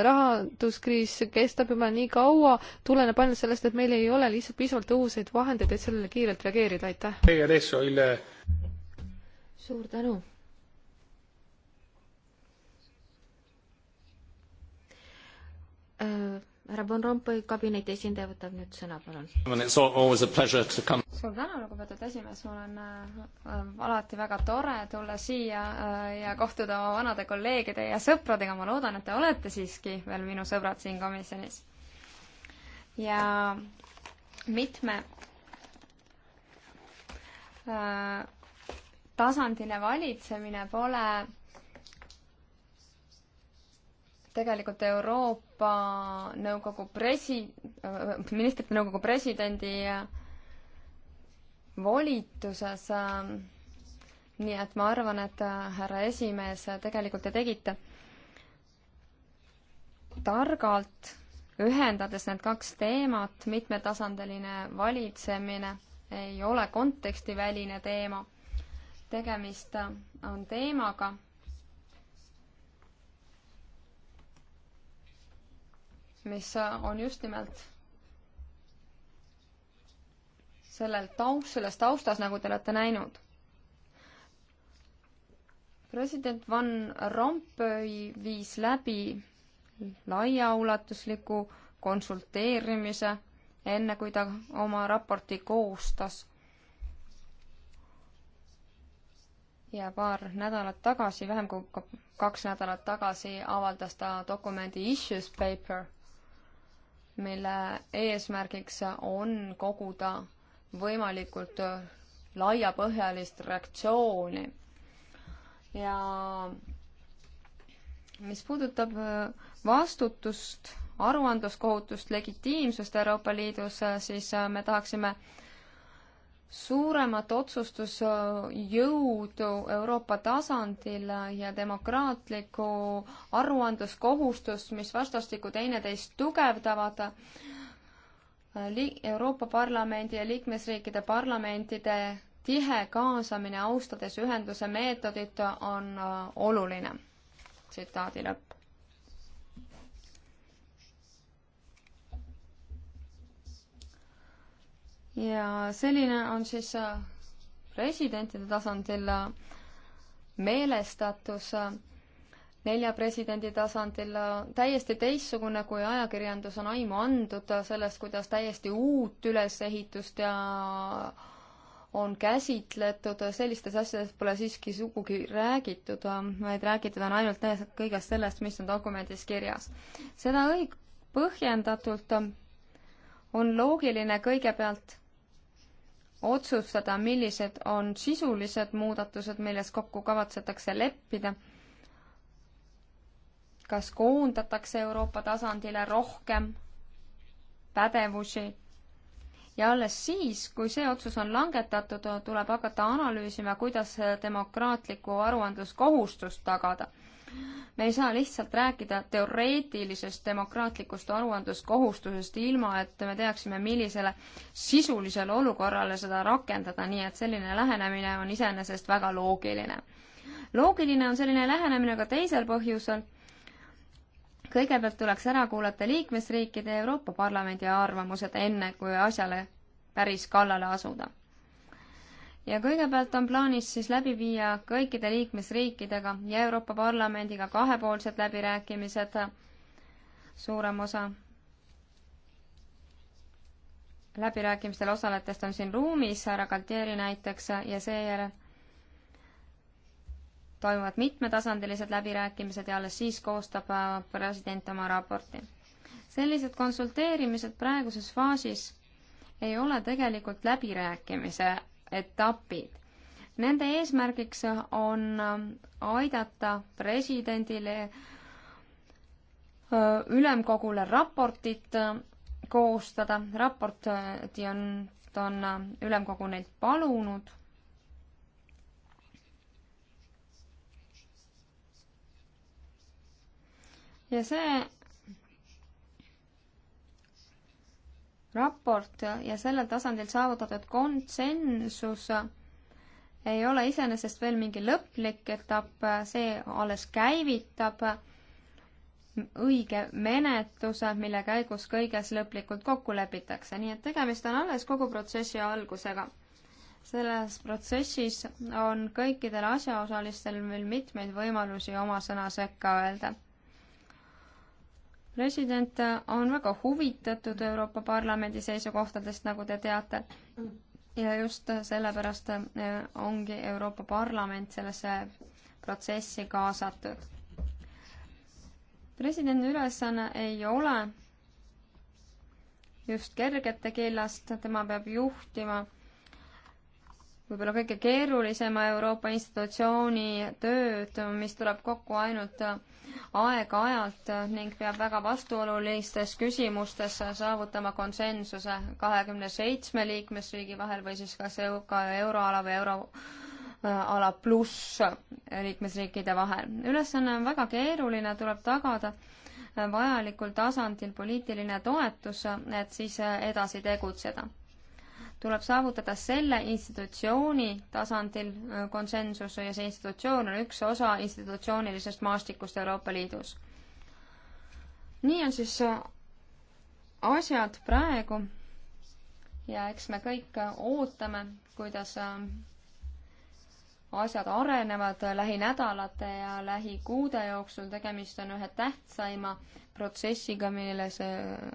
rahanduskriis kestab juba nii kaua, tuleneb ainult sellest, et meil ei ole lihtsalt piisavalt õhuseid vahendeid, et sellele kiirelt reageerida, aitäh! suur tänu! härra Von Rompuy, kabineti esindaja võtab nüüd sõna, palun. suur tänu, lugupeetud esimees, mul on äh, alati väga tore tulla siia äh, ja kohtuda oma vanade kolleegide ja sõpradega, ma loodan, et te olete siiski veel minu sõbrad siin komisjonis. ja mitme äh, tasandine valitsemine pole tegelikult Euroopa Nõukogu presi-, äh, ministrite nõukogu presidendi äh, volituses. Äh, nii et ma arvan, et härra esimees, tegelikult te tegite targalt, ühendades need kaks teemat, mitmetasandiline valitsemine ei ole kontekstiväline teema. tegemist on teemaga mis äh, on just nimelt sellel taust, selles taustas, nagu te olete näinud. president Van Rompuy viis läbi laiaulatusliku konsulteerimise, enne kui ta oma raporti koostas. ja paar nädalat tagasi, vähem kui kaks nädalat tagasi avaldas ta dokumendi Issues Paper mille eesmärgiks on koguda võimalikult laiapõhjalist reaktsiooni. ja mis puudutab vastutust, aruandluskohutust, legitiimsust Euroopa Liidus, siis me tahaksime äh, suuremat otsustusjõudu Euroopa tasandil ja demokraatlikku aruandluskohustust, mis vastastikku teineteist tugevdavad. Euroopa Parlamendi ja liikmesriikide parlamentide tihe kaasamine, austades ühenduse meetodit, on oluline. tsitaadi lõpp ja selline on siis äh, presidentide tasandil äh, meelestatus äh, nelja presidendi tasandil täiesti teistsugune, kui ajakirjandus on aimu andnud sellest, kuidas täiesti uut ülesehitust ja on käsitletud, sellistest asjadest pole siiski sugugi räägitud, vaid räägitud on ainult kõigest sellest, mis on dokumendis kirjas. seda õig-, põhjendatult on loogiline kõigepealt otsustada, millised on sisulised muudatused, milles kokku kavatsetakse leppida. kas koondatakse Euroopa tasandile rohkem pädevusi ja alles siis, kui see otsus on langetatud, tuleb hakata analüüsima, kuidas demokraatlikku aruandluskohustust tagada me ei saa lihtsalt rääkida teoreetilisest demokraatlikust aruandluskohustusest, ilma et me teaksime, millisele sisulisele olukorrale seda rakendada, nii et selline lähenemine on iseenesest väga loogiline. loogiline on selline lähenemine ka teisel põhjusel, kõigepealt tuleks ära kuulata liikmesriikide ja Euroopa Parlamendi arvamused, enne kui asjale päris kallale asuda ja kõigepealt on plaanis siis läbi viia kõikide liikmesriikidega ja Euroopa Parlamendiga kahepoolsed läbirääkimised, suurem osa läbirääkimistel osalejatest on siin ruumis, härra Galtieri näiteks, ja seejärel toimuvad mitmetasandilised läbirääkimised ja alles siis koostab äh, president oma raporti. sellised konsulteerimised praeguses faasis ei ole tegelikult läbirääkimise etapid. Nende eesmärgiks on aidata presidendile äh, ülemkogule raportit äh, koostada, raporti äh, on, ta on ülemkogu neilt palunud ja see raport ja sellel tasandil saavutatud konsensus ei ole iseenesest veel mingi lõplik etapp, see alles käivitab õige menetluse, mille käigus kõiges lõplikult kokku lepitakse, nii et tegemist on alles kogu protsessi algusega. selles protsessis on kõikidel asjaosalistel veel mitmeid võimalusi oma sõna sekka öelda president on väga huvitatud Euroopa Parlamendi seisukohtadest, nagu te teate. ja just sellepärast eh, ongi Euroopa Parlament sellesse protsessi kaasatud. presidendi ülesanne ei ole just kergete killast, tema peab juhtima võib-olla kõige keerulisema Euroopa institutsiooni tööd, mis tuleb kokku ainult aeg-ajalt ning peab väga vastuolulistes küsimustes saavutama konsensuse kahekümne seitsme liikmesriigi vahel või siis kas ka euroala või euroala pluss liikmesriikide vahel. ülesanne on väga keeruline, tuleb tagada vajalikul tasandil poliitiline toetus, et siis edasi tegutseda tuleb saavutada selle institutsiooni tasandil äh, konsensus ja see institutsioon on üks osa institutsioonilisest maastikust Euroopa Liidus. nii on siis äh, asjad praegu ja eks me kõik äh, ootame, kuidas asjad arenevad lähinädalate ja lähikuude jooksul, tegemist on ühe tähtsaima protsessiga, milles,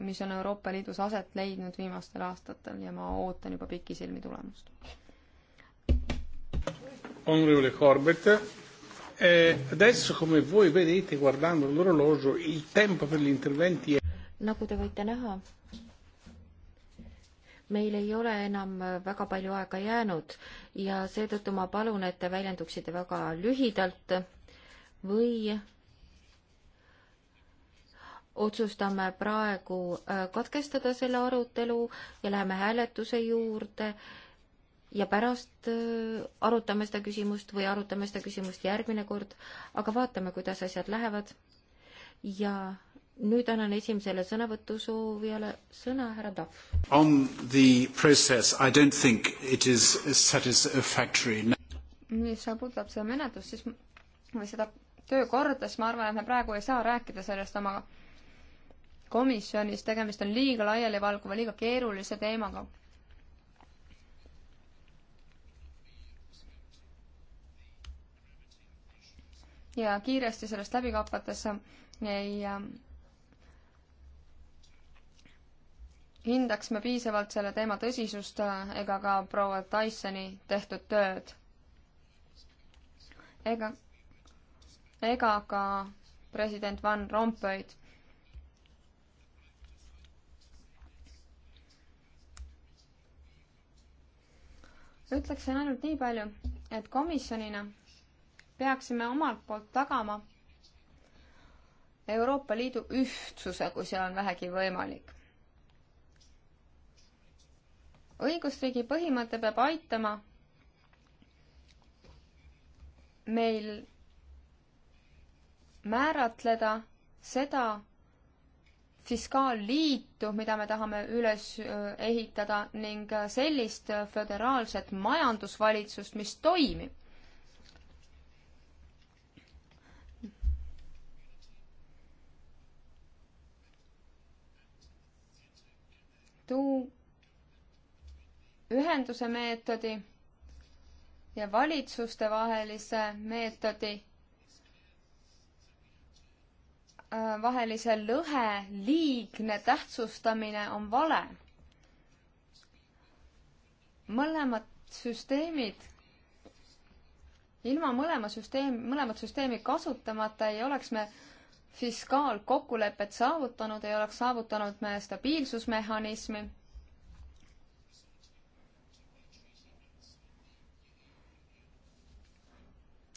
mis on Euroopa Liidus aset leidnud viimastel aastatel ja ma ootan juba pikisilmi tulemust. Onorevole Corbett, e adesso come voi vedete guardando l'orologio il tempo per gli interventi nagu te võite näha, meil ei ole enam väga palju aega jäänud ja seetõttu ma palun, et te väljenduksite väga lühidalt või otsustame praegu äh, katkestada selle arutelu ja läheme hääletuse juurde ja pärast äh, arutame seda küsimust või arutame seda küsimust järgmine kord, aga vaatame, kuidas asjad lähevad ja nüüd annan esimesele sõnavõtusoovijale sõna, härra Tahv. On the process, I don't think it is satisfactory. mis puudutab seda menetlust, siis või seda töökorda, siis ma arvan, et me praegu ei saa rääkida sellest oma komisjonis, tegemist on liiga laialivalguva, liiga keerulise teemaga. ja kiiresti sellest läbi kapates ei ähm, hindaksime piisavalt selle teema tõsisust äh, ega ka proua Dysoni tehtud tööd. ega, ega ka president Van Rompuyt. ütleksin ainult nii palju, et komisjonina peaksime omalt poolt tagama Euroopa Liidu ühtsuse, kui see on vähegi võimalik õigusriigi põhimõte peab aitama meil määratleda seda fiskaalliitu, mida me tahame üles ehitada ning äh, sellist äh, föderaalset majandusvalitsust, mis toimib. tuu-, ühenduse meetodi ja valitsustevahelise meetodi äh, vahelise lõhe liigne tähtsustamine on vale. mõlemad süsteemid, ilma mõlema süsteem, mõlemat süsteemi kasutamata ei oleks me fiskaalkokkulepet saavutanud, ei oleks saavutanud me stabiilsusmehhanismi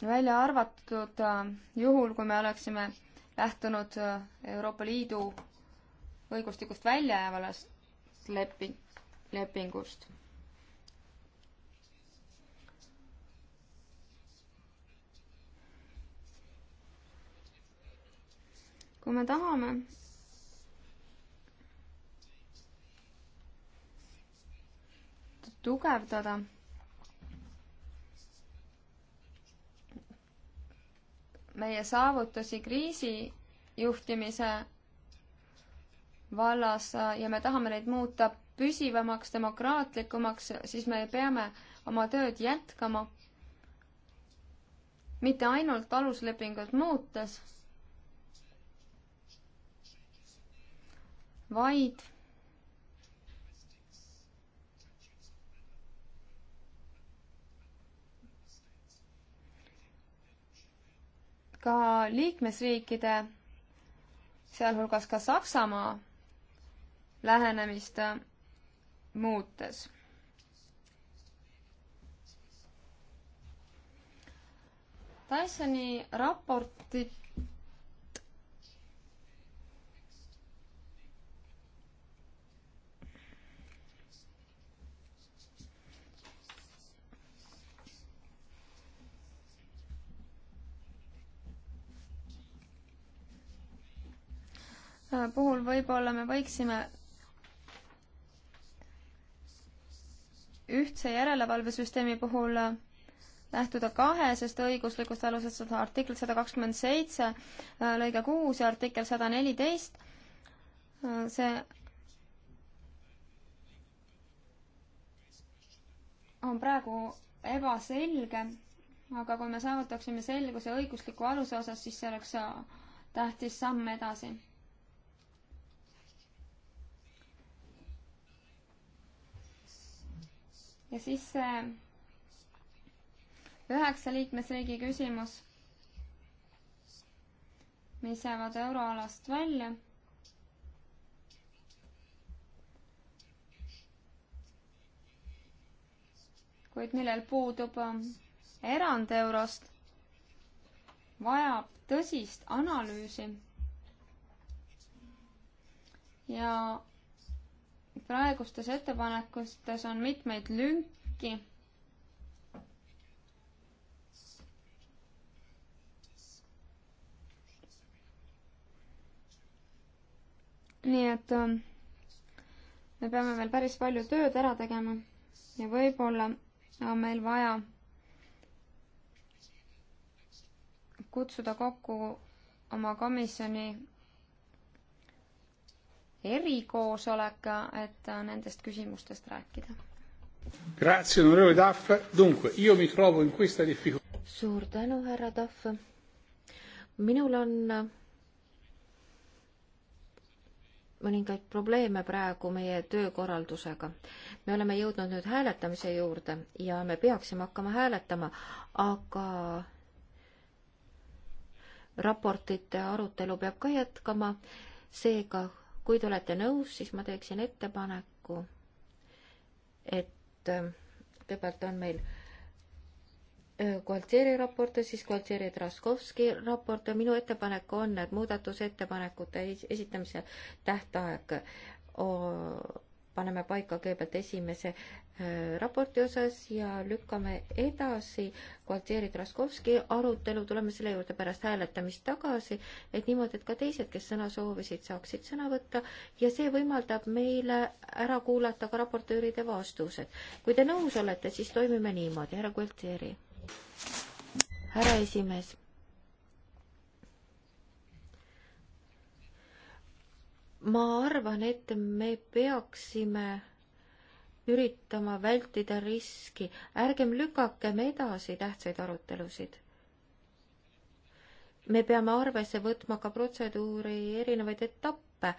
välja arvatud äh, juhul, kui me oleksime lähtunud äh, Euroopa Liidu õigustikust välja jäävast lepi-, lepingust. kui me tahame, tugevdada meie saavutusi kriisijuhtimise vallas äh, ja me tahame neid muuta püsivamaks, demokraatlikumaks, siis me peame oma tööd jätkama. mitte ainult aluslepingut muutes, vaid ka liikmesriikide, sealhulgas ka Saksamaa lähenemist muutes. Dysoni raportit Äh, puhul võib-olla me võiksime ühtse järelevalvesüsteemi puhul äh, lähtuda kahesest õiguslikust alusest, seda artiklit sada kakskümmend seitse äh, lõige kuus ja artikkel sada neliteist, see on praegu ebaselge, aga kui me saavutaksime selguse õigusliku aluse osas, siis see oleks tähtis samm edasi ja siis see üheksa liikmesriigi küsimus, mis jäävad euroalast välja. kuid millel puudub ähm, erand eurost, vajab tõsist analüüsi ja praegustes ettepanekutes on mitmeid lünki. nii et ähm, me peame veel päris palju tööd ära tegema ja võib-olla on meil vaja kutsuda kokku oma komisjoni erikoosolek, et nendest küsimustest rääkida. Grazie, onorevole Tahv. Dunque, io mi trovo in questa difficoltà. suur tänu, härra Tahv. minul on mõningaid probleeme praegu meie töökorraldusega. me oleme jõudnud nüüd hääletamise juurde ja me peaksime hakkama hääletama, aga raportite arutelu peab ka jätkama, seega kui te olete nõus, siis ma teeksin ettepaneku, et äh, kõigepealt on meil äh, Gualtieri raport ja siis Gualtieri Traskovski raport ja minu ettepanek on, et muudatusettepanekute esitamise tähtaeg paneme paika kõigepealt esimese äh, raporti osas ja lükkame edasi Gualtieri Traskovski arutelu, tuleme selle juurde pärast hääletamist tagasi, et niimoodi, et ka teised, kes sõna soovisid, saaksid sõna võtta ja see võimaldab meile ära kuulata ka raportööride vastused. kui te nõus olete, siis toimime niimoodi, härra Gualtieri. härra esimees ma arvan, et me peaksime üritama vältida riski, ärgem lükakem edasi tähtsaid arutelusid. me peame arvesse võtma ka protseduuri erinevaid etappe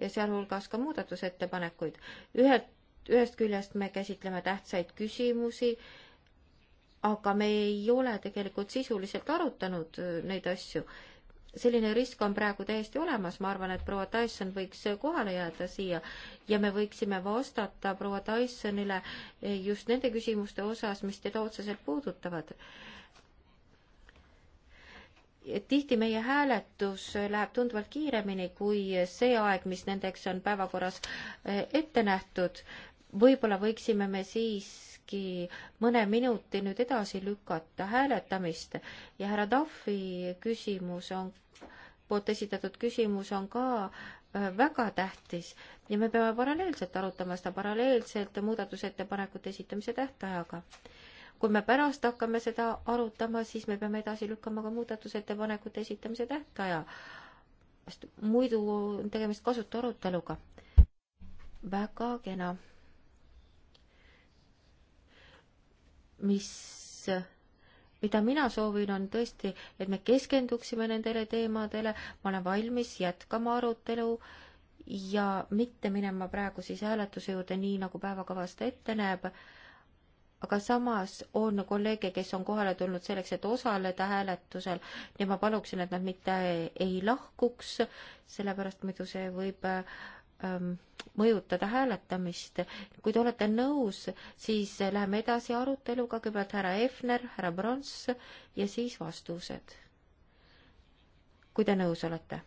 ja sealhulgas ka muudatusettepanekuid. ühelt, ühest küljest me käsitleme tähtsaid küsimusi, aga me ei ole tegelikult sisuliselt arutanud neid asju selline risk on praegu täiesti olemas, ma arvan, et proua Tyson võiks kohale jääda siia ja me võiksime vastata proua Tysonile just nende küsimuste osas, mis teda otseselt puudutavad. tihti meie hääletus läheb tunduvalt kiiremini kui see aeg, mis nendeks on päevakorras ette nähtud. võib-olla võiksime me siis siiski mõne minuti nüüd edasi lükata hääletamist ja härra Tahvi küsimus on, poolt esitatud küsimus on ka äh, väga tähtis ja me peame paralleelselt arutama seda paralleelselt muudatusettepanekute esitamise tähtajaga. kui me pärast hakkame seda arutama, siis me peame edasi lükkama ka muudatusettepanekute esitamise tähtaja. sest muidu on tegemist kasutu aruteluga. väga kena mis, mida mina soovin, on tõesti, et me keskenduksime nendele teemadele, ma olen valmis jätkama arutelu ja mitte minema praegu siis hääletuse juurde, nii nagu päevakava seda ette näeb, aga samas on kolleege, kes on kohale tulnud selleks, et osaleda hääletusel ja ma paluksin, et nad mitte ei lahkuks, sellepärast muidu see võib äh, Ähm, mõjutada hääletamist. kui te olete nõus, siis läheme edasi aruteluga, kõigepealt härra Efner, härra Brons ja siis vastused. kui te nõus olete.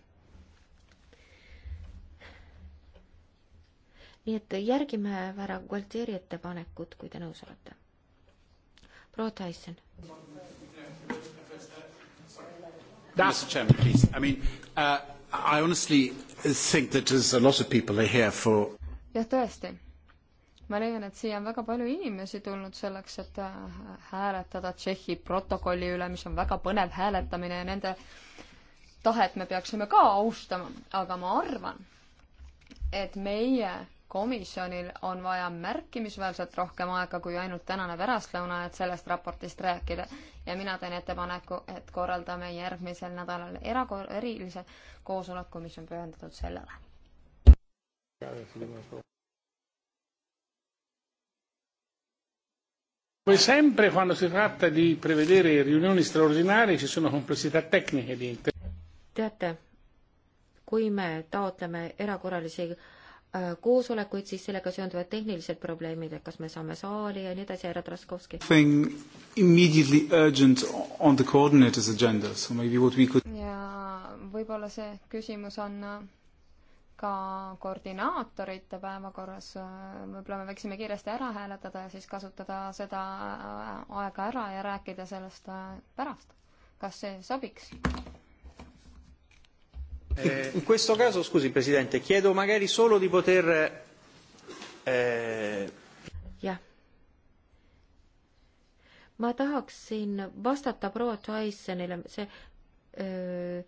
nii et järgime härra Gualtieri ettepanekut, kui te nõus olete. proua Tyson. Mr Chairman, please, I mean uh I honestly think that there's a lot of people are here for jah, tõesti. ma leian, et siia on väga palju inimesi tulnud selleks, et äh, hääletada Tšehhi protokolli üle, mis on väga põnev hääletamine ja nende tahet me peaksime ka austama, aga ma arvan, et meie komisjonil on vaja märkimisväärselt rohkem aega kui ainult tänane pärastlõuna, et sellest raportist rääkida. ja mina teen ettepaneku, et korraldame järgmisel nädalal erakor-, erilise koosoleku, mis on pühendatud sellele. Come sempre quando si tratta di prevedere riunioni straordinarie ci sono complessità tecniche di inter- teate, kui me taotleme erakorralisi Äh, koosolekuid, siis sellega seonduvad tehnilised probleemid, et kas me saame saali ja nii edasi, härra Traskovski. Immediately urgent on the coordinators agenda, so maybe what we could ja võib-olla see küsimus on äh, ka koordinaatorite päevakorras, äh, võib-olla me võiksime kiiresti ära hääletada ja siis kasutada seda aega ära ja rääkida sellest pärast. kas see sobiks? Eh, in questo caso, scusi Presidente, chiedo magari solo di poter... Eh... jah. ma tahaksin vastata proua Tysonile see, eh,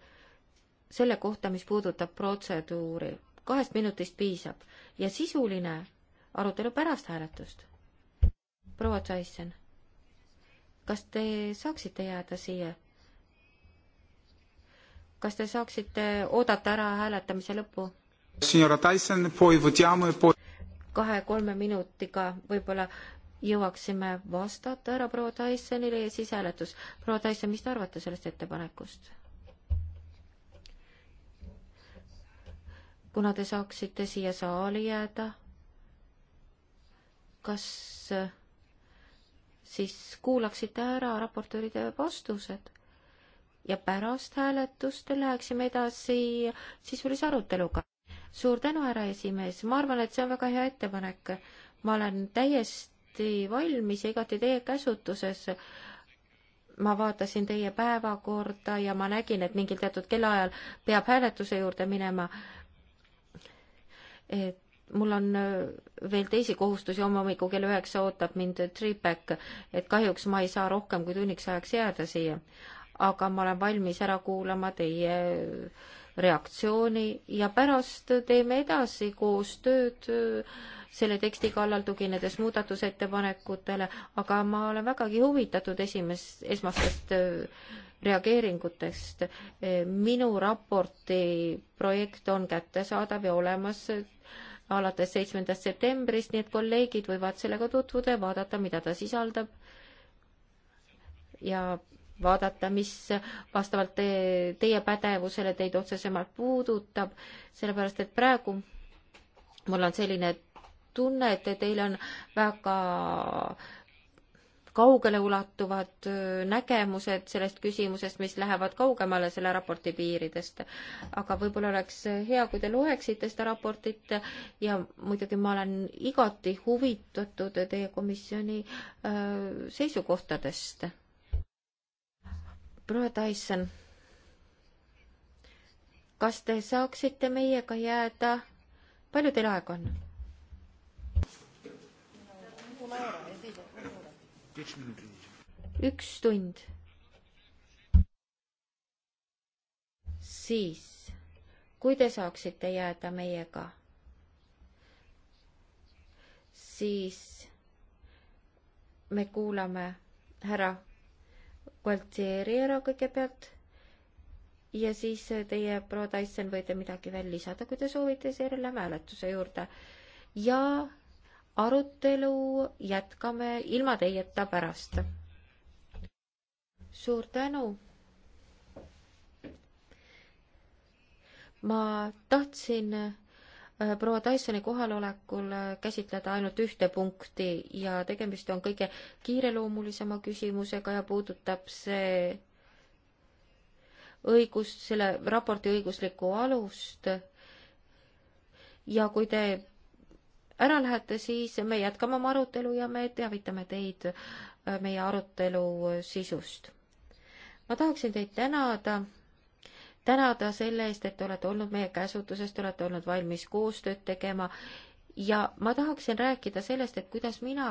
selle kohta, mis puudutab protseduuri. kahest minutist piisab ja sisuline arutelu pärast hääletust. proua Tyson, kas te saaksite jääda siia? kas te saaksite oodata ära hääletamise lõpu? E kahe-kolme minutiga võib-olla jõuaksime vastata ära proua Tysonile ja siis hääletus. proua Tyson, mis te arvate sellest ettepanekust? kuna te saaksite siia saali jääda, kas äh, siis kuulaksite ära raportööride vastused? ja pärast hääletust läheksime edasi sisulise aruteluga. suur tänu, härra esimees, ma arvan, et see on väga hea ettepanek. ma olen täiesti valmis ja igati teie käsutuses. ma vaatasin teie päevakorda ja ma nägin, et mingil teatud kellaajal peab hääletuse juurde minema. et mul on äh, veel teisi kohustusi, homme hommikul kell üheksa ootab mind triipek, et kahjuks ma ei saa rohkem kui tunniks ajaks jääda siia aga ma olen valmis ära kuulama teie reaktsiooni ja pärast teeme edasi koostööd äh, selle teksti kallal, tuginedes muudatusettepanekutele, aga ma olen vägagi huvitatud esimes-, esmastest äh, reageeringutest. minu raporti projekt on kättesaadav ja olemas äh, alates seitsmendast septembrist, nii et kolleegid võivad sellega tutvuda ja vaadata, mida ta sisaldab. ja vaadata, mis vastavalt te, teie pädevusele teid otsesemalt puudutab, sellepärast et praegu mul on selline tunne, et teil on väga kaugeleulatuvad äh, nägemused sellest küsimusest, mis lähevad kaugemale selle raporti piiridest. aga võib-olla oleks hea, kui te loeksite seda raportit ja muidugi ma olen igati huvitatud teie komisjoni äh, seisukohtadest proua Tyson, kas te saaksite meiega jääda, palju teil aega on? üks tund. siis, kui te saaksite jääda meiega, siis me kuulame härra Gualtieriera kõigepealt ja siis teie, proua Tyson, võite midagi veel lisada, kui te soovite, seejärel lähme hääletuse juurde. ja arutelu jätkame ilma teieta pärast. suur tänu. ma tahtsin Äh, proua Dysoni kohalolekul äh, käsitleda ainult ühte punkti ja tegemist on kõige kiireloomulisema küsimusega ja puudutab see õigus, selle raporti õiguslikku alust. ja kui te ära lähete, siis me jätkame oma arutelu ja me teavitame teid äh, meie arutelu sisust. ma tahaksin teid tänada tänada selle eest, et te olete olnud meie käsutuses, te olete olnud valmis koostööd tegema ja ma tahaksin rääkida sellest, et kuidas mina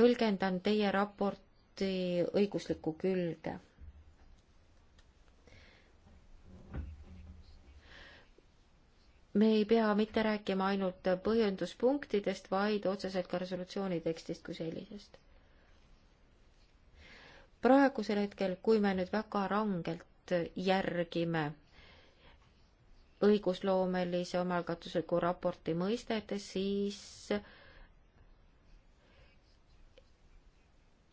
tõlgendan teie raporti õiguslikku külge. me ei pea mitte rääkima ainult põhjenduspunktidest, vaid otseselt ka resolutsiooni tekstist kui sellisest. praegusel hetkel, kui me nüüd väga rangelt et järgime õigusloomelise omaalgatusliku raporti mõistet, siis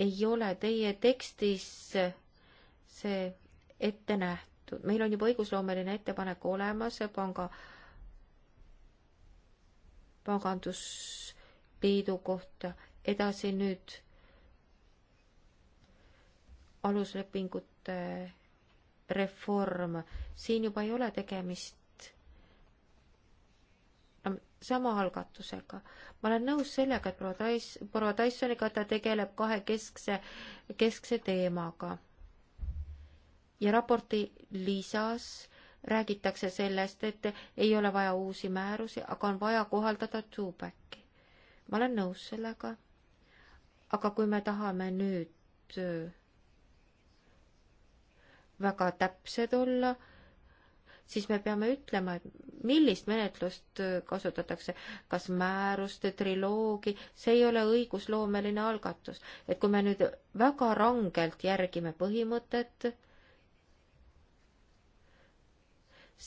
ei ole teie tekstis see ette nähtud. meil on juba õigusloomeline ettepanek olemas panga, pangandusliidu kohta. edasi nüüd aluslepingute reform, siin juba ei ole tegemist no, ähm, sama algatusega. ma olen nõus sellega, et proua Tais-, proua Taissoniga ta tegeleb kahe keskse, keskse teemaga. ja raporti lisas räägitakse sellest, et ei ole vaja uusi määrusi, aga on vaja kohaldada two-back'i. ma olen nõus sellega. aga kui me tahame nüüd äh, väga täpsed olla, siis me peame ütlema, et millist menetlust äh, kasutatakse, kas määrust, triloogi, see ei ole õigusloomeline algatus. et kui me nüüd väga rangelt järgime põhimõtet,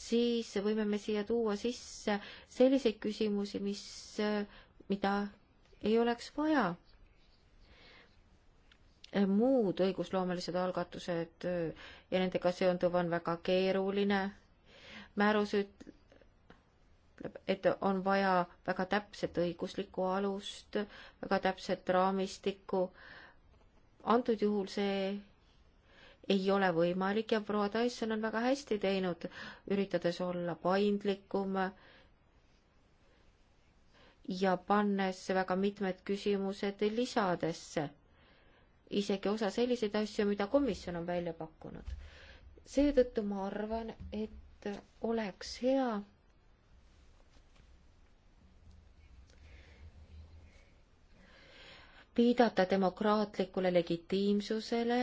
siis võime me siia tuua sisse selliseid küsimusi, mis, äh, mida ei oleks vaja Eh, muud õigusloomelised algatused eh, ja nendega seonduv on väga keeruline. määrus ütleb, et on vaja väga täpset õiguslikku alust, väga täpset raamistikku. antud juhul see ei ole võimalik ja proua Tyson on väga hästi teinud, üritades olla paindlikum ja pannes väga mitmed küsimused lisadesse isegi osa selliseid asju, mida komisjon on välja pakkunud. seetõttu ma arvan, et oleks hea viidata demokraatlikule legitiimsusele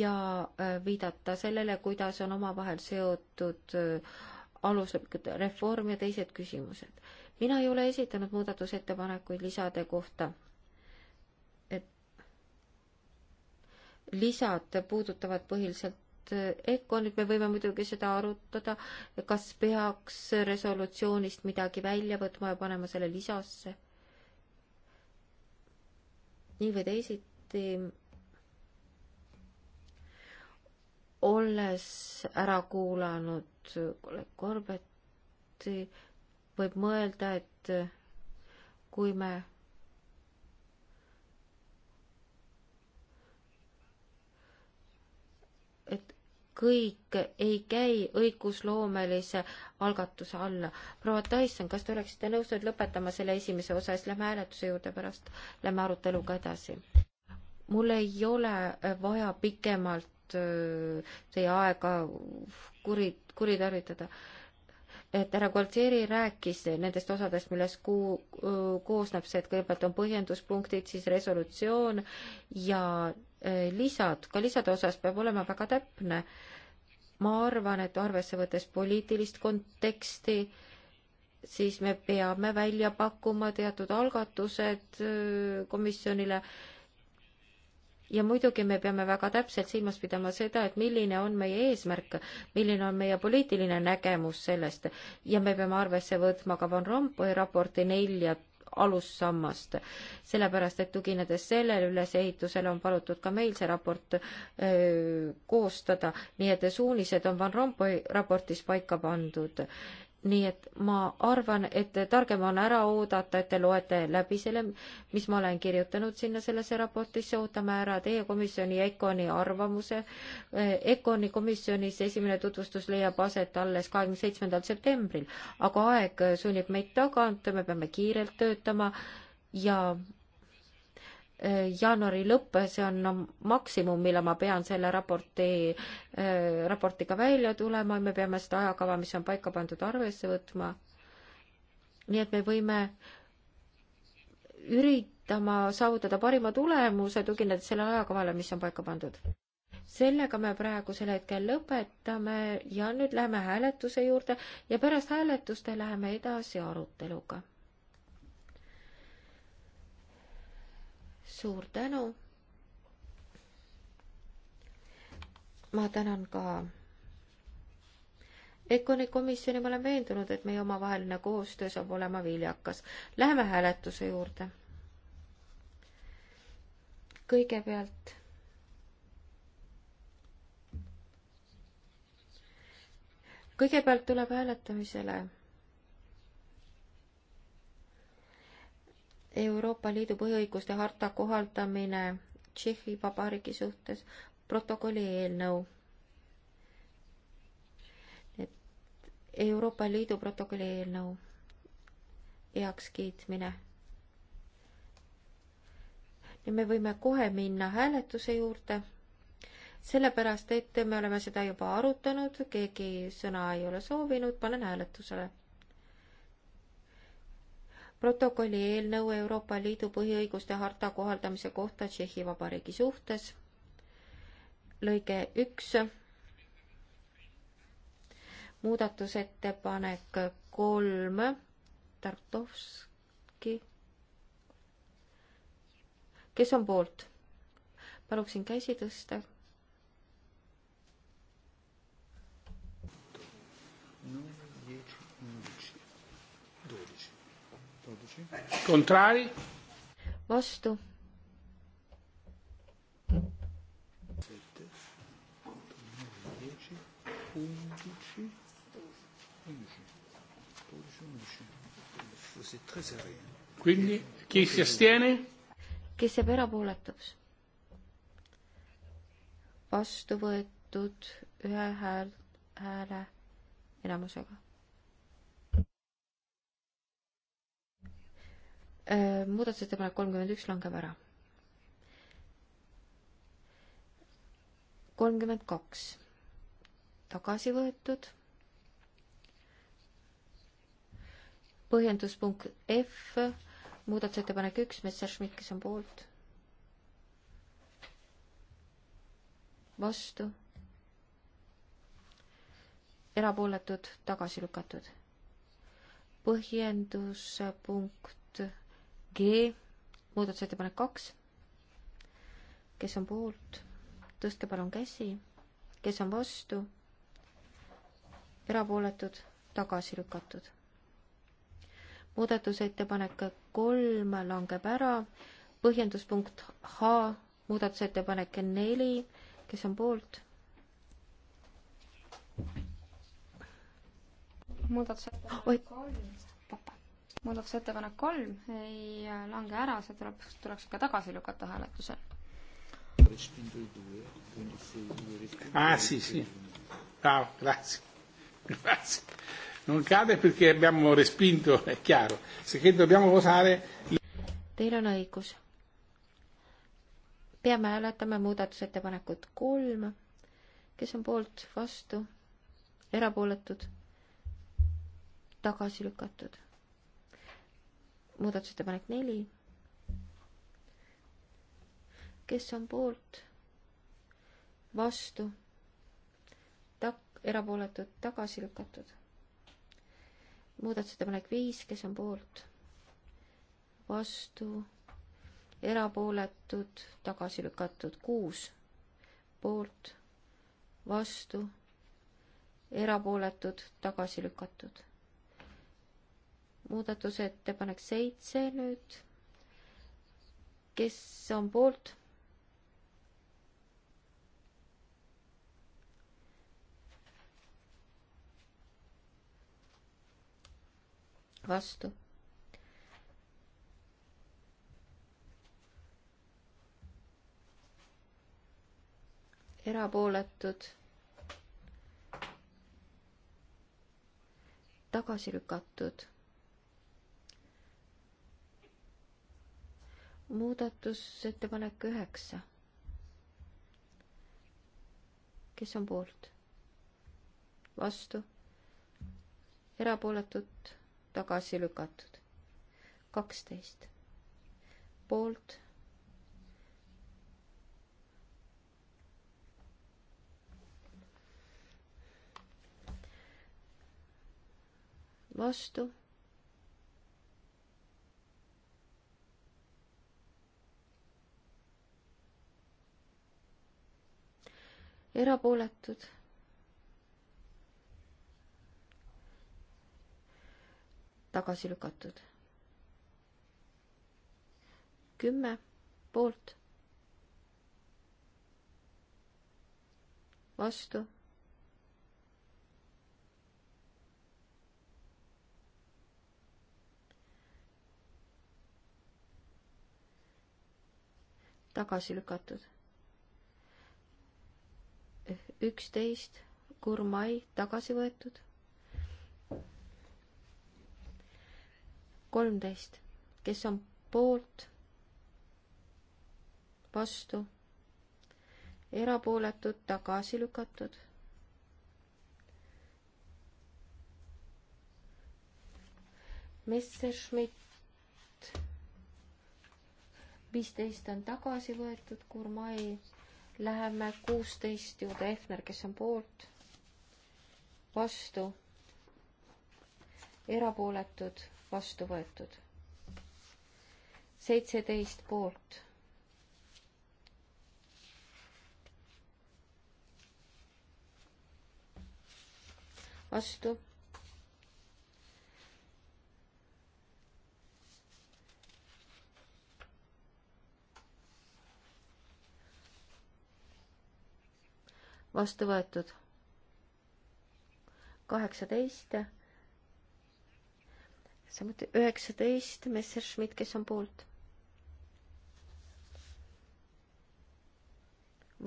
ja äh, viidata sellele, kuidas on omavahel seotud äh, aluslepingud, reform ja teised küsimused. mina ei ole esitanud muudatusettepanekuid lisade kohta lisad puudutavad põhiliselt eh, EKONit, me võime muidugi seda arutada, kas peaks resolutsioonist midagi välja võtma ja panema selle lisasse. nii või teisiti, olles ära kuulanud kolleeg Korbeti, võib mõelda, et kui me kõik ei käi õigusloomelise algatuse alla. proua Tyson, kas te oleksite nõus nüüd lõpetama selle esimese osa, siis lähme hääletuse juurde pärast, lähme aruteluga edasi. mul ei ole äh, vaja pikemalt äh, teie aega kuri, kuritarvitada. et härra Gualtieri rääkis nendest osadest, millest kuu, koosneb see, et kõigepealt on põhjenduspunktid, siis resolutsioon ja Eh, lisad, ka lisade osas peab olema väga täpne. ma arvan, et arvesse võttes poliitilist konteksti, siis me peame välja pakkuma teatud algatused eh, komisjonile ja muidugi me peame väga täpselt silmas pidama seda, et milline on meie eesmärk, milline on meie poliitiline nägemus sellest ja me peame arvesse võtma ka Van Rompuy raporti nelja alussammast. sellepärast, et tuginedes sellele ülesehitusele on palutud ka meil see raport öö, koostada, nii et suunised on Van Rompuy raportis paika pandud nii et ma arvan, et targem on ära oodata, et te loete läbi selle, mis ma olen kirjutanud sinna sellesse raportisse, ootame ära teie komisjoni ja EKONi arvamuse. EKONi komisjonis esimene tutvustus leiab aset alles kahekümne seitsmendal septembril, aga aeg sunnib meid tagant, me peame kiirelt töötama ja Eh, jaanuari lõpp, see on maksimum, mille ma pean selle raporti, eh, raportiga välja tulema, me peame seda ajakava, mis on paika pandud, arvesse võtma. nii et me võime üritama saavutada parima tulemuse, tuginedes sellele ajakavale, mis on paika pandud. sellega me praegusel hetkel lõpetame ja nüüd läheme hääletuse juurde ja pärast hääletust läheme edasi aruteluga suur tänu. ma tänan ka EKONi komisjoni, ma olen veendunud, et meie omavaheline koostöö saab olema viljakas. Läheme hääletuse juurde. kõigepealt kõigepealt tuleb hääletamisele Euroopa Liidu põhiõiguste harta kohaldamine Tšehhi Vabariigi suhtes, protokolli eelnõu. et Euroopa Liidu protokolli eelnõu heakskiitmine. ja me võime kohe minna hääletuse juurde, sellepärast et me oleme seda juba arutanud, keegi sõna ei ole soovinud, panen hääletusele protokolli eelnõu Euroopa Liidu põhiõiguste harta kohaldamise kohta Tšehhi Vabariigi suhtes. lõige üks. muudatusettepanek kolm, Tartovski. kes on poolt? paluksin käsi tõsta contrari? vastu. Quindi chi si astiene? kes jääb erapooletuks? vastu võetud ühe hääl, hääle enamusega Äh, muudatusettepanek kolmkümmend üks langeb ära. kolmkümmend kaks tagasi võetud. põhjenduspunkt F, muudatusettepanek üks, Messerschmitt, kes on poolt. vastu. erapooletud, tagasi lükatud. põhjenduspunkt G, muudatusettepanek kaks. kes on poolt, tõstke palun käsi. kes on vastu? erapooletud, tagasi lükatud. muudatusettepanek kolm langeb ära. põhjenduspunkt H, muudatusettepanek neli, kes on poolt? muudatusettepanek kolm muudatusettepanek kolm ei lange ära, see tuleb, tuleks ka tagasi lükata hääletusel. Ah, sì, sì. No, grazie. Grazie. Non cade perché abbiamo respinto, è chiaro. Se che dobbiamo votare... Teil on õigus. Peame hääletama muudatusettepanekut kolm. Kes on poolt vastu? Erapooletud? Tagasi lükatud muudatusettepanek neli. kes on poolt? vastu? tak-, erapooletud, tagasi lükatud. muudatusettepanek viis, kes on poolt? vastu? erapooletud, tagasi lükatud, kuus poolt, vastu, erapooletud, tagasi lükatud muudatusettepanek seitse nüüd. kes on poolt? vastu. erapooletud. tagasi lükatud muudatusettepanek üheksa. kes on poolt? vastu? erapooletud, tagasi lükatud. kaksteist. poolt. vastu erapooletud. tagasi lükatud. kümme poolt. vastu tagasi lükatud üksteist, Gurmai tagasi võetud. kolmteist, kes on poolt, vastu, erapooletud, tagasi lükatud. Messerschmitt, viisteist on tagasi võetud, Gurmai Läheme kuusteist juurde Efner, kes on poolt, vastu, erapooletud, vastu võetud. seitseteist poolt. vastu vastu võetud. kaheksateist, samuti üheksateist Messerschmidt, kes on poolt.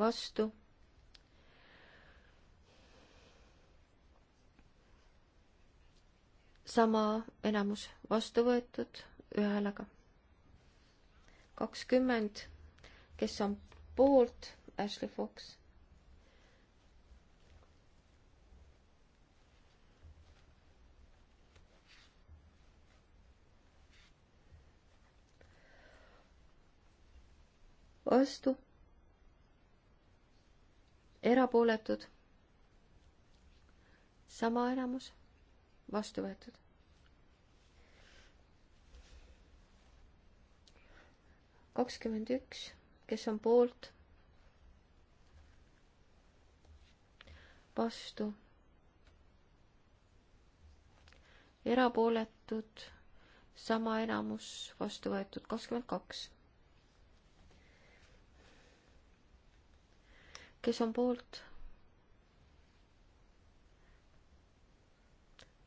vastu. sama enamus vastu võetud ühe häälega kakskümmend, kes on poolt, Ashley Fox, vastu, erapooletud, sama enamus, vastu võetud. kakskümmend üks, kes on poolt, vastu, erapooletud, sama enamus, vastu võetud kakskümmend kaks kes on poolt?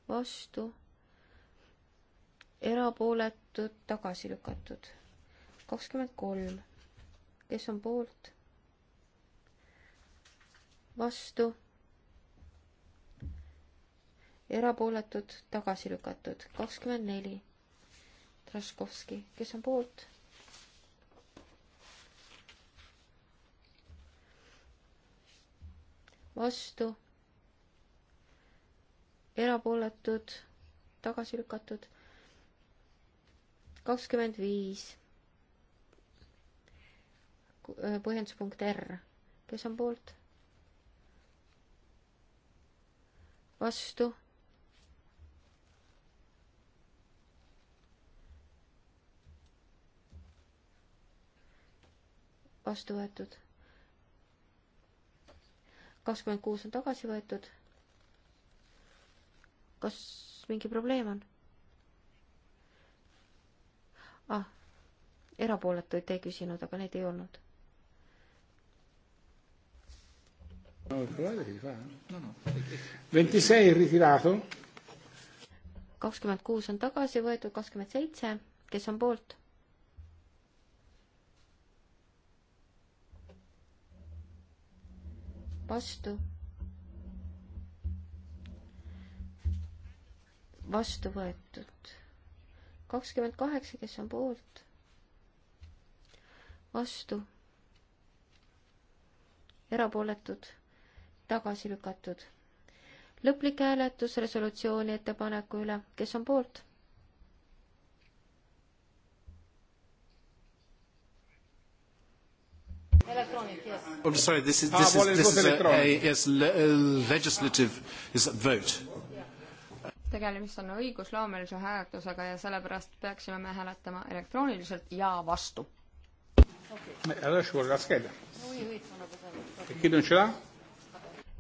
vastu, erapooletud, tagasi lükatud. kakskümmend kolm, kes on poolt? vastu, erapooletud, tagasi lükatud. kakskümmend neli, Traskovski, kes on poolt? vastu, erapooletud, tagasi lükatud, kakskümmend viis, äh, põhjenduspunkt R, kes on poolt? vastu vastu võetud kakskümmend kuus on tagasi võetud. kas mingi probleem on? ah, erapooletuid te ei küsinud, aga neid ei olnud. kakskümmend kuus on tagasi võetud, kakskümmend seitse, kes on poolt? vastu. vastu võetud. kakskümmend kaheksa, kes on poolt? vastu. erapooletud, tagasi lükatud. lõplik hääletus resolutsiooni ettepaneku üle, kes on poolt? Electronic, yes. I'm oh, sorry, this is, ah, this ah, is, this is a, a, yes, le, a uh, legislative is a vote. tegemist on õigusloomelise hääletusega ja sellepärast peaksime me hääletama elektrooniliselt ja vastu.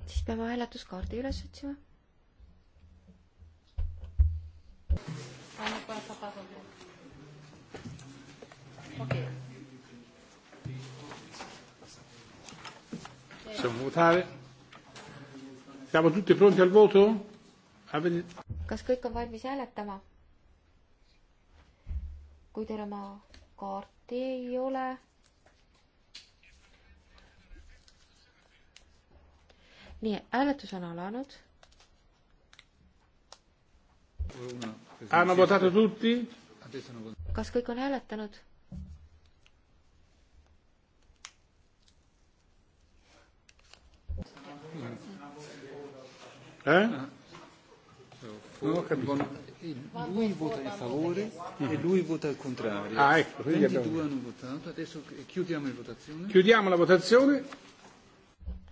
siis peame hääletuskaardi üles otsima. okei okay. Facciamo votare. Siamo tutti pronti al voto? kas kõik on valmis hääletama? kui teil oma kaarti ei ole, nii, hääletus on alanud. kas kõik on hääletanud? Eh? No, lui vota in favore mm. e lui vota il contrario. Ah, ecco, 22 abbiamo... hanno votato, adesso chiudiamo la votazione. Chiudiamo la votazione.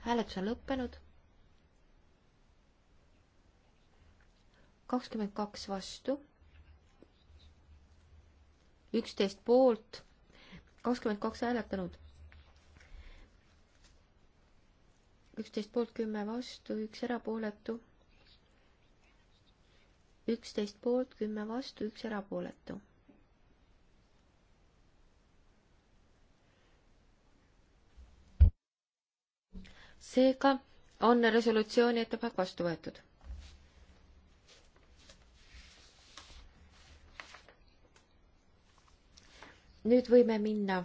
Hääletus on lõppenud. kakskümmend kaks vastu, üksteist poolt, kakskümmend kaks hääletanud üksteist poolt, kümme vastu, üks erapooletu. üksteist poolt, kümme vastu, üks erapooletu. seega on resolutsiooni ettepanek vastu võetud. nüüd võime minna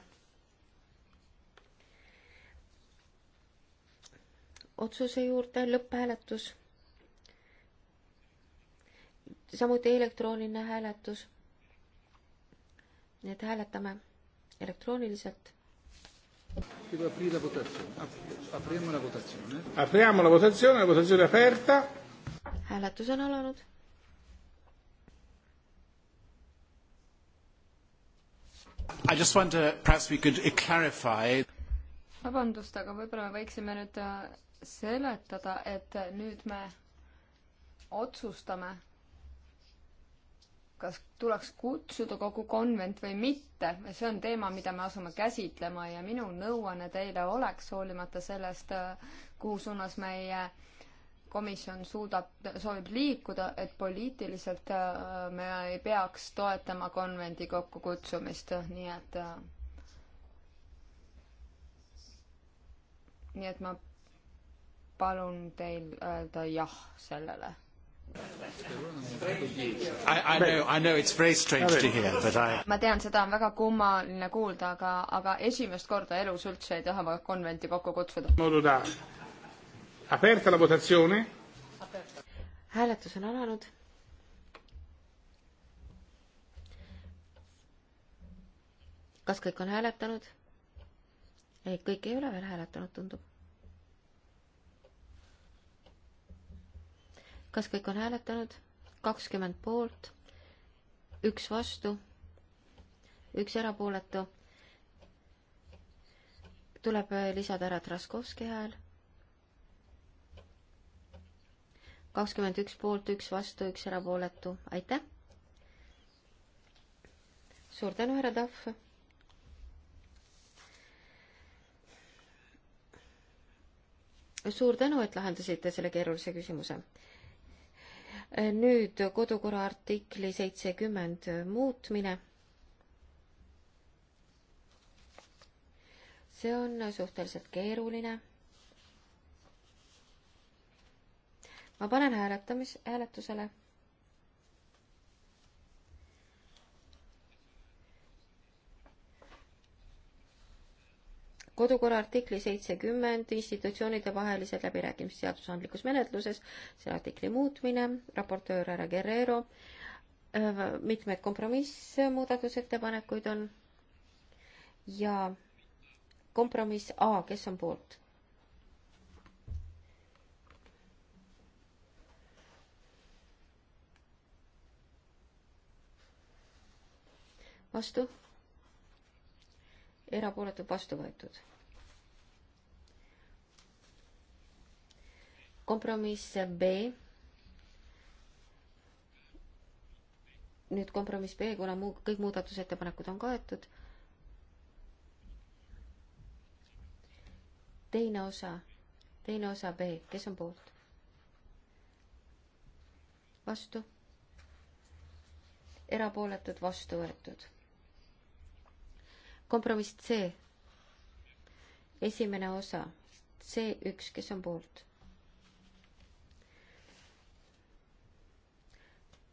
otsuse juurde, lõpphääletus. samuti elektrooniline hääletus. nii et hääletame elektrooniliselt. hääletus on alanud I just wonder, perhaps we could clarify. vabandust, aga võib-olla me võiksime nüüd äh, seletada, et nüüd me otsustame, kas tuleks kutsuda kogu konvent või mitte, see on teema, mida me asume käsitlema ja minu nõuanne teile oleks, hoolimata sellest, kuhu suunas meie komisjon suudab, soovib liikuda, et poliitiliselt äh, me ei peaks toetama konvendi kokkukutsumist, nii et äh, nii et ma palun teil öelda jah sellele. I, I know, I know it's very strange to hear, but I ma tean, seda on väga kummaline kuulda, aga, aga esimest korda elus üldse ei taha ma konventi kokku kutsuda. hääletus on alanud. kas kõik on hääletanud? ei, kõik ei ole veel hääletanud, tundub kas kõik on hääletanud? kakskümmend poolt, üks vastu, üks erapooletu. tuleb äh, lisada ära Traskovski hääl. kakskümmend üks poolt, üks vastu, üks erapooletu, aitäh. suur tänu, härra Tahv. suur tänu, et lahendasite selle keerulise küsimuse nüüd kodukorra artikli seitsekümmend muutmine. see on suhteliselt keeruline. ma panen hääletamis, hääletusele kodukorra artikli seitsekümmend, institutsioonide vahelised läbirääkimised seadusandlikus menetluses, selle artikli muutmine, raportöör härra Guerrero, äh, mitmed kompromissmuudatusettepanekuid on ja kompromiss A, kes on poolt? vastu erapooletud, vastu võetud. kompromiss B. nüüd kompromiss B, kuna muu, kõik muudatusettepanekud on kaetud. teine osa, teine osa B, kes on poolt? vastu? erapooletud, vastu võetud kompromiss C. esimene osa, C üks, kes on poolt?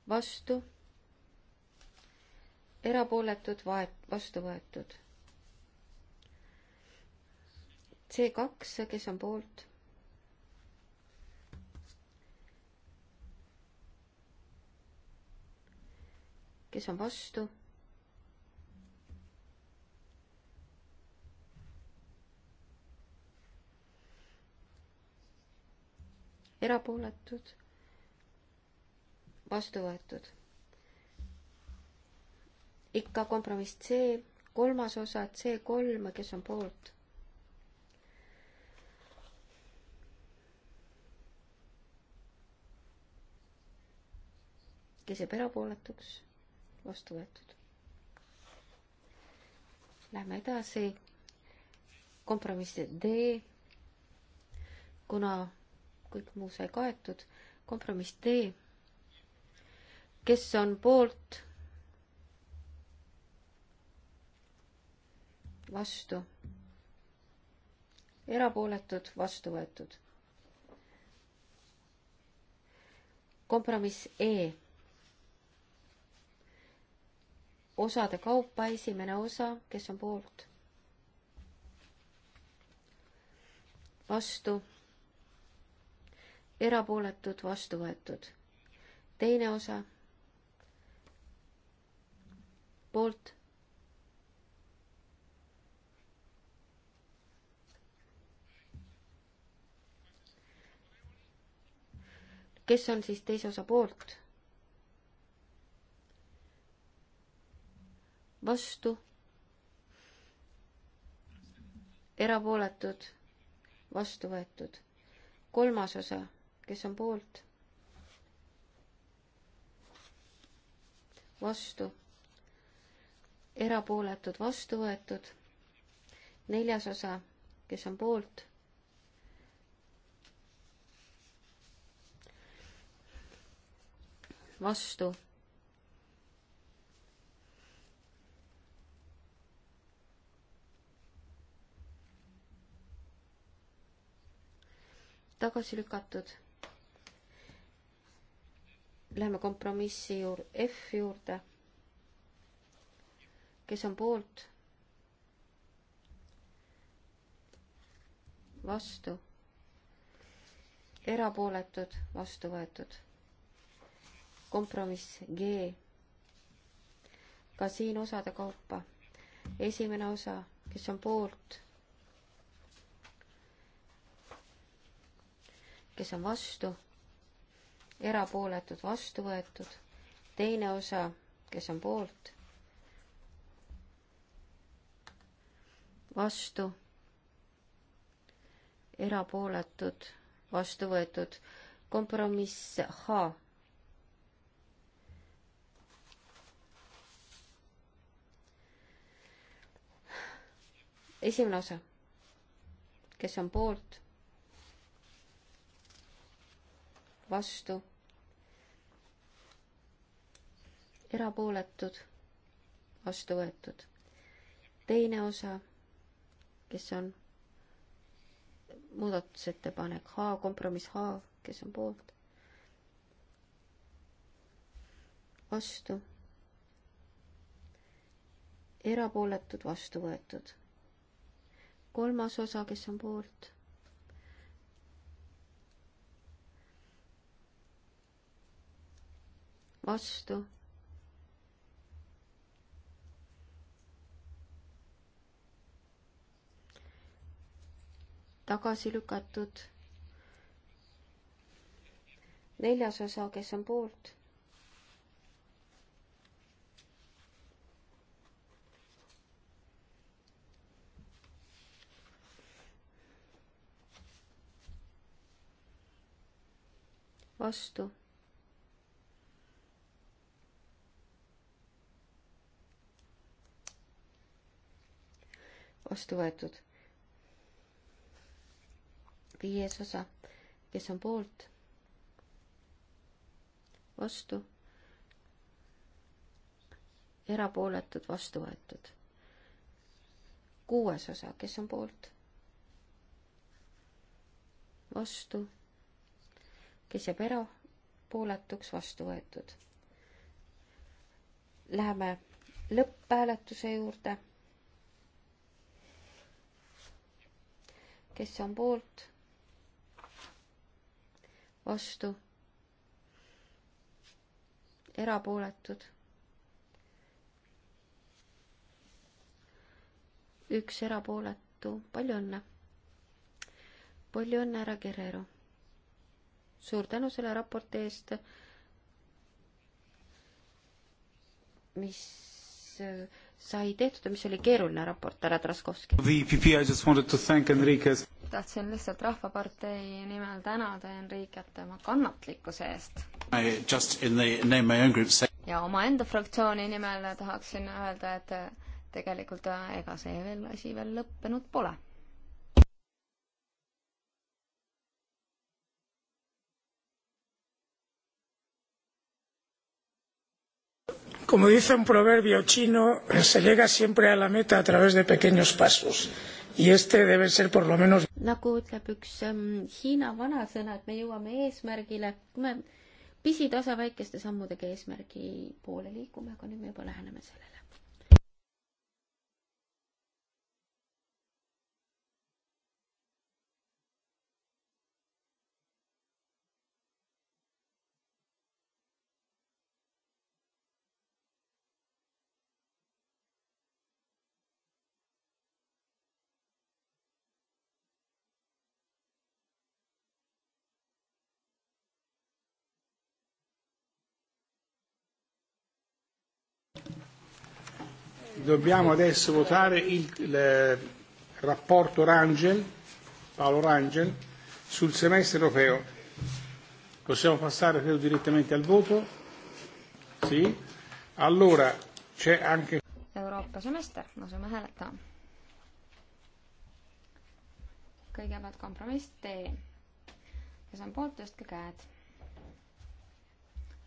vastu, erapooletud, vaet-, vastu võetud. C kaks, kes on poolt? kes on vastu erapooletud, vastu võetud. ikka kompromiss C, kolmas osa C kolm, kes on poolt? kes jääb erapooletuks, vastu võetud. Lähme edasi kompromissi D, kuna kõik muu sai kaetud. kompromiss D. kes on poolt? vastu. erapooletud, vastu võetud. kompromiss E. osade kaupa esimene osa, kes on poolt? vastu erapooletud, vastu võetud. teine osa, poolt. kes on siis teise osa poolt? vastu. erapooletud, vastu võetud. kolmas osa kes on poolt? vastu, erapooletud, vastu võetud. neljas osa, kes on poolt? vastu. tagasi lükatud Läheme kompromissi juur-, F juurde. kes on poolt? vastu. erapooletud, vastu võetud. kompromiss G. ka siin osade kaupa. esimene osa, kes on poolt? kes on vastu erapooletud, vastu võetud. teine osa, kes on poolt, vastu, erapooletud, vastu võetud. kompromiss H. esimene osa, kes on poolt vastu, erapooletud, vastu võetud. teine osa, kes on muudatusettepanek H, kompromiss H, kes on poolt, vastu, erapooletud, vastu võetud. kolmas osa, kes on poolt vastu tagasi lükatud. neljas osa, kes on poolt? vastu vastu võetud viies osa, kes on poolt, vastu, erapooletud, vastu võetud. kuues osa, kes on poolt, vastu, kes jääb erapooletuks, vastu võetud. Läheme lõpphääletuse juurde kes on poolt, vastu, erapooletud. üks erapooletu, palju õnne. palju õnne, härra Guerrero. suur tänu selle raporti eest, mis äh, sai tehtud ja mis oli keeruline raport, härra Traskovski tahtsin lihtsalt Rahvapartei nimel tänada Enrique tema kannatlikkuse eest. ja omaenda fraktsiooni nimel tahaksin öelda, et tegelikult äh, ega see veel asi veel lõppenud pole. Como dice un proverbio chino, se llega siempre a la meta a través de pequeños pasos Menos... nagu ütleb üks ähm, Hiina vanasõna, et me jõuame eesmärgile, kui me pisitasa väikeste sammudega eesmärgi poole liigume, aga nüüd me juba läheneme sellele. Dobbiamo adesso votare il, il eh, rapporto Rangel, Paolo Rangel, sul semestre europeo. Possiamo passare, credo, direttamente al voto? Sì? Allora, c'è anche... Euroopa semester, asume hääletama. kõigepealt kompromiss D, kes on poolt, tõstke käed.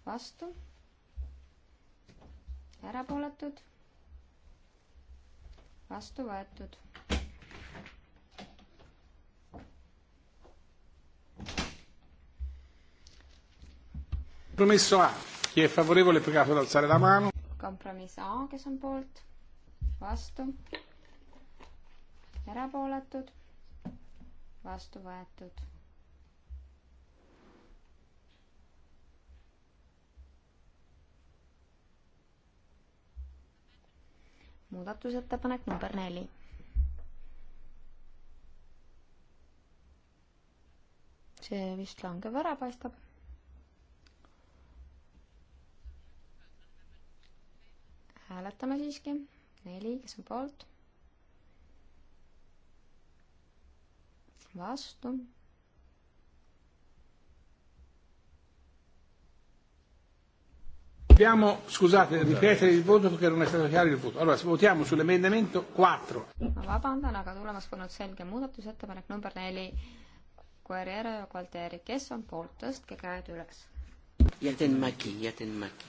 vastu. erapooletud vastu võetud. kompromiss A, kes on poolt, vastu, erapooletud, vastu võetud muudatusettepanek number neli. see vist langeb ära, paistab. hääletame siiski. neli, kes on poolt? vastu Abbiamo, scusate, ripetere il voto perché non è stato chiaro il voto. Allora, votiamo sull'emendamento 4. ma vabandan, aga tulemas polnud selge muudatusettepanek number neli. Guerrero ja Gualteri, kes on poolt, tõstke käed üles. Jätenmäki, Jätenmäki.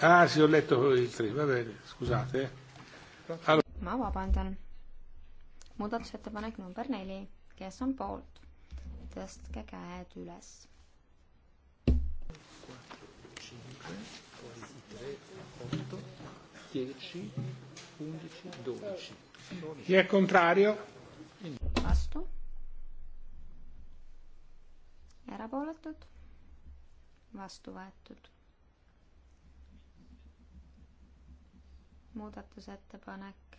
Ah, sì, ho letto il 3, va bene, scusate. Eh. Allora. ma vabandan. muudatusettepanek number neli, kes on poolt, tõstke käed üles. 8, 10, 11, 12. Chi è contrario? vastu. erapooletud, vastu võetud. muudatusettepanek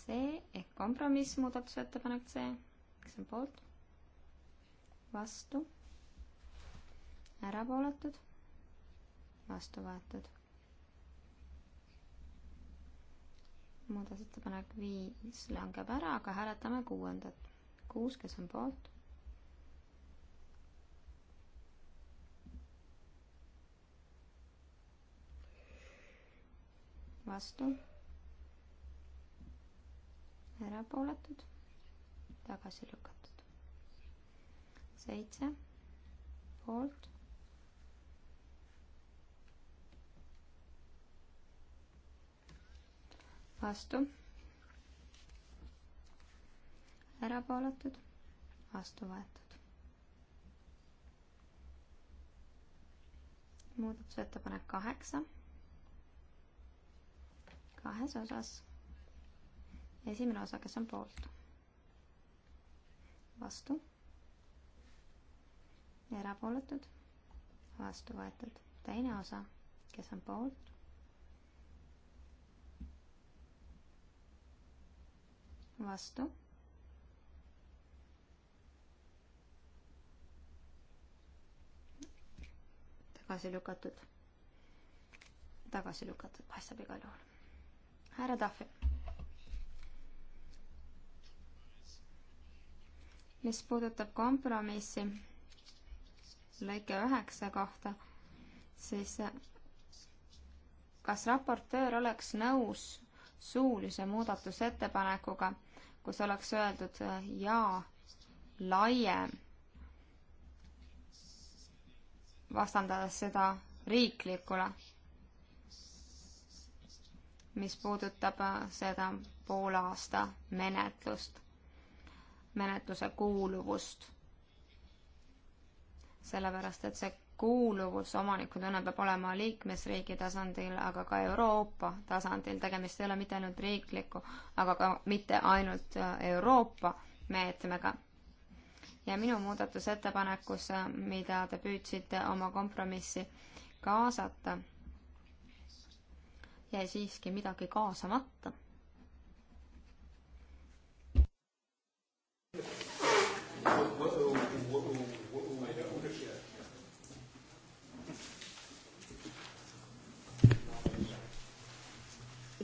C ehk kompromiss muudatusettepanek C, kes on poolt, vastu erapooletud, vastu võetud. muudatusettepanek viis langeb ära, aga hääletame kuuendat. kuus, kes on poolt? vastu, erapooletud, tagasi lükatud. seitse poolt vastu, erapooletud, vastu võetud. muudatusettepanek kaheksa, kahes osas. esimene osa, kes on poolt, vastu, erapooletud, vastu võetud. teine osa, kes on poolt, vastu. tagasi lükatud. tagasi lükatud, paistab igal juhul. härra Tahvi. mis puudutab kompromissi lõike üheksa kohta, siis kas raportöör oleks nõus suulise muudatusettepanekuga kus oleks öeldud äh, ja laiem, vastandades seda riiklikule, mis puudutab äh, seda poolaasta menetlust, menetluse kuuluvust. sellepärast, et see kuuluvus omanikutena peab olema liikmesriigi tasandil, aga ka Euroopa tasandil, tegemist ei ole mitte ainult riikliku, aga ka mitte ainult äh, Euroopa meetmega. ja minu muudatusettepanekus, äh, mida te püüdsite oma kompromissi kaasata, jäi siiski midagi kaasamata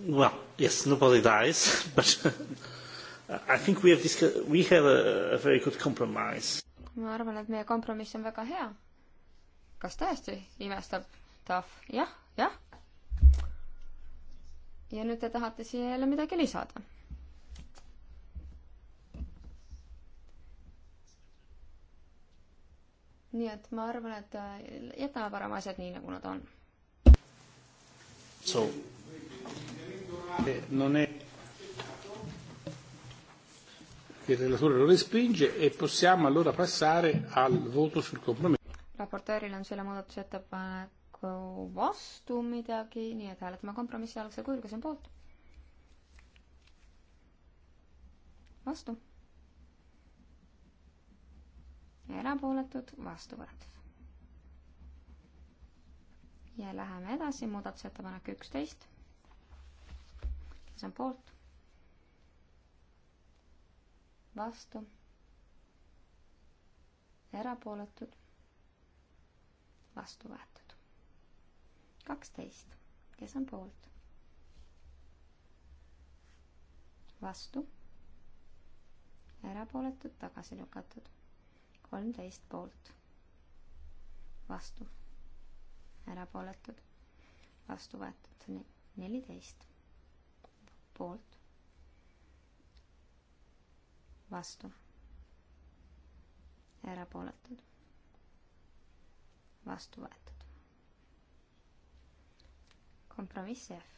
well, yes, nobody dies, (laughs) but uh, I think we have discussed, we have a, a very good compromise. ma arvan, et meie kompromiss on väga hea. kas tõesti, imestab Tahv, jah, jah. ja nüüd te tahate siia jälle midagi lisada? nii et ma arvan, et äh, jätame parem asjad nii, nagu nad on. So non è che il relatore lo respinge e possiamo allora passare al voto sul compromesso. raportööril on selle muudatusettepaneku vastu midagi, nii et hääletame kompromissi algsel kujul, kes on poolt? vastu. erapooletud, vastu võetud. ja läheme edasi, muudatusettepanek üksteist kes on poolt? vastu? erapooletud? vastu võetud. kaksteist, kes on poolt? vastu? erapooletud, tagasi lükatud. kolmteist poolt. vastu. erapooletud. vastu võetud. neliteist poolt, vastu, erapooletud, vastu võetud. kompromiss F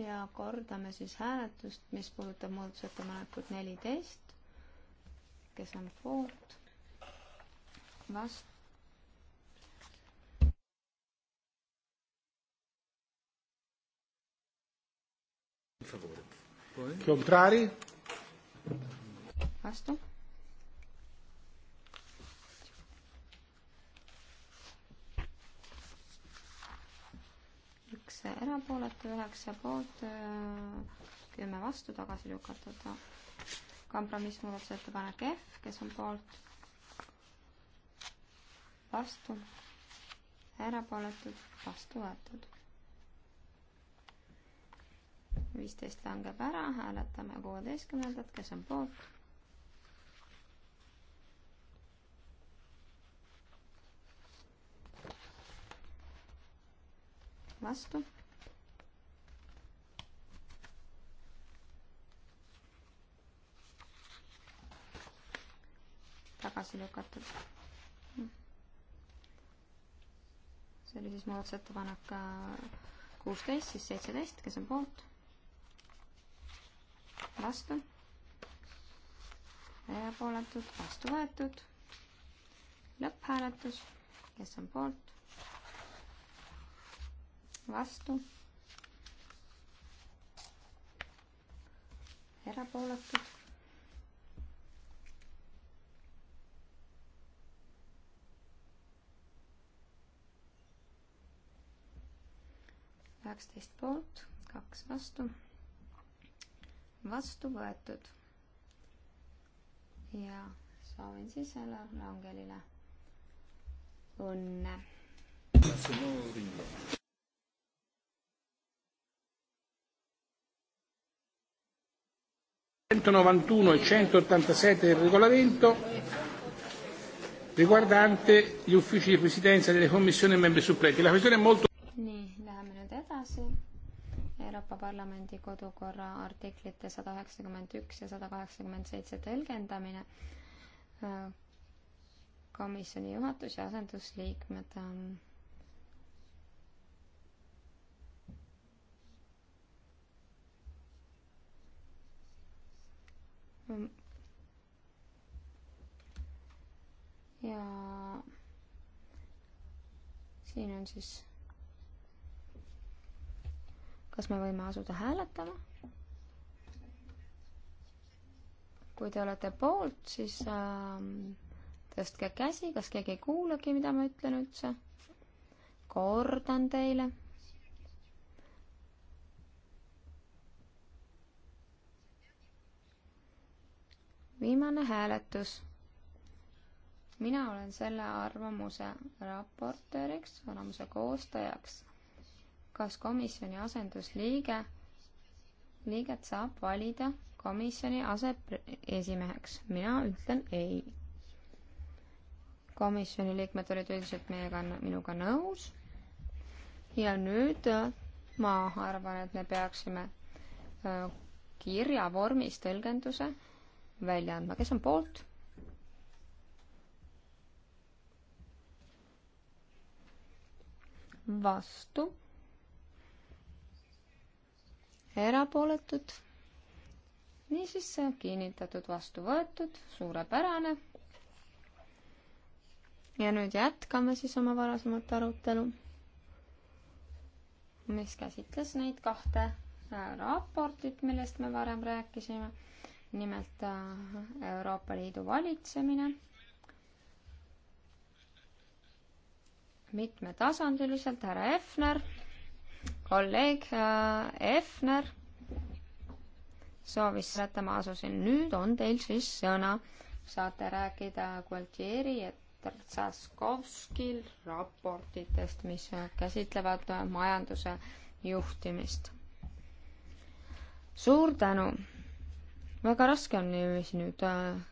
ja kordame siis hääletust, mis puudutab muudatusettepanekut neliteist, kes on poolt, vastu. Contrari? Vastu kaheksa erapooletu, üheksa poolt, äh, kümme vastu, tagasi lükatud. kompromissmuudatusettepanek F, kes on poolt, vastu, erapooletud, vastu võetud. viisteist langeb ära, hääletame kuueteistkümnendat, kes on poolt vastu. tagasi lükatud. see oli siis muudatusettepanek äh, kuusteist, siis seitseteist, kes on poolt? vastu. erapooletud, vastu võetud. lõpphääletus, kes on poolt? vastu, erapooletud. üheksateist poolt, kaks vastu, vastu võetud. ja soovin siis selle langelile õnne. 191 e 187 del regolamento riguardante gli uffici di presidenza delle commissioni e membri supplenti. La questione è molto... Nii, läheme nüüd edasi. Euroopa Parlamendi kodukorra artiklite 191 ja 187 tõlgendamine. Äh, komisjoni juhatus ja asendusliikmed on ja siin on siis, kas me võime asuda hääletama? kui te olete poolt, siis äh, tõstke käsi, kas keegi ei kuulagi, mida ma ütlen üldse? kordan teile viimane hääletus. mina olen selle arvamuse raportööriks, arvamuse koostajaks. kas komisjoni asendusliige, liiget saab valida komisjoni aseesimeheks? mina ütlen ei. komisjoni liikmed olid üldiselt meiega, minuga nõus. ja nüüd äh, ma arvan, et me peaksime äh, kirjavormis tõlgenduse välja andma, kes on poolt? vastu. erapooletud. niisiis kinnitatud, vastu võetud, suurepärane. ja nüüd jätkame siis oma varasemat arutelu, mis käsitles neid kahte äh, raportit, millest me varem rääkisime nimelt äh, Euroopa Liidu valitsemine mitmetasandiliselt, härra Efner, kolleeg äh, Efner soovis seletada, ma asusin, nüüd on teil siis sõna, saate rääkida Gualtieri ja Tsaskovskil raportitest, mis käsitlevad majanduse juhtimist. suur tänu väga raske on niiviisi nüüd äh,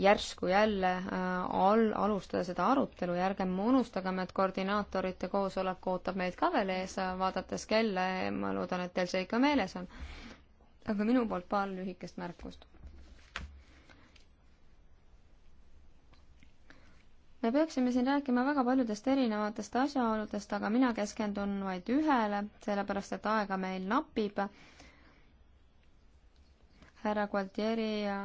järsku jälle äh, al-, alustada seda arutelu ja ärgem unustagem, et koordinaatorite koosolek ootab meid ka veel ees, äh, vaadates kella, ma loodan, et teil see ikka meeles on. aga minu poolt paar lühikest märkust. me peaksime siin rääkima väga paljudest erinevatest asjaoludest, aga mina keskendun vaid ühele, sellepärast et aega meil napib härra Gualtieri ja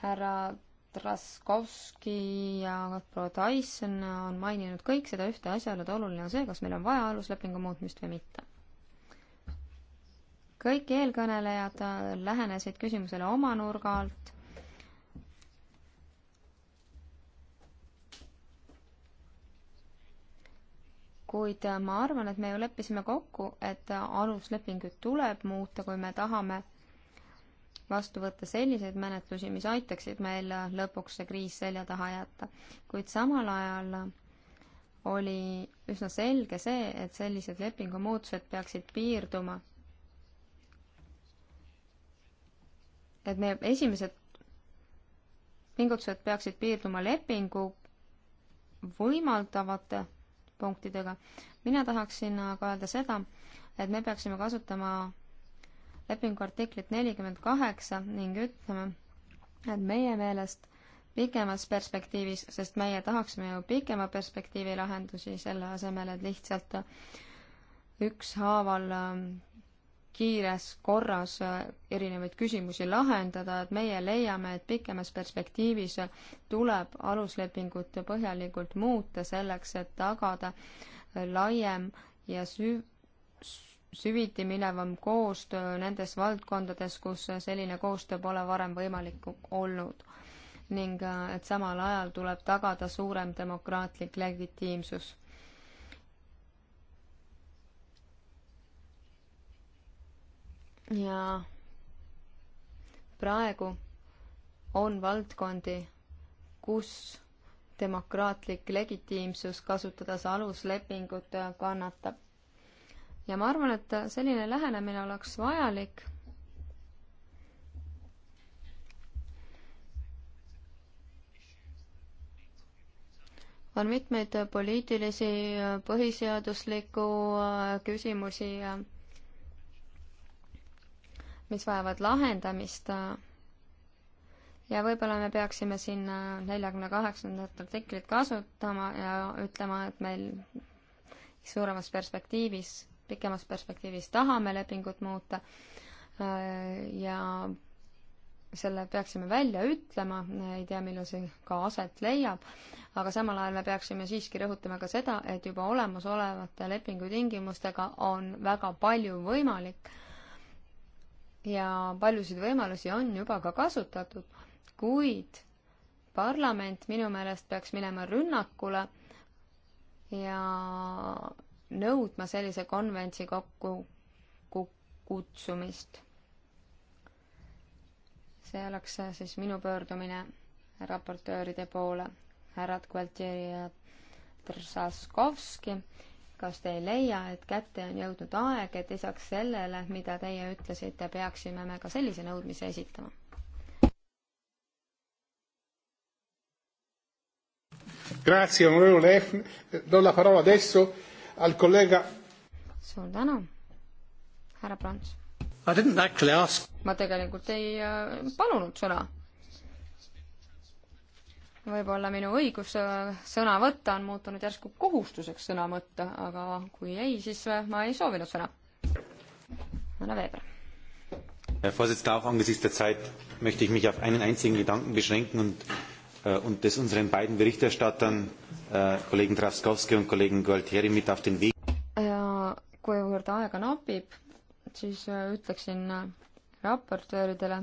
härra Traskovski ja proua Tyson on maininud kõik seda ühte asjaolu, et oluline on see, kas meil on vaja aluslepingu muutmist või mitte. kõik eelkõnelejad lähenesid küsimusele oma nurga alt. kuid ma arvan, et me ju leppisime kokku, et aluslepingut tuleb muuta, kui me tahame vastu võtta selliseid menetlusi, mis aitaksid meil lõpuks see kriis selja taha jätta. kuid samal ajal oli üsna selge see, et sellised lepingumuutused peaksid piirduma. et meie esimesed pingutused peaksid piirduma lepingu võimaldavate punktidega. mina tahaksin aga öelda seda, et me peaksime kasutama lepingu artiklit nelikümmend kaheksa ning ütleme, et meie meelest pikemas perspektiivis, sest meie tahaksime ju pikema perspektiivi lahendusi, selle asemel, et lihtsalt ükshaaval ähm, kiires korras äh, erinevaid küsimusi lahendada, et meie leiame, et pikemas perspektiivis tuleb aluslepingut põhjalikult muuta selleks, et tagada laiem ja süv-, süviti minevam koostöö nendes valdkondades, kus selline koostöö pole varem võimalik olnud. ning äh, et samal ajal tuleb tagada suurem demokraatlik legitiimsus. ja praegu on valdkondi, kus demokraatlik legitiimsus, kasutades aluslepingut, äh, kannatab ja ma arvan, et selline lähenemine oleks vajalik. on mitmeid poliitilisi, põhiseaduslikku äh, küsimusi, äh, mis vajavad lahendamist ja võib-olla me peaksime siin äh, neljakümne kaheksandat artiklit kasutama ja ütlema, et meil suuremas perspektiivis pikemas perspektiivis tahame lepingut muuta äh, ja selle peaksime välja ütlema, ei tea, millal see ka aset leiab, aga samal ajal me peaksime siiski rõhutama ka seda, et juba olemasolevate lepingutingimustega on väga palju võimalik ja paljusid võimalusi on juba ka kasutatud, kuid parlament minu meelest peaks minema rünnakule ja nõudma sellise konventsi kokku kutsumist. see oleks siis minu pöördumine raportööride poole, härrad Gvaltieri ja Trsaskovski, kas te ei leia, et kätte on jõudnud aeg, et lisaks sellele, mida teie ütlesite, peaksime me ka sellise nõudmise esitama? Grazie, onorevole Ehn, do la parola adesso al kollega. suur tänu, härra Prants. ma tegelikult ei äh, palunud sõna. võib-olla minu õigus äh, sõna võtta on muutunud järsku kohustuseks sõna võtta, aga kui ei, siis äh, ma ei soovinud sõna. Anna Weber. Herr Vorsitzender, auch angesichts der Zeit möchte ich mich auf einen einzigen Gedanken beschränken und Äh, und das unseren beiden Berichterstattern, äh, Kollegen Traskowski und Kollegen Gualtieri, mit auf den Weg. Äh, kuivõrd aega napib, siis ütleksin raportööridele,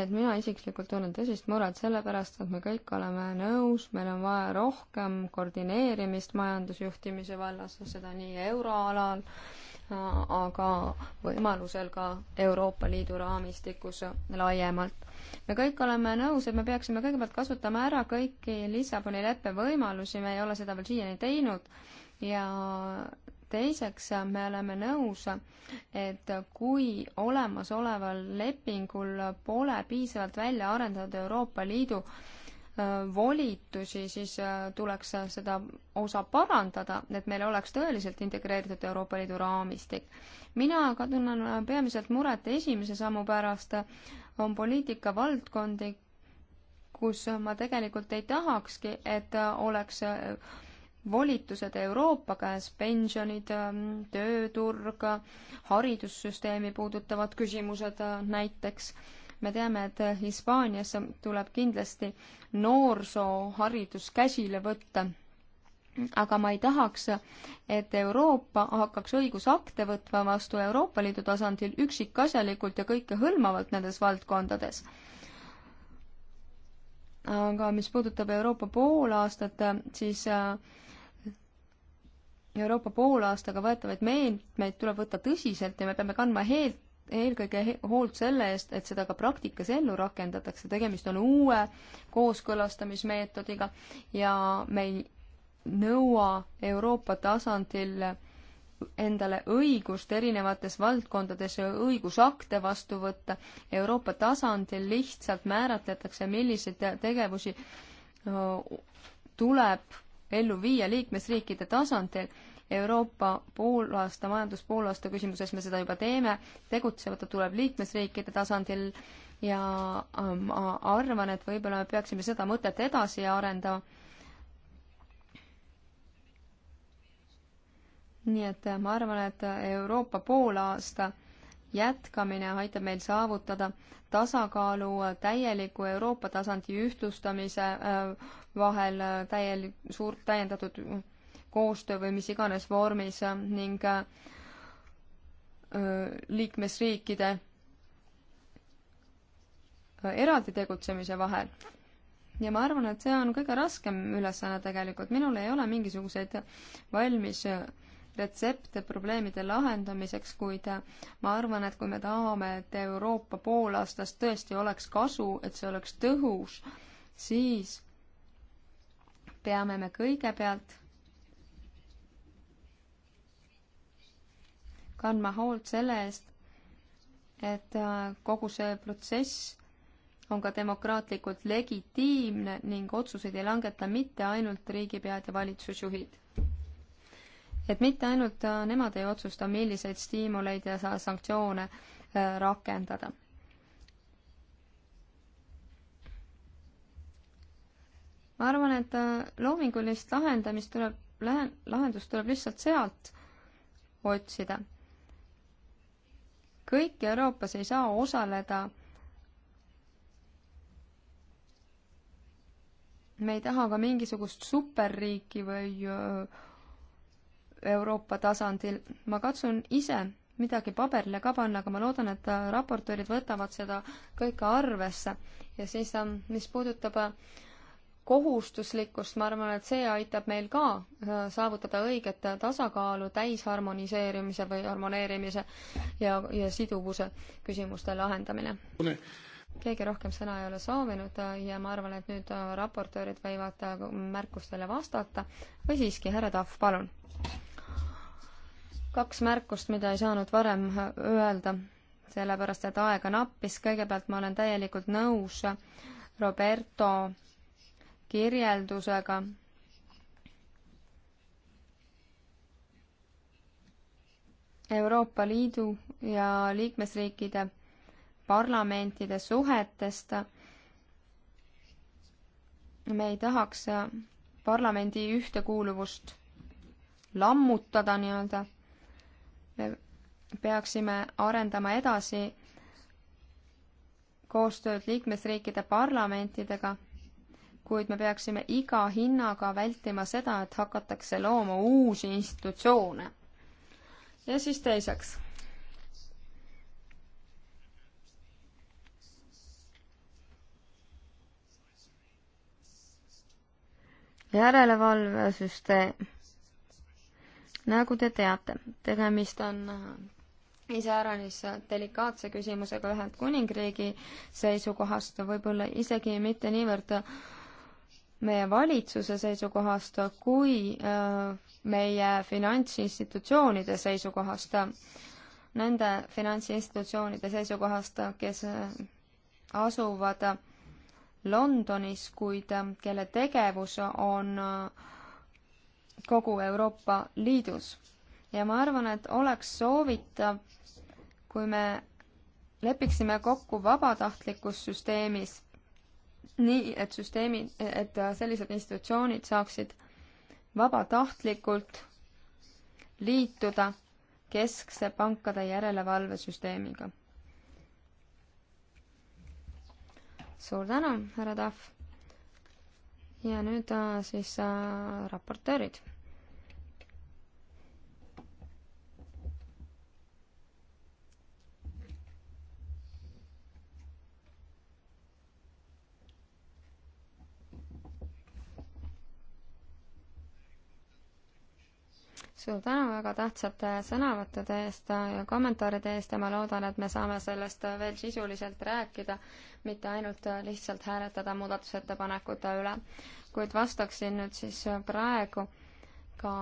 et mina isiklikult tunnen tõsist muret selle pärast, et me kõik oleme nõus, meil on vaja rohkem koordineerimist majandusjuhtimise vallas, seda nii euroalal äh, aga võimalusel ka Euroopa Liidu raamistikus laiemalt. me kõik oleme nõus, et me peaksime kõigepealt kasutama ära kõiki Lissaboni leppe võimalusi, me ei ole seda veel siiani teinud ja teiseks me oleme nõus, et kui olemasoleval lepingul pole piisavalt välja arendatud Euroopa Liidu äh, volitusi, siis äh, tuleks äh, seda osa parandada, et meil oleks tõeliselt integreeritud Euroopa Liidu raamistik. mina aga tunnen äh, peamiselt muret esimese sammu pärast, on poliitika valdkondi, kus ma tegelikult ei tahakski, et oleks volitused Euroopa käes, pensionid, ähm, tööturg, haridussüsteemi puudutavad küsimused näiteks me teame, et Hispaanias tuleb kindlasti noorsooharidus käsile võtta. aga ma ei tahaks, et Euroopa hakkaks õigusakte võtma vastu Euroopa Liidu tasandil üksikasjalikult ja kõikehõlmavalt nendes valdkondades aga mis puudutab Euroopa poolaastat, siis äh, Euroopa poolaastaga võetavaid meetmeid tuleb võtta tõsiselt ja me peame kandma heelt, eelkõige hoolt selle eest, et seda ka praktikas ellu rakendatakse, tegemist on uue kooskõlastamismeetodiga ja me ei nõua Euroopa tasandil endale õigust erinevates valdkondades õigusakte vastu võtta. Euroopa tasandil lihtsalt määratletakse, milliseid tegevusi tuleb ellu viia liikmesriikide tasandil Euroopa poolaasta, majanduspoolaasta küsimuses me seda juba teeme, tegutsevata tuleb liikmesriikide tasandil ja ähm, ma arvan, et võib-olla me peaksime seda mõtet edasi arendama. nii et äh, ma arvan, et äh, Euroopa poolaasta jätkamine aitab meil saavutada tasakaalu äh, täieliku Euroopa tasandi ühtlustamise vahel täiel-, suurt täiendatud koostöö või mis iganes vormis äh, ning äh, liikmesriikide äh, eraldi tegutsemise vahel. ja ma arvan, et see on kõige raskem ülesanne tegelikult, minul ei ole mingisuguseid valmis retsepte probleemide lahendamiseks, kuid ma arvan, et kui me tahame, et Euroopa poolaastast tõesti oleks kasu, et see oleks tõhus, siis peame me kõigepealt kandma hoolt selle eest, et äh, kogu see protsess on ka demokraatlikult legitiimne ning otsuseid ei langeta mitte ainult riigipead ja valitsusjuhid. et mitte ainult äh, nemad ei otsusta, milliseid stiimuleid ja sanktsioone äh, rakendada. ma arvan, et loomingulist lahendamist tuleb, lahendust tuleb lihtsalt sealt otsida kõik Euroopas ei saa osaleda. me ei taha ka mingisugust superriiki või äh, Euroopa tasandil, ma katsun ise midagi paberile ka panna, aga ma loodan, et äh, raportöörid võtavad seda kõike arvesse. ja siis, äh, mis puudutab äh, kohustuslikkust, ma arvan, et see aitab meil ka äh, saavutada õiget tasakaalu täisharmoniseerimise või harmoneerimise ja, ja siduvuse küsimuste lahendamine. keegi rohkem sõna ei ole soovinud äh, ja ma arvan, et nüüd äh, raportöörid võivad märkustele vastata või siiski, härra Tahv, palun. kaks märkust, mida ei saanud varem öelda, sellepärast et aega nappis, kõigepealt ma olen täielikult nõus Roberto kirjeldusega. Euroopa Liidu ja liikmesriikide parlamentide suhetest. me ei tahaks parlamendi ühtekuuluvust lammutada nii-öelda. me peaksime arendama edasi koostööd liikmesriikide parlamentidega kuid me peaksime iga hinnaga vältima seda, et hakatakse looma uusi institutsioone. ja siis teiseks. järelevalvesüsteem. nagu te teate, tegemist on äh, iseäranis äh, delikaatse küsimusega Ühendkuningriigi seisukohast, võib-olla isegi mitte niivõrd äh, meie valitsuse seisukohast kui äh, meie finantsinstitutsioonide seisukohast, nende finantsinstitutsioonide seisukohast, kes äh, asuvad Londonis, kuid äh, kelle tegevus on kogu Euroopa Liidus. ja ma arvan, et oleks soovitav, kui me lepiksime kokku vabatahtlikus süsteemis nii, et süsteemid, et sellised institutsioonid saaksid vabatahtlikult liituda keskse pankade järelevalvesüsteemiga. suur tänu, härra Tahv. ja nüüd äh, siis äh, raportöörid suur tänu väga tähtsate sõnavõttude eest ja kommentaaride eest ja ma loodan, et me saame sellest veel sisuliselt rääkida, mitte ainult lihtsalt hääletada muudatusettepanekute üle. kuid vastaksin nüüd siis praegu ka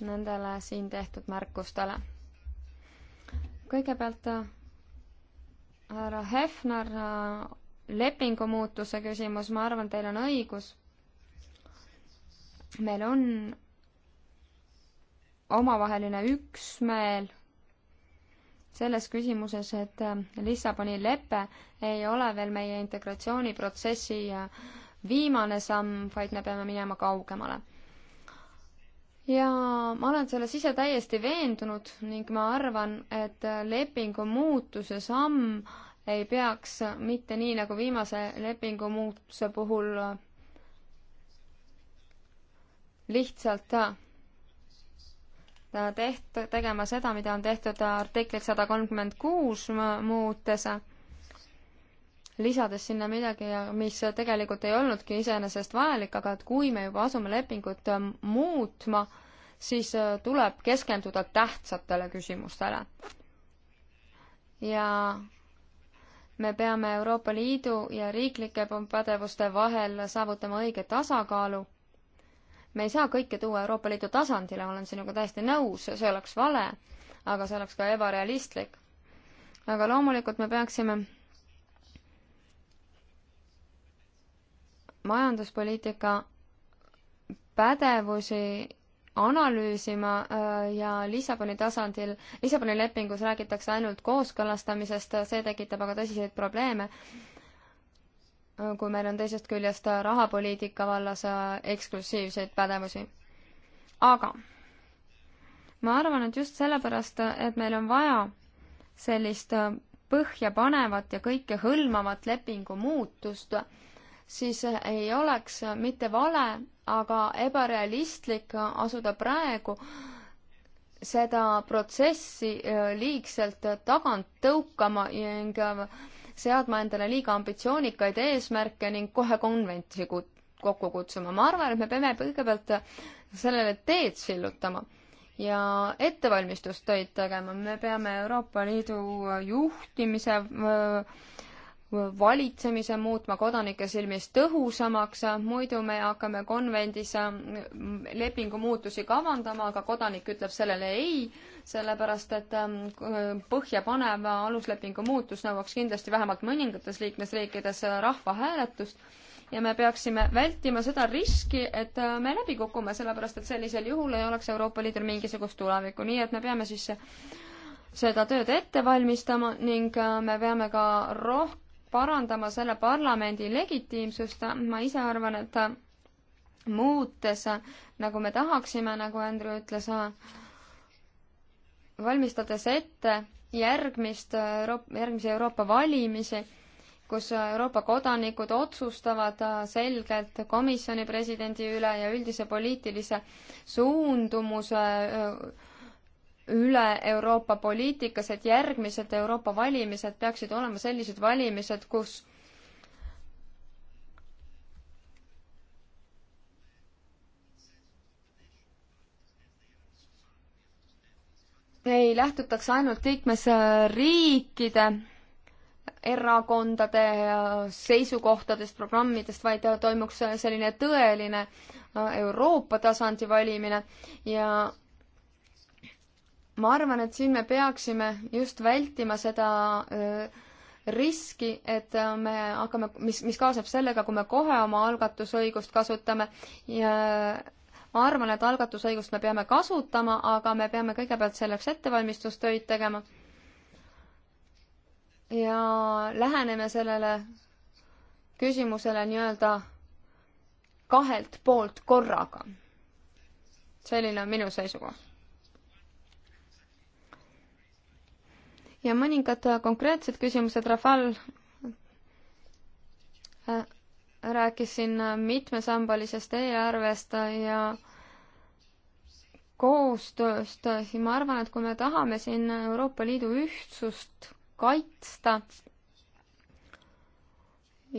nendele siin tehtud märkustele. kõigepealt härra Hefner, lepingu muutuse küsimus, ma arvan, teil on õigus. meil on omavaheline üksmeel selles küsimuses, et äh, Lissaboni lepe ei ole veel meie integratsiooniprotsessi äh, viimane samm, vaid me peame minema kaugemale. ja ma olen selles ise täiesti veendunud ning ma arvan, et äh, lepingu muutuse samm ei peaks mitte nii, nagu viimase lepingu muutuse puhul lihtsalt teht-, tegema seda, mida on tehtud artiklit sada kolmkümmend kuus muutes, lisades sinna midagi, mis tegelikult ei olnudki iseenesest vajalik, aga et kui me juba asume lepingut muutma, siis tuleb keskenduda tähtsatele küsimustele. ja me peame Euroopa Liidu ja riiklike pädevuste vahel saavutama õige tasakaalu me ei saa kõike tuua Euroopa Liidu tasandile, olen sinuga täiesti nõus, see oleks vale, aga see oleks ka ebarealistlik. aga loomulikult me peaksime majanduspoliitika pädevusi analüüsima äh, ja Lissaboni tasandil, Lissaboni lepingus räägitakse ainult kooskõlastamisest, see tekitab aga tõsiseid probleeme kui meil on teisest küljest rahapoliitika vallas äh, eksklusiivseid pädevusi. aga ma arvan, et just sellepärast, et meil on vaja sellist äh, põhjapanevat ja kõikehõlmavat lepingu muutust, siis äh, ei oleks mitte vale, aga ebarealistlik asuda praegu seda protsessi liigselt tagant tõukama ning seadma endale liiga ambitsioonikaid eesmärke ning kohe konventsi kokku kutsuma. ma arvan, et me peame kõigepealt sellele teed sillutama ja ettevalmistustöid tegema. me peame Euroopa Liidu juhtimise valitsemise muutma kodanike silmis tõhusamaks, muidu me hakkame konvendis lepingu muutusi kavandama, aga kodanik ütleb sellele ei sellepärast et ähm, põhjapanev aluslepingu muutus nõuaks kindlasti vähemalt mõningates liikmesriikides äh, rahvahääletust ja me peaksime vältima seda riski, et äh, me läbi kukume, sellepärast et sellisel juhul ei oleks Euroopa Liidul mingisugust tulevikku, nii et me peame siis äh, seda tööd ette valmistama ning me peame ka roh-, parandama selle parlamendi legitiimsust, ma ise arvan, et muutes, nagu me tahaksime, nagu Andrew ütles, valmistades ette järgmist Euroop-, järgmisi Euroopa valimisi, kus Euroopa kodanikud otsustavad äh, selgelt komisjoni presidendi üle ja üldise poliitilise suundumuse äh, üle Euroopa poliitikas, et järgmised Euroopa valimised peaksid olema sellised valimised, kus ei lähtutaks ainult liikmesriikide erakondade äh, seisukohtadest, programmidest, vaid äh, toimuks äh, selline tõeline Euroopa tasandi valimine ja ma arvan, et siin me peaksime just vältima seda riski, et me hakkame, mis, mis kaasneb sellega, kui me kohe oma algatusõigust kasutame ja ma arvan, et algatusõigust me peame kasutama, aga me peame kõigepealt selleks ettevalmistustöid tegema. ja läheneme sellele küsimusele nii-öelda kahelt poolt korraga. selline on minu seisukoht. ja mõningad konkreetsed küsimused Rafal äh, rääkisin mitmesambalisest eelarvest ja koostööst, siis ma arvan, et kui me tahame siin Euroopa Liidu ühtsust kaitsta,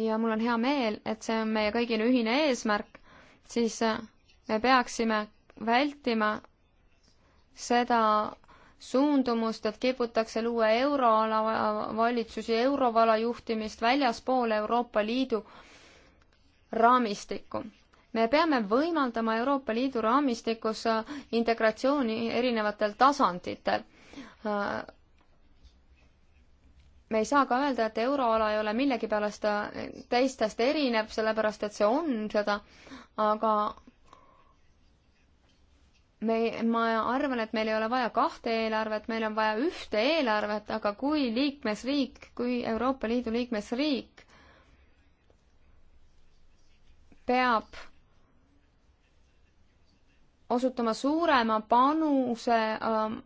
ja mul on hea meel, et see on meie kõigile ühine eesmärk, siis me peaksime vältima seda suundumust, et kiputakse luua euroala valitsusi, eurovala juhtimist väljaspool Euroopa Liidu äh, raamistikku. me peame võimaldama Euroopa Liidu raamistikus äh, integratsiooni erinevatel tasanditel. Äh, me ei saa ka öelda, et euroala ei ole millegipärast äh, teistest erinev, sellepärast et see on seda, aga me, ma arvan, et meil ei ole vaja kahte eelarvet, meil on vaja ühte eelarvet, aga kui liikmesriik, kui Euroopa Liidu liikmesriik peab osutama suurema panuse ähm,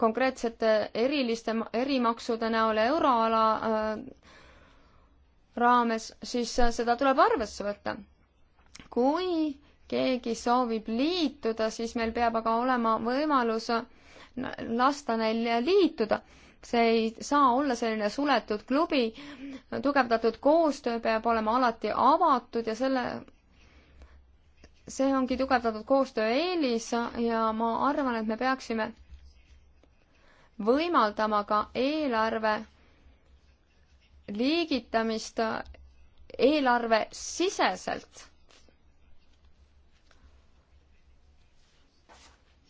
konkreetsete eriliste, erimaksude näol euroala äh, raames, siis äh, seda tuleb arvesse võtta. kui keegi soovib liituda, siis meil peab aga olema võimalus äh, lasta neil liituda see ei saa olla selline suletud klubi, tugevdatud koostöö peab olema alati avatud ja selle, see ongi tugevdatud koostöö eelis ja ma arvan, et me peaksime võimaldama ka eelarve liigitamist eelarve siseselt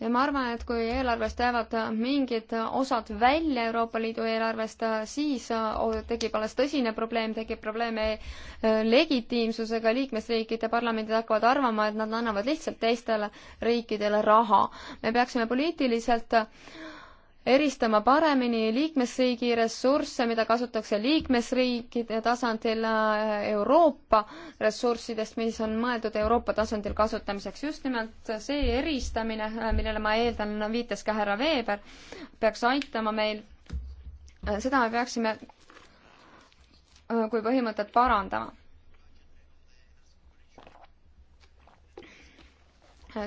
ja ma arvan, et kui eelarvest jäävad mingid osad välja Euroopa Liidu eelarvest, siis oh, tekib alles tõsine probleem, tekib probleeme eh, legitiimsusega, liikmesriikide parlamendid hakkavad arvama, et nad annavad lihtsalt teistele riikidele raha. me peaksime poliitiliselt äh, eristama paremini liikmesriigi ressursse, mida kasutatakse liikmesriikide tasandil äh, Euroopa ressurssidest, mis on mõeldud Euroopa tasandil kasutamiseks. just nimelt see eristamine, äh, millele ma eeldan, viitas ka härra Veeber, peaks aitama meil, äh, seda me peaksime kui põhimõtet parandama.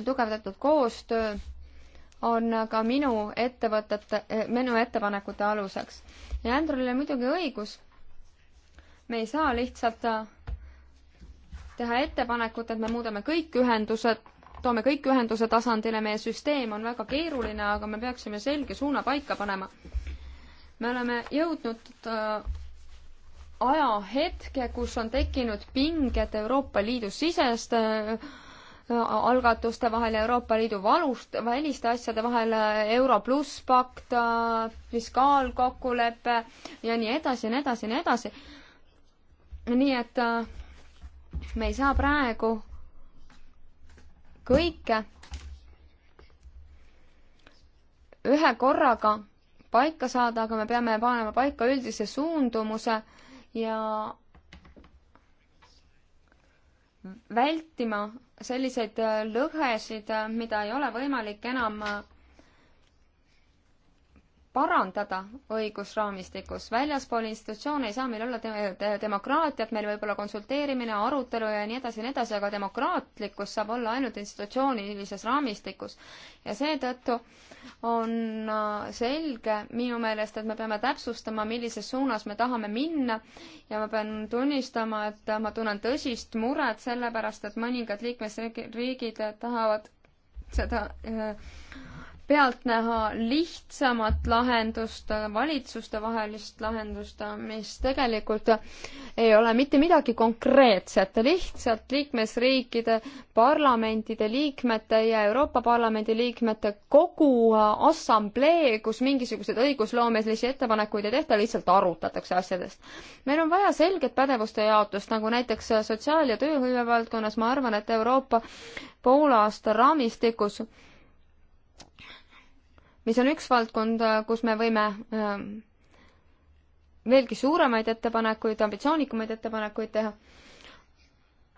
tugevdatud koostöö on ka minu ettevõtete, minu ettepanekute aluseks. ja Andrel oli muidugi õigus, me ei saa lihtsalt äh, teha ettepanekut, et me muudame kõik ühendused, toome kõik ühenduse tasandile, meie süsteem on väga keeruline, aga me peaksime selge suuna paika panema. me oleme jõudnud äh, ajahetke, kus on tekkinud pinged Euroopa Liidu sisest äh, algatuste vahel Euroopa Liidu valust, väliste asjade vahel Euro pluss pakt, fiskaalkokkulepe ja nii edasi ja nii edasi ja nii edasi. nii et äh, me ei saa praegu kõike ühe korraga paika saada, aga me peame panema paika üldise suundumuse ja vältima selliseid äh, lõhesid, äh, mida ei ole võimalik enam äh, parandada õigusraamistikus. väljaspool institutsioone ei saa meil olla te demokraatiat, meil võib olla konsulteerimine, arutelu ja nii edasi ja nii edasi, aga demokraatlikkus saab olla ainult institutsioonilises raamistikus. ja seetõttu äh, on äh, selge minu meelest, et me peame täpsustama, millises suunas me tahame minna ja ma pean tunnistama, et ma tunnen tõsist muret sellepärast, et mõningad liikmesriigid tahavad seda äh, pealtnäha lihtsamat lahendust, valitsustevahelist lahendust, mis tegelikult ei ole mitte midagi konkreetset, lihtsalt liikmesriikide parlamentide liikmete ja Euroopa Parlamendi liikmete kogu assamblee, kus mingisuguseid õigusloomelisi ettepanekuid ei tehta, lihtsalt arutatakse asjadest. meil on vaja selget pädevuste jaotust, nagu näiteks sotsiaal- ja tööhõive valdkonnas, ma arvan, et Euroopa poolaasta raamistikus mis on üks valdkond, kus me võime ähm, veelgi suuremaid ettepanekuid, ambitsioonikumaid ettepanekuid teha.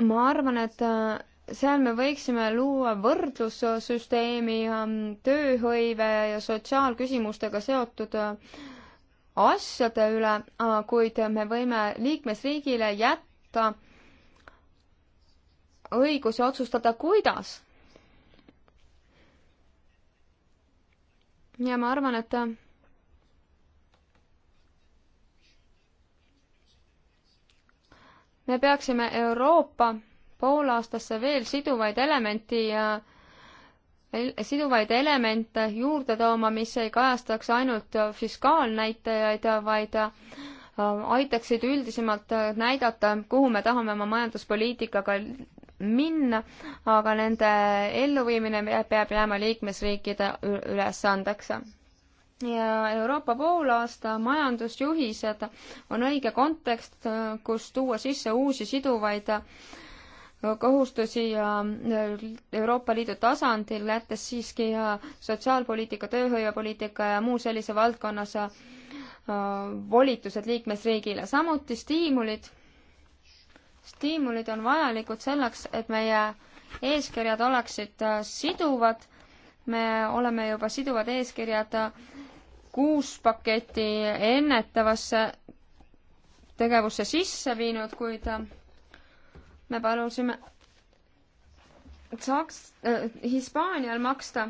ma arvan, et äh, seal me võiksime luua võrdlussüsteemi ähm, tööhõive ja sotsiaalküsimustega seotud äh, asjade üle, äh, kuid me võime liikmesriigile jätta õiguse otsustada, kuidas ja ma arvan, et me peaksime Euroopa poolaastasse veel siduvaid elementi ja siduvaid elemente juurde tooma, mis ei kajastaks ainult fiskaalnäitajaid, vaid äh, aitaksid üldisemalt näidata, kuhu me tahame oma majanduspoliitikaga minna, aga nende elluviimine peab jääma liikmesriikide ülesandeks. ja Euroopa poolaasta majandusjuhised on õige kontekst, kus tuua sisse uusi siduvaid kohustusi ja Euroopa Liidu tasandil, jättes siiski sotsiaalpoliitika, tööhõivepoliitika ja muu sellise valdkonnas äh, volitused liikmesriigile, samuti stiimulid stiimulid on vajalikud selleks, et meie eeskirjad oleksid äh, siduvad. me oleme juba siduvad eeskirjad äh, kuus paketi ennetavasse tegevusse sisse viinud, kuid äh, me palusime saaks äh, Hispaanial maksta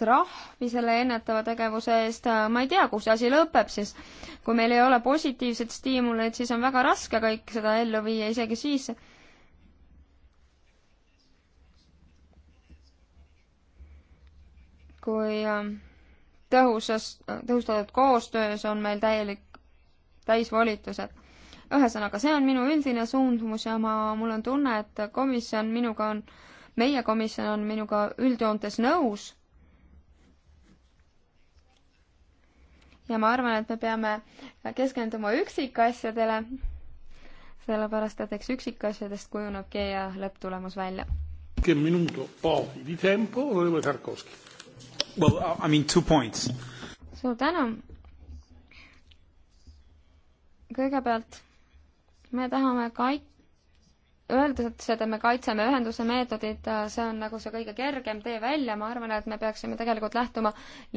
trahvi selle ennetava tegevuse eest, ma ei tea, kuhu see asi lõpeb siis. kui meil ei ole positiivseid stiimuleid, siis on väga raske kõik seda ellu viia, isegi siis. kui ähm, tõhusas, äh, tõhustatud koostöös on meil täielik, täisvolitused. ühesõnaga, see on minu üldine suundumus ja ma, mul on tunne, et komisjon minuga on meie komisjon on minuga üldjoontes nõus ja ma arvan, et me peame keskenduma üksikasjadele, sellepärast et eks üksikasjadest kujunebki lõpptulemus välja. Well, I mean two points. suur tänu. kõigepealt me tahame kait-, öeldes, et seda me kaitseme ühenduse meetodit, see on nagu see kõige kergem tee välja, ma arvan, et me peaksime tegelikult lähtuma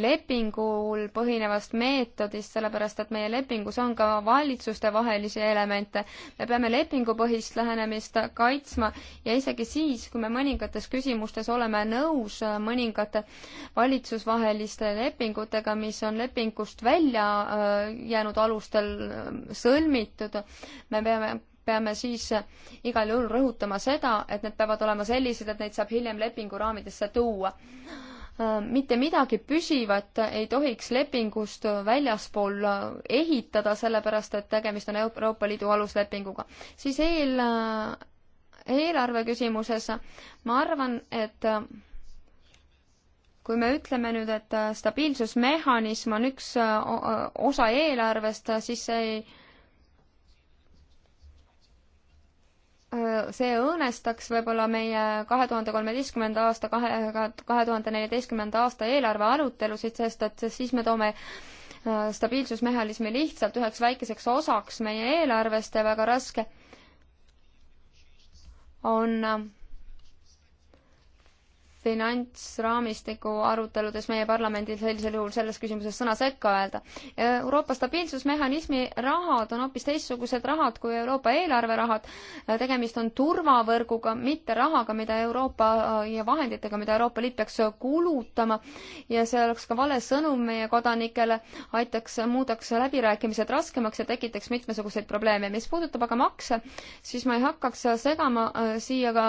lepingul põhinevast meetodist, sellepärast et meie lepingus on ka valitsustevahelisi elemente. me peame lepingupõhist lähenemist kaitsma ja isegi siis, kui me mõningates küsimustes oleme nõus mõningate valitsusvaheliste lepingutega, mis on lepingust välja äh, jäänud alustel äh, sõlmitud, me peame peame siis igal juhul rõhutama seda, et need peavad olema sellised, et neid saab hiljem lepingu raamidesse tuua. mitte midagi püsivat ei tohiks lepingust väljaspool ehitada, sellepärast et tegemist on Euroopa Liidu aluslepinguga. siis eel, eelarve küsimuses ma arvan, et kui me ütleme nüüd, et stabiilsusmehhanism on üks osa eelarvest, siis see ei Äh, see õõnestaks võib-olla meie kahe tuhande kolmeteistkümnenda aasta, kahe, kahe tuhande neljateistkümnenda aasta eelarve arutelusid, sest et siis me toome äh, stabiilsusmehhanismi lihtsalt üheks väikeseks osaks meie eelarvest ja väga raske on äh, finantsraamistiku aruteludes meie parlamendil sellisel juhul selles küsimuses sõna sekka öelda. Euroopa stabiilsusmehhanismi rahad on hoopis teistsugused rahad kui Euroopa eelarverahad. tegemist on turvavõrguga, mitte rahaga, mida Euroopa ja vahenditega, mida Euroopa Liit peaks kulutama ja see oleks ka vale sõnum meie kodanikele, aitaks, muudaks läbirääkimised raskemaks ja tekitaks mitmesuguseid probleeme. mis puudutab aga makse, siis ma ei hakkaks segama äh, siia ka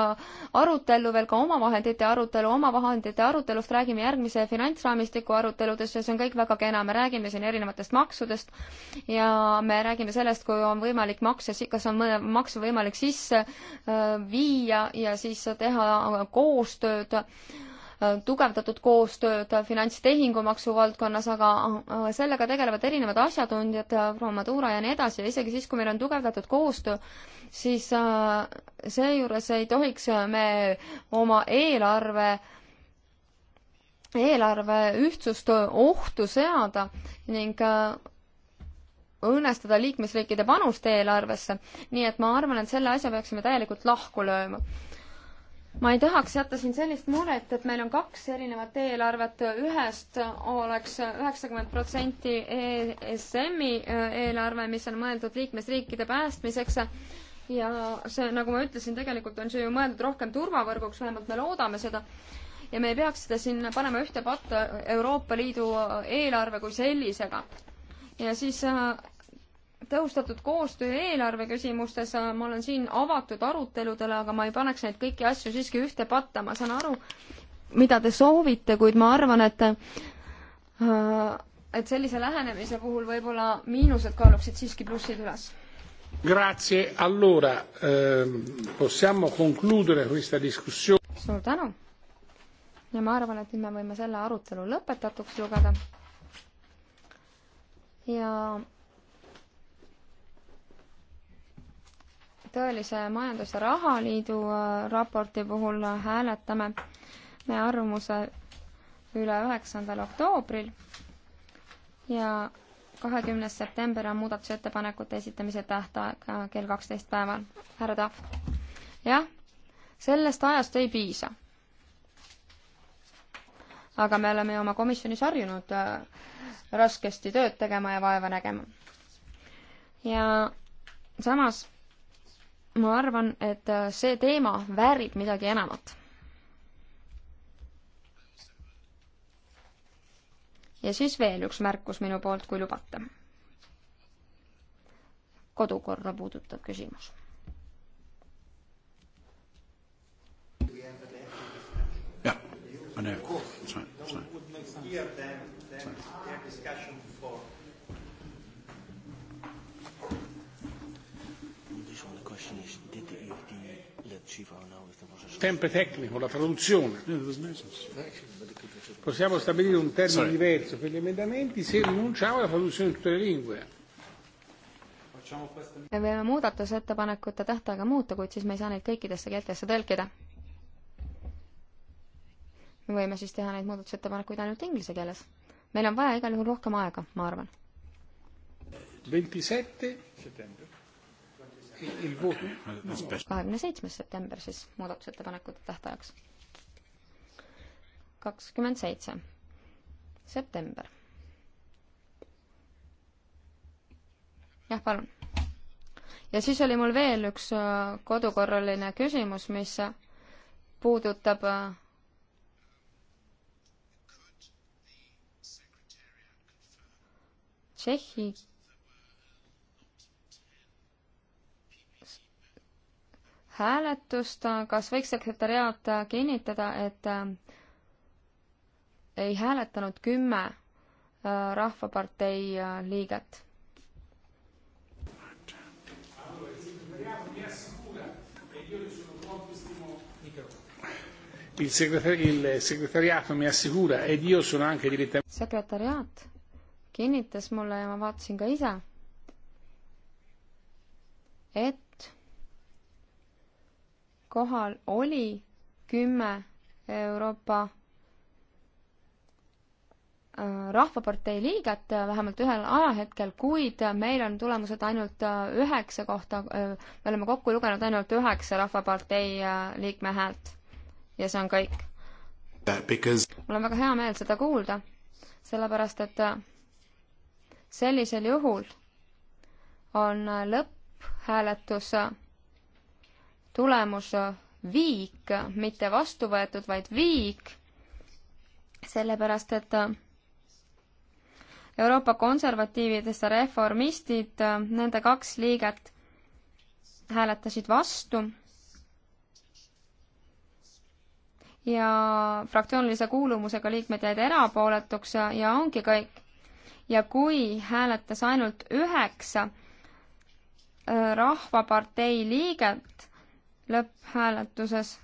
arutellu veel ka omavahendite arutelu, arutelu, omavahendite arutelust, räägime järgmise finantsraamistiku aruteludest ja see on kõik väga kena, me räägime siin erinevatest maksudest ja me räägime sellest, kui on võimalik makse, kas on mõne maksu võimalik sisse äh, viia ja siis teha koostööd Äh, tugevdatud koostööd finantstehingumaksu valdkonnas, aga äh, sellega tegelevad erinevad asjatundjad, äh, Promatura ja nii edasi ja isegi siis, kui meil on tugevdatud koostöö, siis seejuures ei tohiks me oma eelarve eelarve ühtsust ohtu seada ning õõnestada liikmesriikide panust eelarvesse. nii et ma arvan, et selle asja peaksime täielikult lahku lööma ma ei tahaks jätta siin sellist muret, et meil on kaks erinevat eelarvet, ühest oleks üheksakümmend protsenti ESM-i äh, eelarve, mis on mõeldud liikmesriikide päästmiseks ja see, nagu ma ütlesin, tegelikult on see ju mõeldud rohkem turvavõrguks, vähemalt me loodame seda, ja me ei peaks seda siin panema ühte patta Euroopa Liidu eelarve kui sellisega. ja siis äh, tõhustatud koostöö eelarve küsimustes, äh, ma olen siin avatud aruteludele, aga ma ei paneks neid kõiki asju siiski ühte patta, ma saan aru, mida te soovite, kuid ma arvan, et äh, et sellise lähenemise puhul võib-olla miinused kaaluksid siiski plussid üles. Grazie, allora ehm, possiamo concludere questa discussione. suur tänu ja ma arvan, et nüüd me võime selle arutelu lõpetatuks lugeda. ja tõelise majandus- ja rahaliidu äh, raporti puhul äh, hääletame me arvamuse üle üheksandal oktoobril ja kahekümnes september on muudatusettepanekute esitamise tähtaeg äh, kell kaksteist päeval. härra Tahv. jah, sellest ajast ei piisa. aga me oleme ju oma komisjonis harjunud raskesti tööd tegema ja vaeva nägema. ja samas ma arvan, et äh, see teema väärib midagi enamat. ja siis veel üks märkus minu poolt, kui lubate. kodukorra puudutav küsimus I know. Sorry, sorry. Sempre tecnico, la traduzione. Possiamo stabilire un termine Sorry. diverso per gli emendamenti se rinunciamo alla traduzione in tutte le lingue. me võime muudatusettepanekute tähtaega muuta, kuid siis me ei saa neid kõikidesse keeltesse tõlkida. me võime siis teha neid muudatusettepanekuid ainult inglise keeles. meil on vaja igal juhul rohkem aega, ma arvan. ventisette settembre kahekümne seitsmes september siis muudatusettepanekute tähtajaks. kakskümmend seitse september. jah, palun. ja siis oli mul veel üks äh, kodukorraline küsimus, mis äh, puudutab äh, Tšehhi hääletust, kas võiks sekretäriaat kinnitada, et äh, ei hääletanud kümme äh, Rahvapartei äh, liiget? Il segretariaat mi assicura ed io sono anche direttamente sekretariaat kinnitas mulle ja ma vaatasin ka ise, et kohal oli kümme Euroopa äh, Rahvapartei liiget äh, vähemalt ühel ajahetkel, kuid meil on tulemused ainult äh, üheksa kohta, me oleme kokku lugenud ainult üheksa Rahvapartei liikme häält. ja see on kõik. Because... mul on väga hea meel seda kuulda, sellepärast et sellisel juhul on lõpphääletus tulemus viik, mitte vastu võetud, vaid viik, sellepärast et Euroopa konservatiividest ja reformistid, nende kaks liiget hääletasid vastu ja fraktsioonilise kuulumusega liikmed jäid erapooletuks ja, ja ongi kõik. ja kui hääletas ainult üheksa äh, Rahvapartei liiget, lõpphääletuses.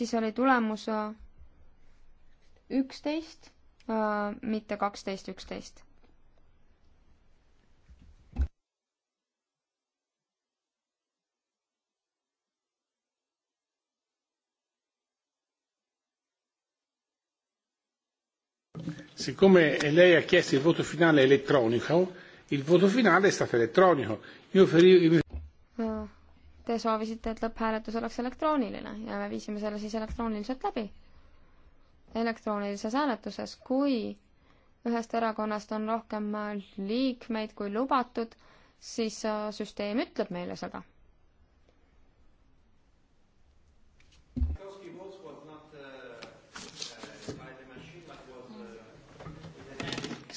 siis oli tulemus äh, üksteist, äh, mitte kaksteist, üksteist Siccome lei ha chiesto il voto finale elettronico, il voto finale è stato elettronico. Io feri... Te soovisite, et lõpphääletus oleks elektrooniline ja me viisime selle siis elektrooniliselt läbi. elektroonilises hääletuses, kui ühest erakonnast on rohkem liikmeid kui lubatud, siis äh, süsteem ütleb meile seda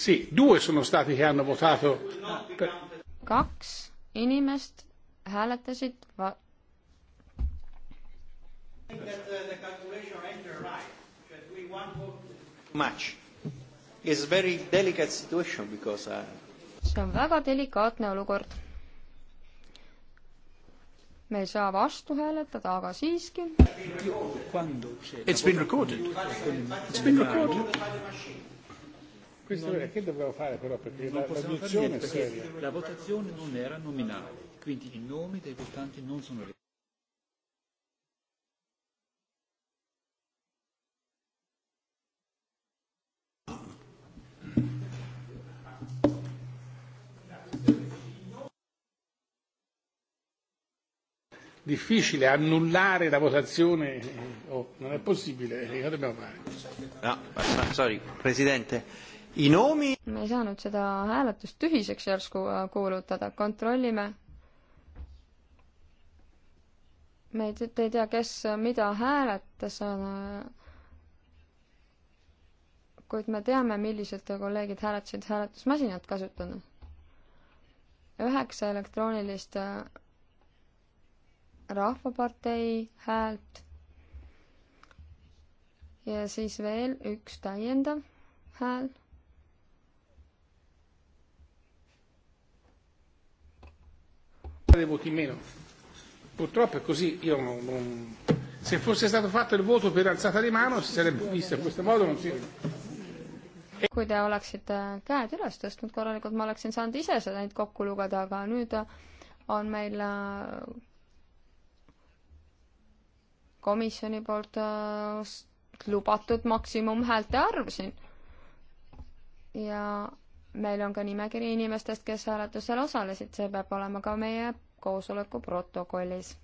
Sì, due sono stati che hanno votato per... Kaks inimest hääletasid va- Much. It's very delicate situation because I... Uh, see on väga delikaatne olukord. me ei saa vastu hääletada, aga siiski. It's been recorded. It's been recorded. Questo non... è che dobbiamo fare però perché non la, la votazione niente, è seria. La votazione non era nominale, quindi i nomi dei votanti non sono difficile annullare la votazione, eh, oh, non è possibile, eh, cosa dobbiamo fare? No, ah, ah, sorry, Presidente i nomi me ei saanud seda hääletust tühiseks järsku äh, kuulutada, kontrollime. me ei, te ei tea, kes äh, mida hääletas, kuid me teame, millised kolleegid hääletasid hääletusmasinat kasutanud. üheksa elektroonilist äh, Rahvapartei häält ja siis veel üks täiendav hääl dei voti in meno. Purtroppo è così, io non, non... se fosse stato fatto il voto per alzata di mano si sarebbe visto in questo modo non si kui te oleksite käed üles tõstnud korralikult, ma oleksin saanud ise seda neid kokku lugeda, aga nüüd on meil äh, komisjoni poolt äh, lubatud maksimumhäälte arv siin. ja meil on ka nimekiri inimestest, kes hääletusel osalesid, see peab olema ka meie koosoleku protokollis.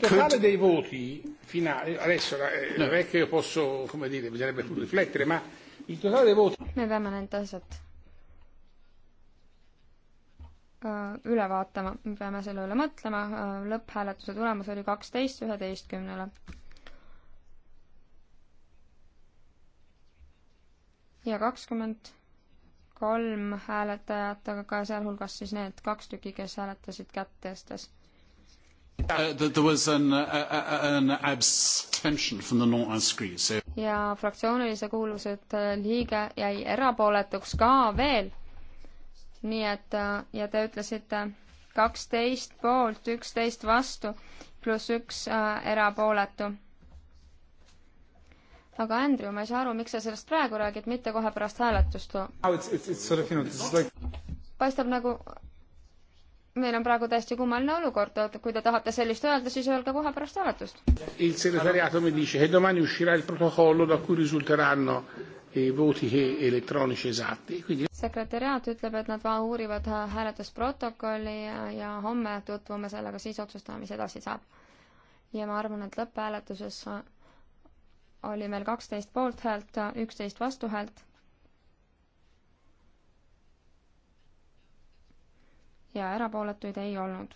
Totale dei voti finali, adesso eh, non è che io posso, come dire, bisognerebbe riflettere, ma il totale dei voti. me peame need asjad üle vaatama, me peame selle üle mõtlema, eh, lõpphääletuse tulemus oli kaksteist üheteistkümnele. ja kakskümmend kolm hääletajat, aga ka sealhulgas siis need kaks tükki, kes hääletasid kätt tõstes uh, uh, uh, ja fraktsioonilise kuuluvuse liige jäi erapooletuks ka veel. nii et ja te ütlesite kaksteist poolt, üksteist vastu pluss üks äh, erapooletu aga Andrew, ma ei saa aru, miks sa sellest praegu räägid, mitte kohe pärast hääletust. paistab nagu, meil on praegu täiesti kummaline olukord, kui te tahate sellist öelda, siis öelge kohe pärast hääletust. Il segretariato mi dice che domani uscirà il protocollo da cui risulteranno i voti elettronici esatti Quindi.... sekretäriaat ütleb, et nad uurivad hääletusprotokolli ja, ja homme tutvume sellega, siis otsustame, mis edasi saab. ja ma arvan, et lõpphääletuses oli meil kaksteist poolthäält, üksteist vastuhäält. ja erapooletuid ei olnud,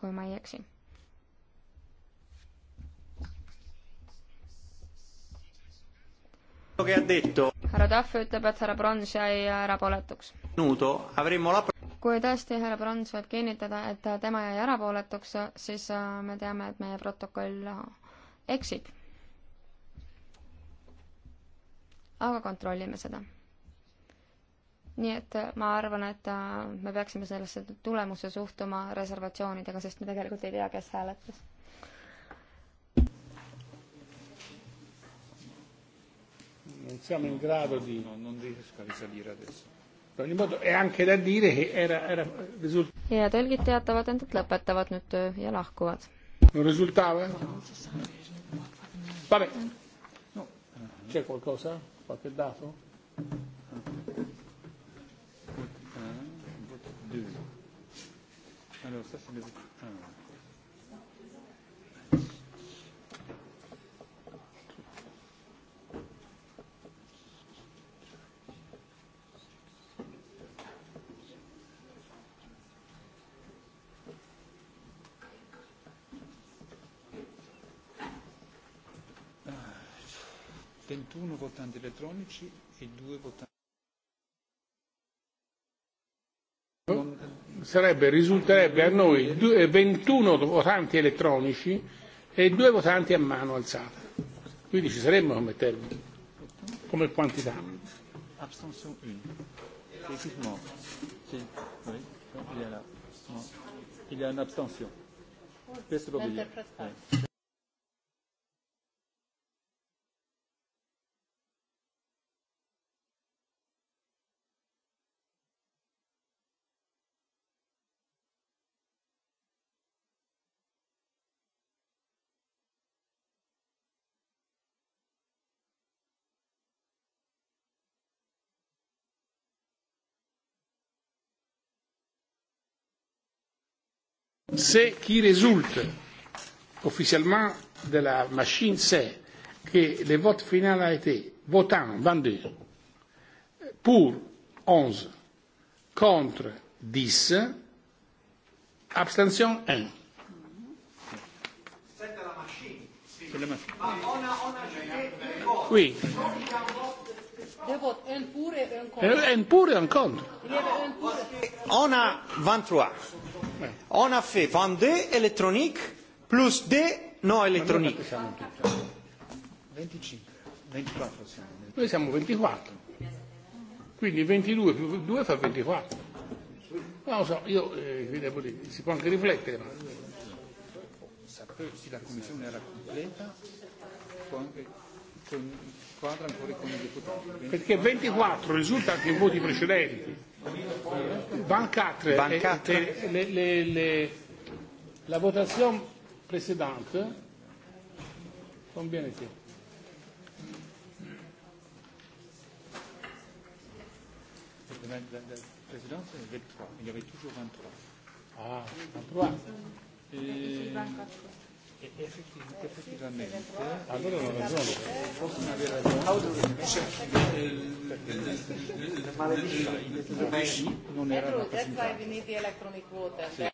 kui ma ei eksi. härra Tahv ütleb, et härra Brons jäi erapooletuks. kui tõesti härra Brons võib kinnitada, et tema jäi erapooletuks, siis äh, me teame, et meie protokoll äh, eksib aga kontrollime seda. nii et äh, ma arvan, et äh, me peaksime sellesse tulemuse suhtuma reservatsioonidega, sest me tegelikult ei tea, kes hääletas. Non siamo in grado di... No, non riesco a risalire adesso. Però ogni modo è anche da dire che era, era risultato... Ja tõlgid teatavad end, et lõpetavad nüüd töö ja lahkuvad. Non risultava? Vabbè. No. C'è qualcosa? Qualche dato? Vote 1, vote 2. Alors ça c'est les... Ah. 1 votanti elettronici e 2 votanti. Sarebbe, risulterebbe a noi 21 votanti elettronici e 2 votanti a mano alzata. Quindi ci saremmo come termine, come quantità. Abstention 1. Effectivement. Sì. Oui. Il y a, la... il y a une abstention. Qu'est-ce que vous voulez see qui résulte officiellement de la machine sait que le vote final a été votant 22 pour 11 contre 10 abstention 1 Oui. Un pour et un contre. Eh, un pour et un contre. On a 23. On a fait 22 électroniques plus 2 non électroniques. Ma siamo tutto. 25, 24 siamo. Noi siamo 24. Quindi 22 più 2 fa 24. Non lo so, io eh, devo dire, si può anche riflettere. Ma... Se la commissione era completa, può anche con, quadra ancora con i deputati. Perché 24 risulta anche in voti precedenti 24. 24. Et, les, les, les, la votation précédente, combien était La, la, la présidence, 23. Il y avait toujours 23. Ah, 23. Et... 24 effettivamente allora hanno ragione possono avere ragione cioè, le maledizioni non erano rappresentate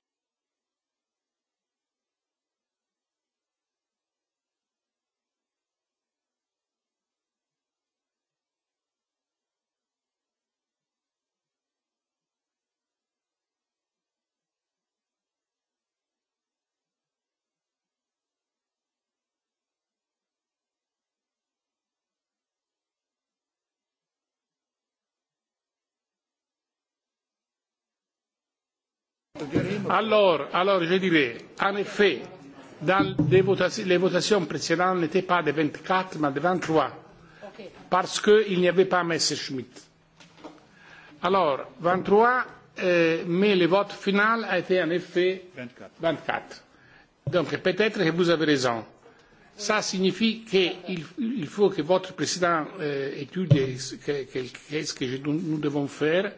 Alors, alors je dirais, en effet, dans les votations, les votations précédentes n'étaient pas de 24, mais de 23, okay. parce qu'il n'y avait pas Messerschmitt. Alors, 23, euh, mais le vote final a été en effet 24. 24. Donc peut-être que vous avez raison. Ça signifie qu'il il faut que votre président euh, étudie qu'est-ce que, que, que, que je, nous devons faire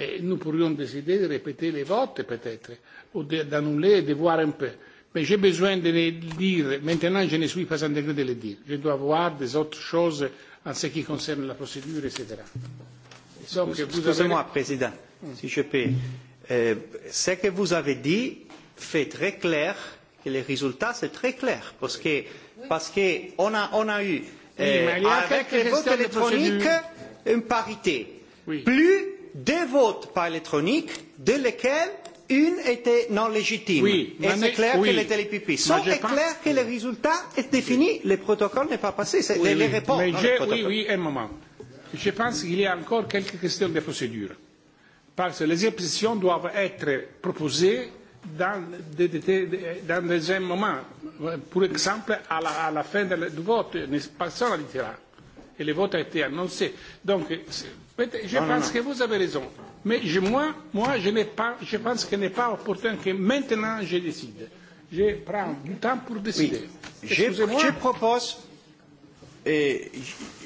Et nous pourrions décider de répéter les votes peut-être, ou d'annuler et de voir un peu. Mais j'ai besoin de les dire. Maintenant, je ne suis pas en degré de les dire. Je dois voir des autres choses en ce qui concerne la procédure, etc. Excusez-moi, avez... Président, mm. si je peux. Euh, ce que vous avez dit fait très clair que les résultats, c'est très clair. Parce que, oui. parce que on a, on a eu, euh, oui, avec les votes électroniques, une parité. Oui. Plus deux votes par électronique, de lesquels une était non légitime. Oui, et c'est clair oui. qu'elle était les pipis. Sauf que pense... clair que le résultat est défini, oui. le protocole n'est pas passé. C'est oui, les, oui. les réponses. Mais je, oui, oui, un moment. Je pense qu'il y a encore quelques questions de procédure. Parce que les oppositions doivent être proposées dans, de, de, de, dans des moments. Par exemple, à la, à la fin du vote, personne ne dira. Et le vote a été annoncé. Donc, Je non, pense non, non. que vous avez raison. Mais je, moi, moi je, pas, je pense qu'il n'est pas opportun que maintenant je décide. Je prends du temps pour décider. Oui. Je, je propose, euh,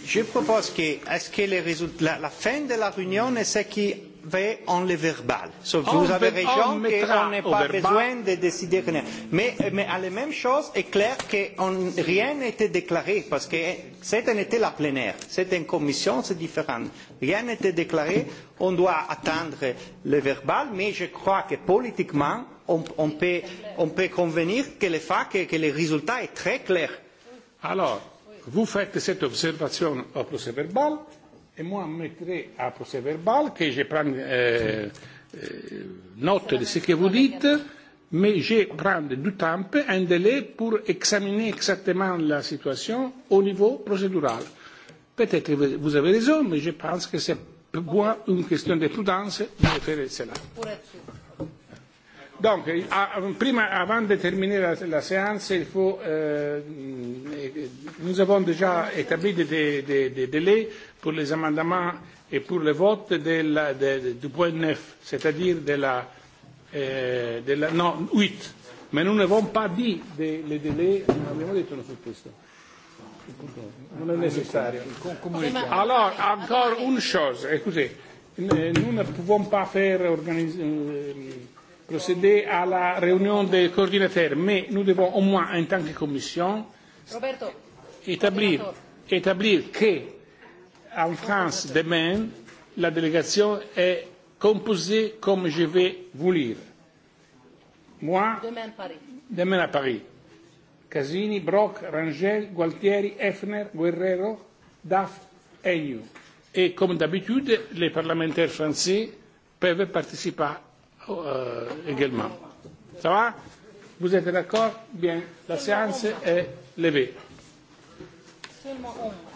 je propose que, est-ce que les résultats, la, la fin de la réunion est ce qui fait en le verbal. So, on vous avez raison qu'on n'a pas verbal. besoin de décider rien. Mais, mais à la même chose, est clair que on, rien n'était déclaré parce que c'était n'était la plénière, c'était une commission, c'est différent. Rien n'était déclaré. On doit attendre le verbal, mais je crois que politiquement, on, on, peut, on peut convenir que le fait que, que le résultat est très clair. Alors, vous faites cette observation au procès verbal et moi on mettrait à procès verbal que je prends euh, euh, note de ce que vous dites, mais je prends du temps, un délai pour examiner exactement la situation au niveau procédural. Peut-être que vous avez raison, mais je pense que c'est pour moi une question de prudence de faire cela. Donc, à, euh, prima, avant de terminer la, la séance, il faut, euh, nous avons déjà établi des, des, des, des délais pour les amendements et pour le vote de la, de, de, du point 9, c'est-à-dire de la, euh, de la... non, 8. Mais nous n'avons pas dit de, le délai, non abbiamo detto su questo. Non è necessario. Alors, encore une chose, écoutez, nous ne pouvons pas faire organiser, euh, procéder à la réunion des coordinateurs, mais nous devons au moins, en tant que commission, Roberto, établir, établir que en France demain, la délégation est composée comme je vais vous lire. Moi, demain, Paris. demain à Paris. Casini, Brock, Rangel, Gualtieri, Effner, Guerrero, Daff, Agnew. Et comme d'habitude, les parlementaires français peuvent participer euh, également. Ça va Vous êtes d'accord Bien. La séance est levée. Seulement 11.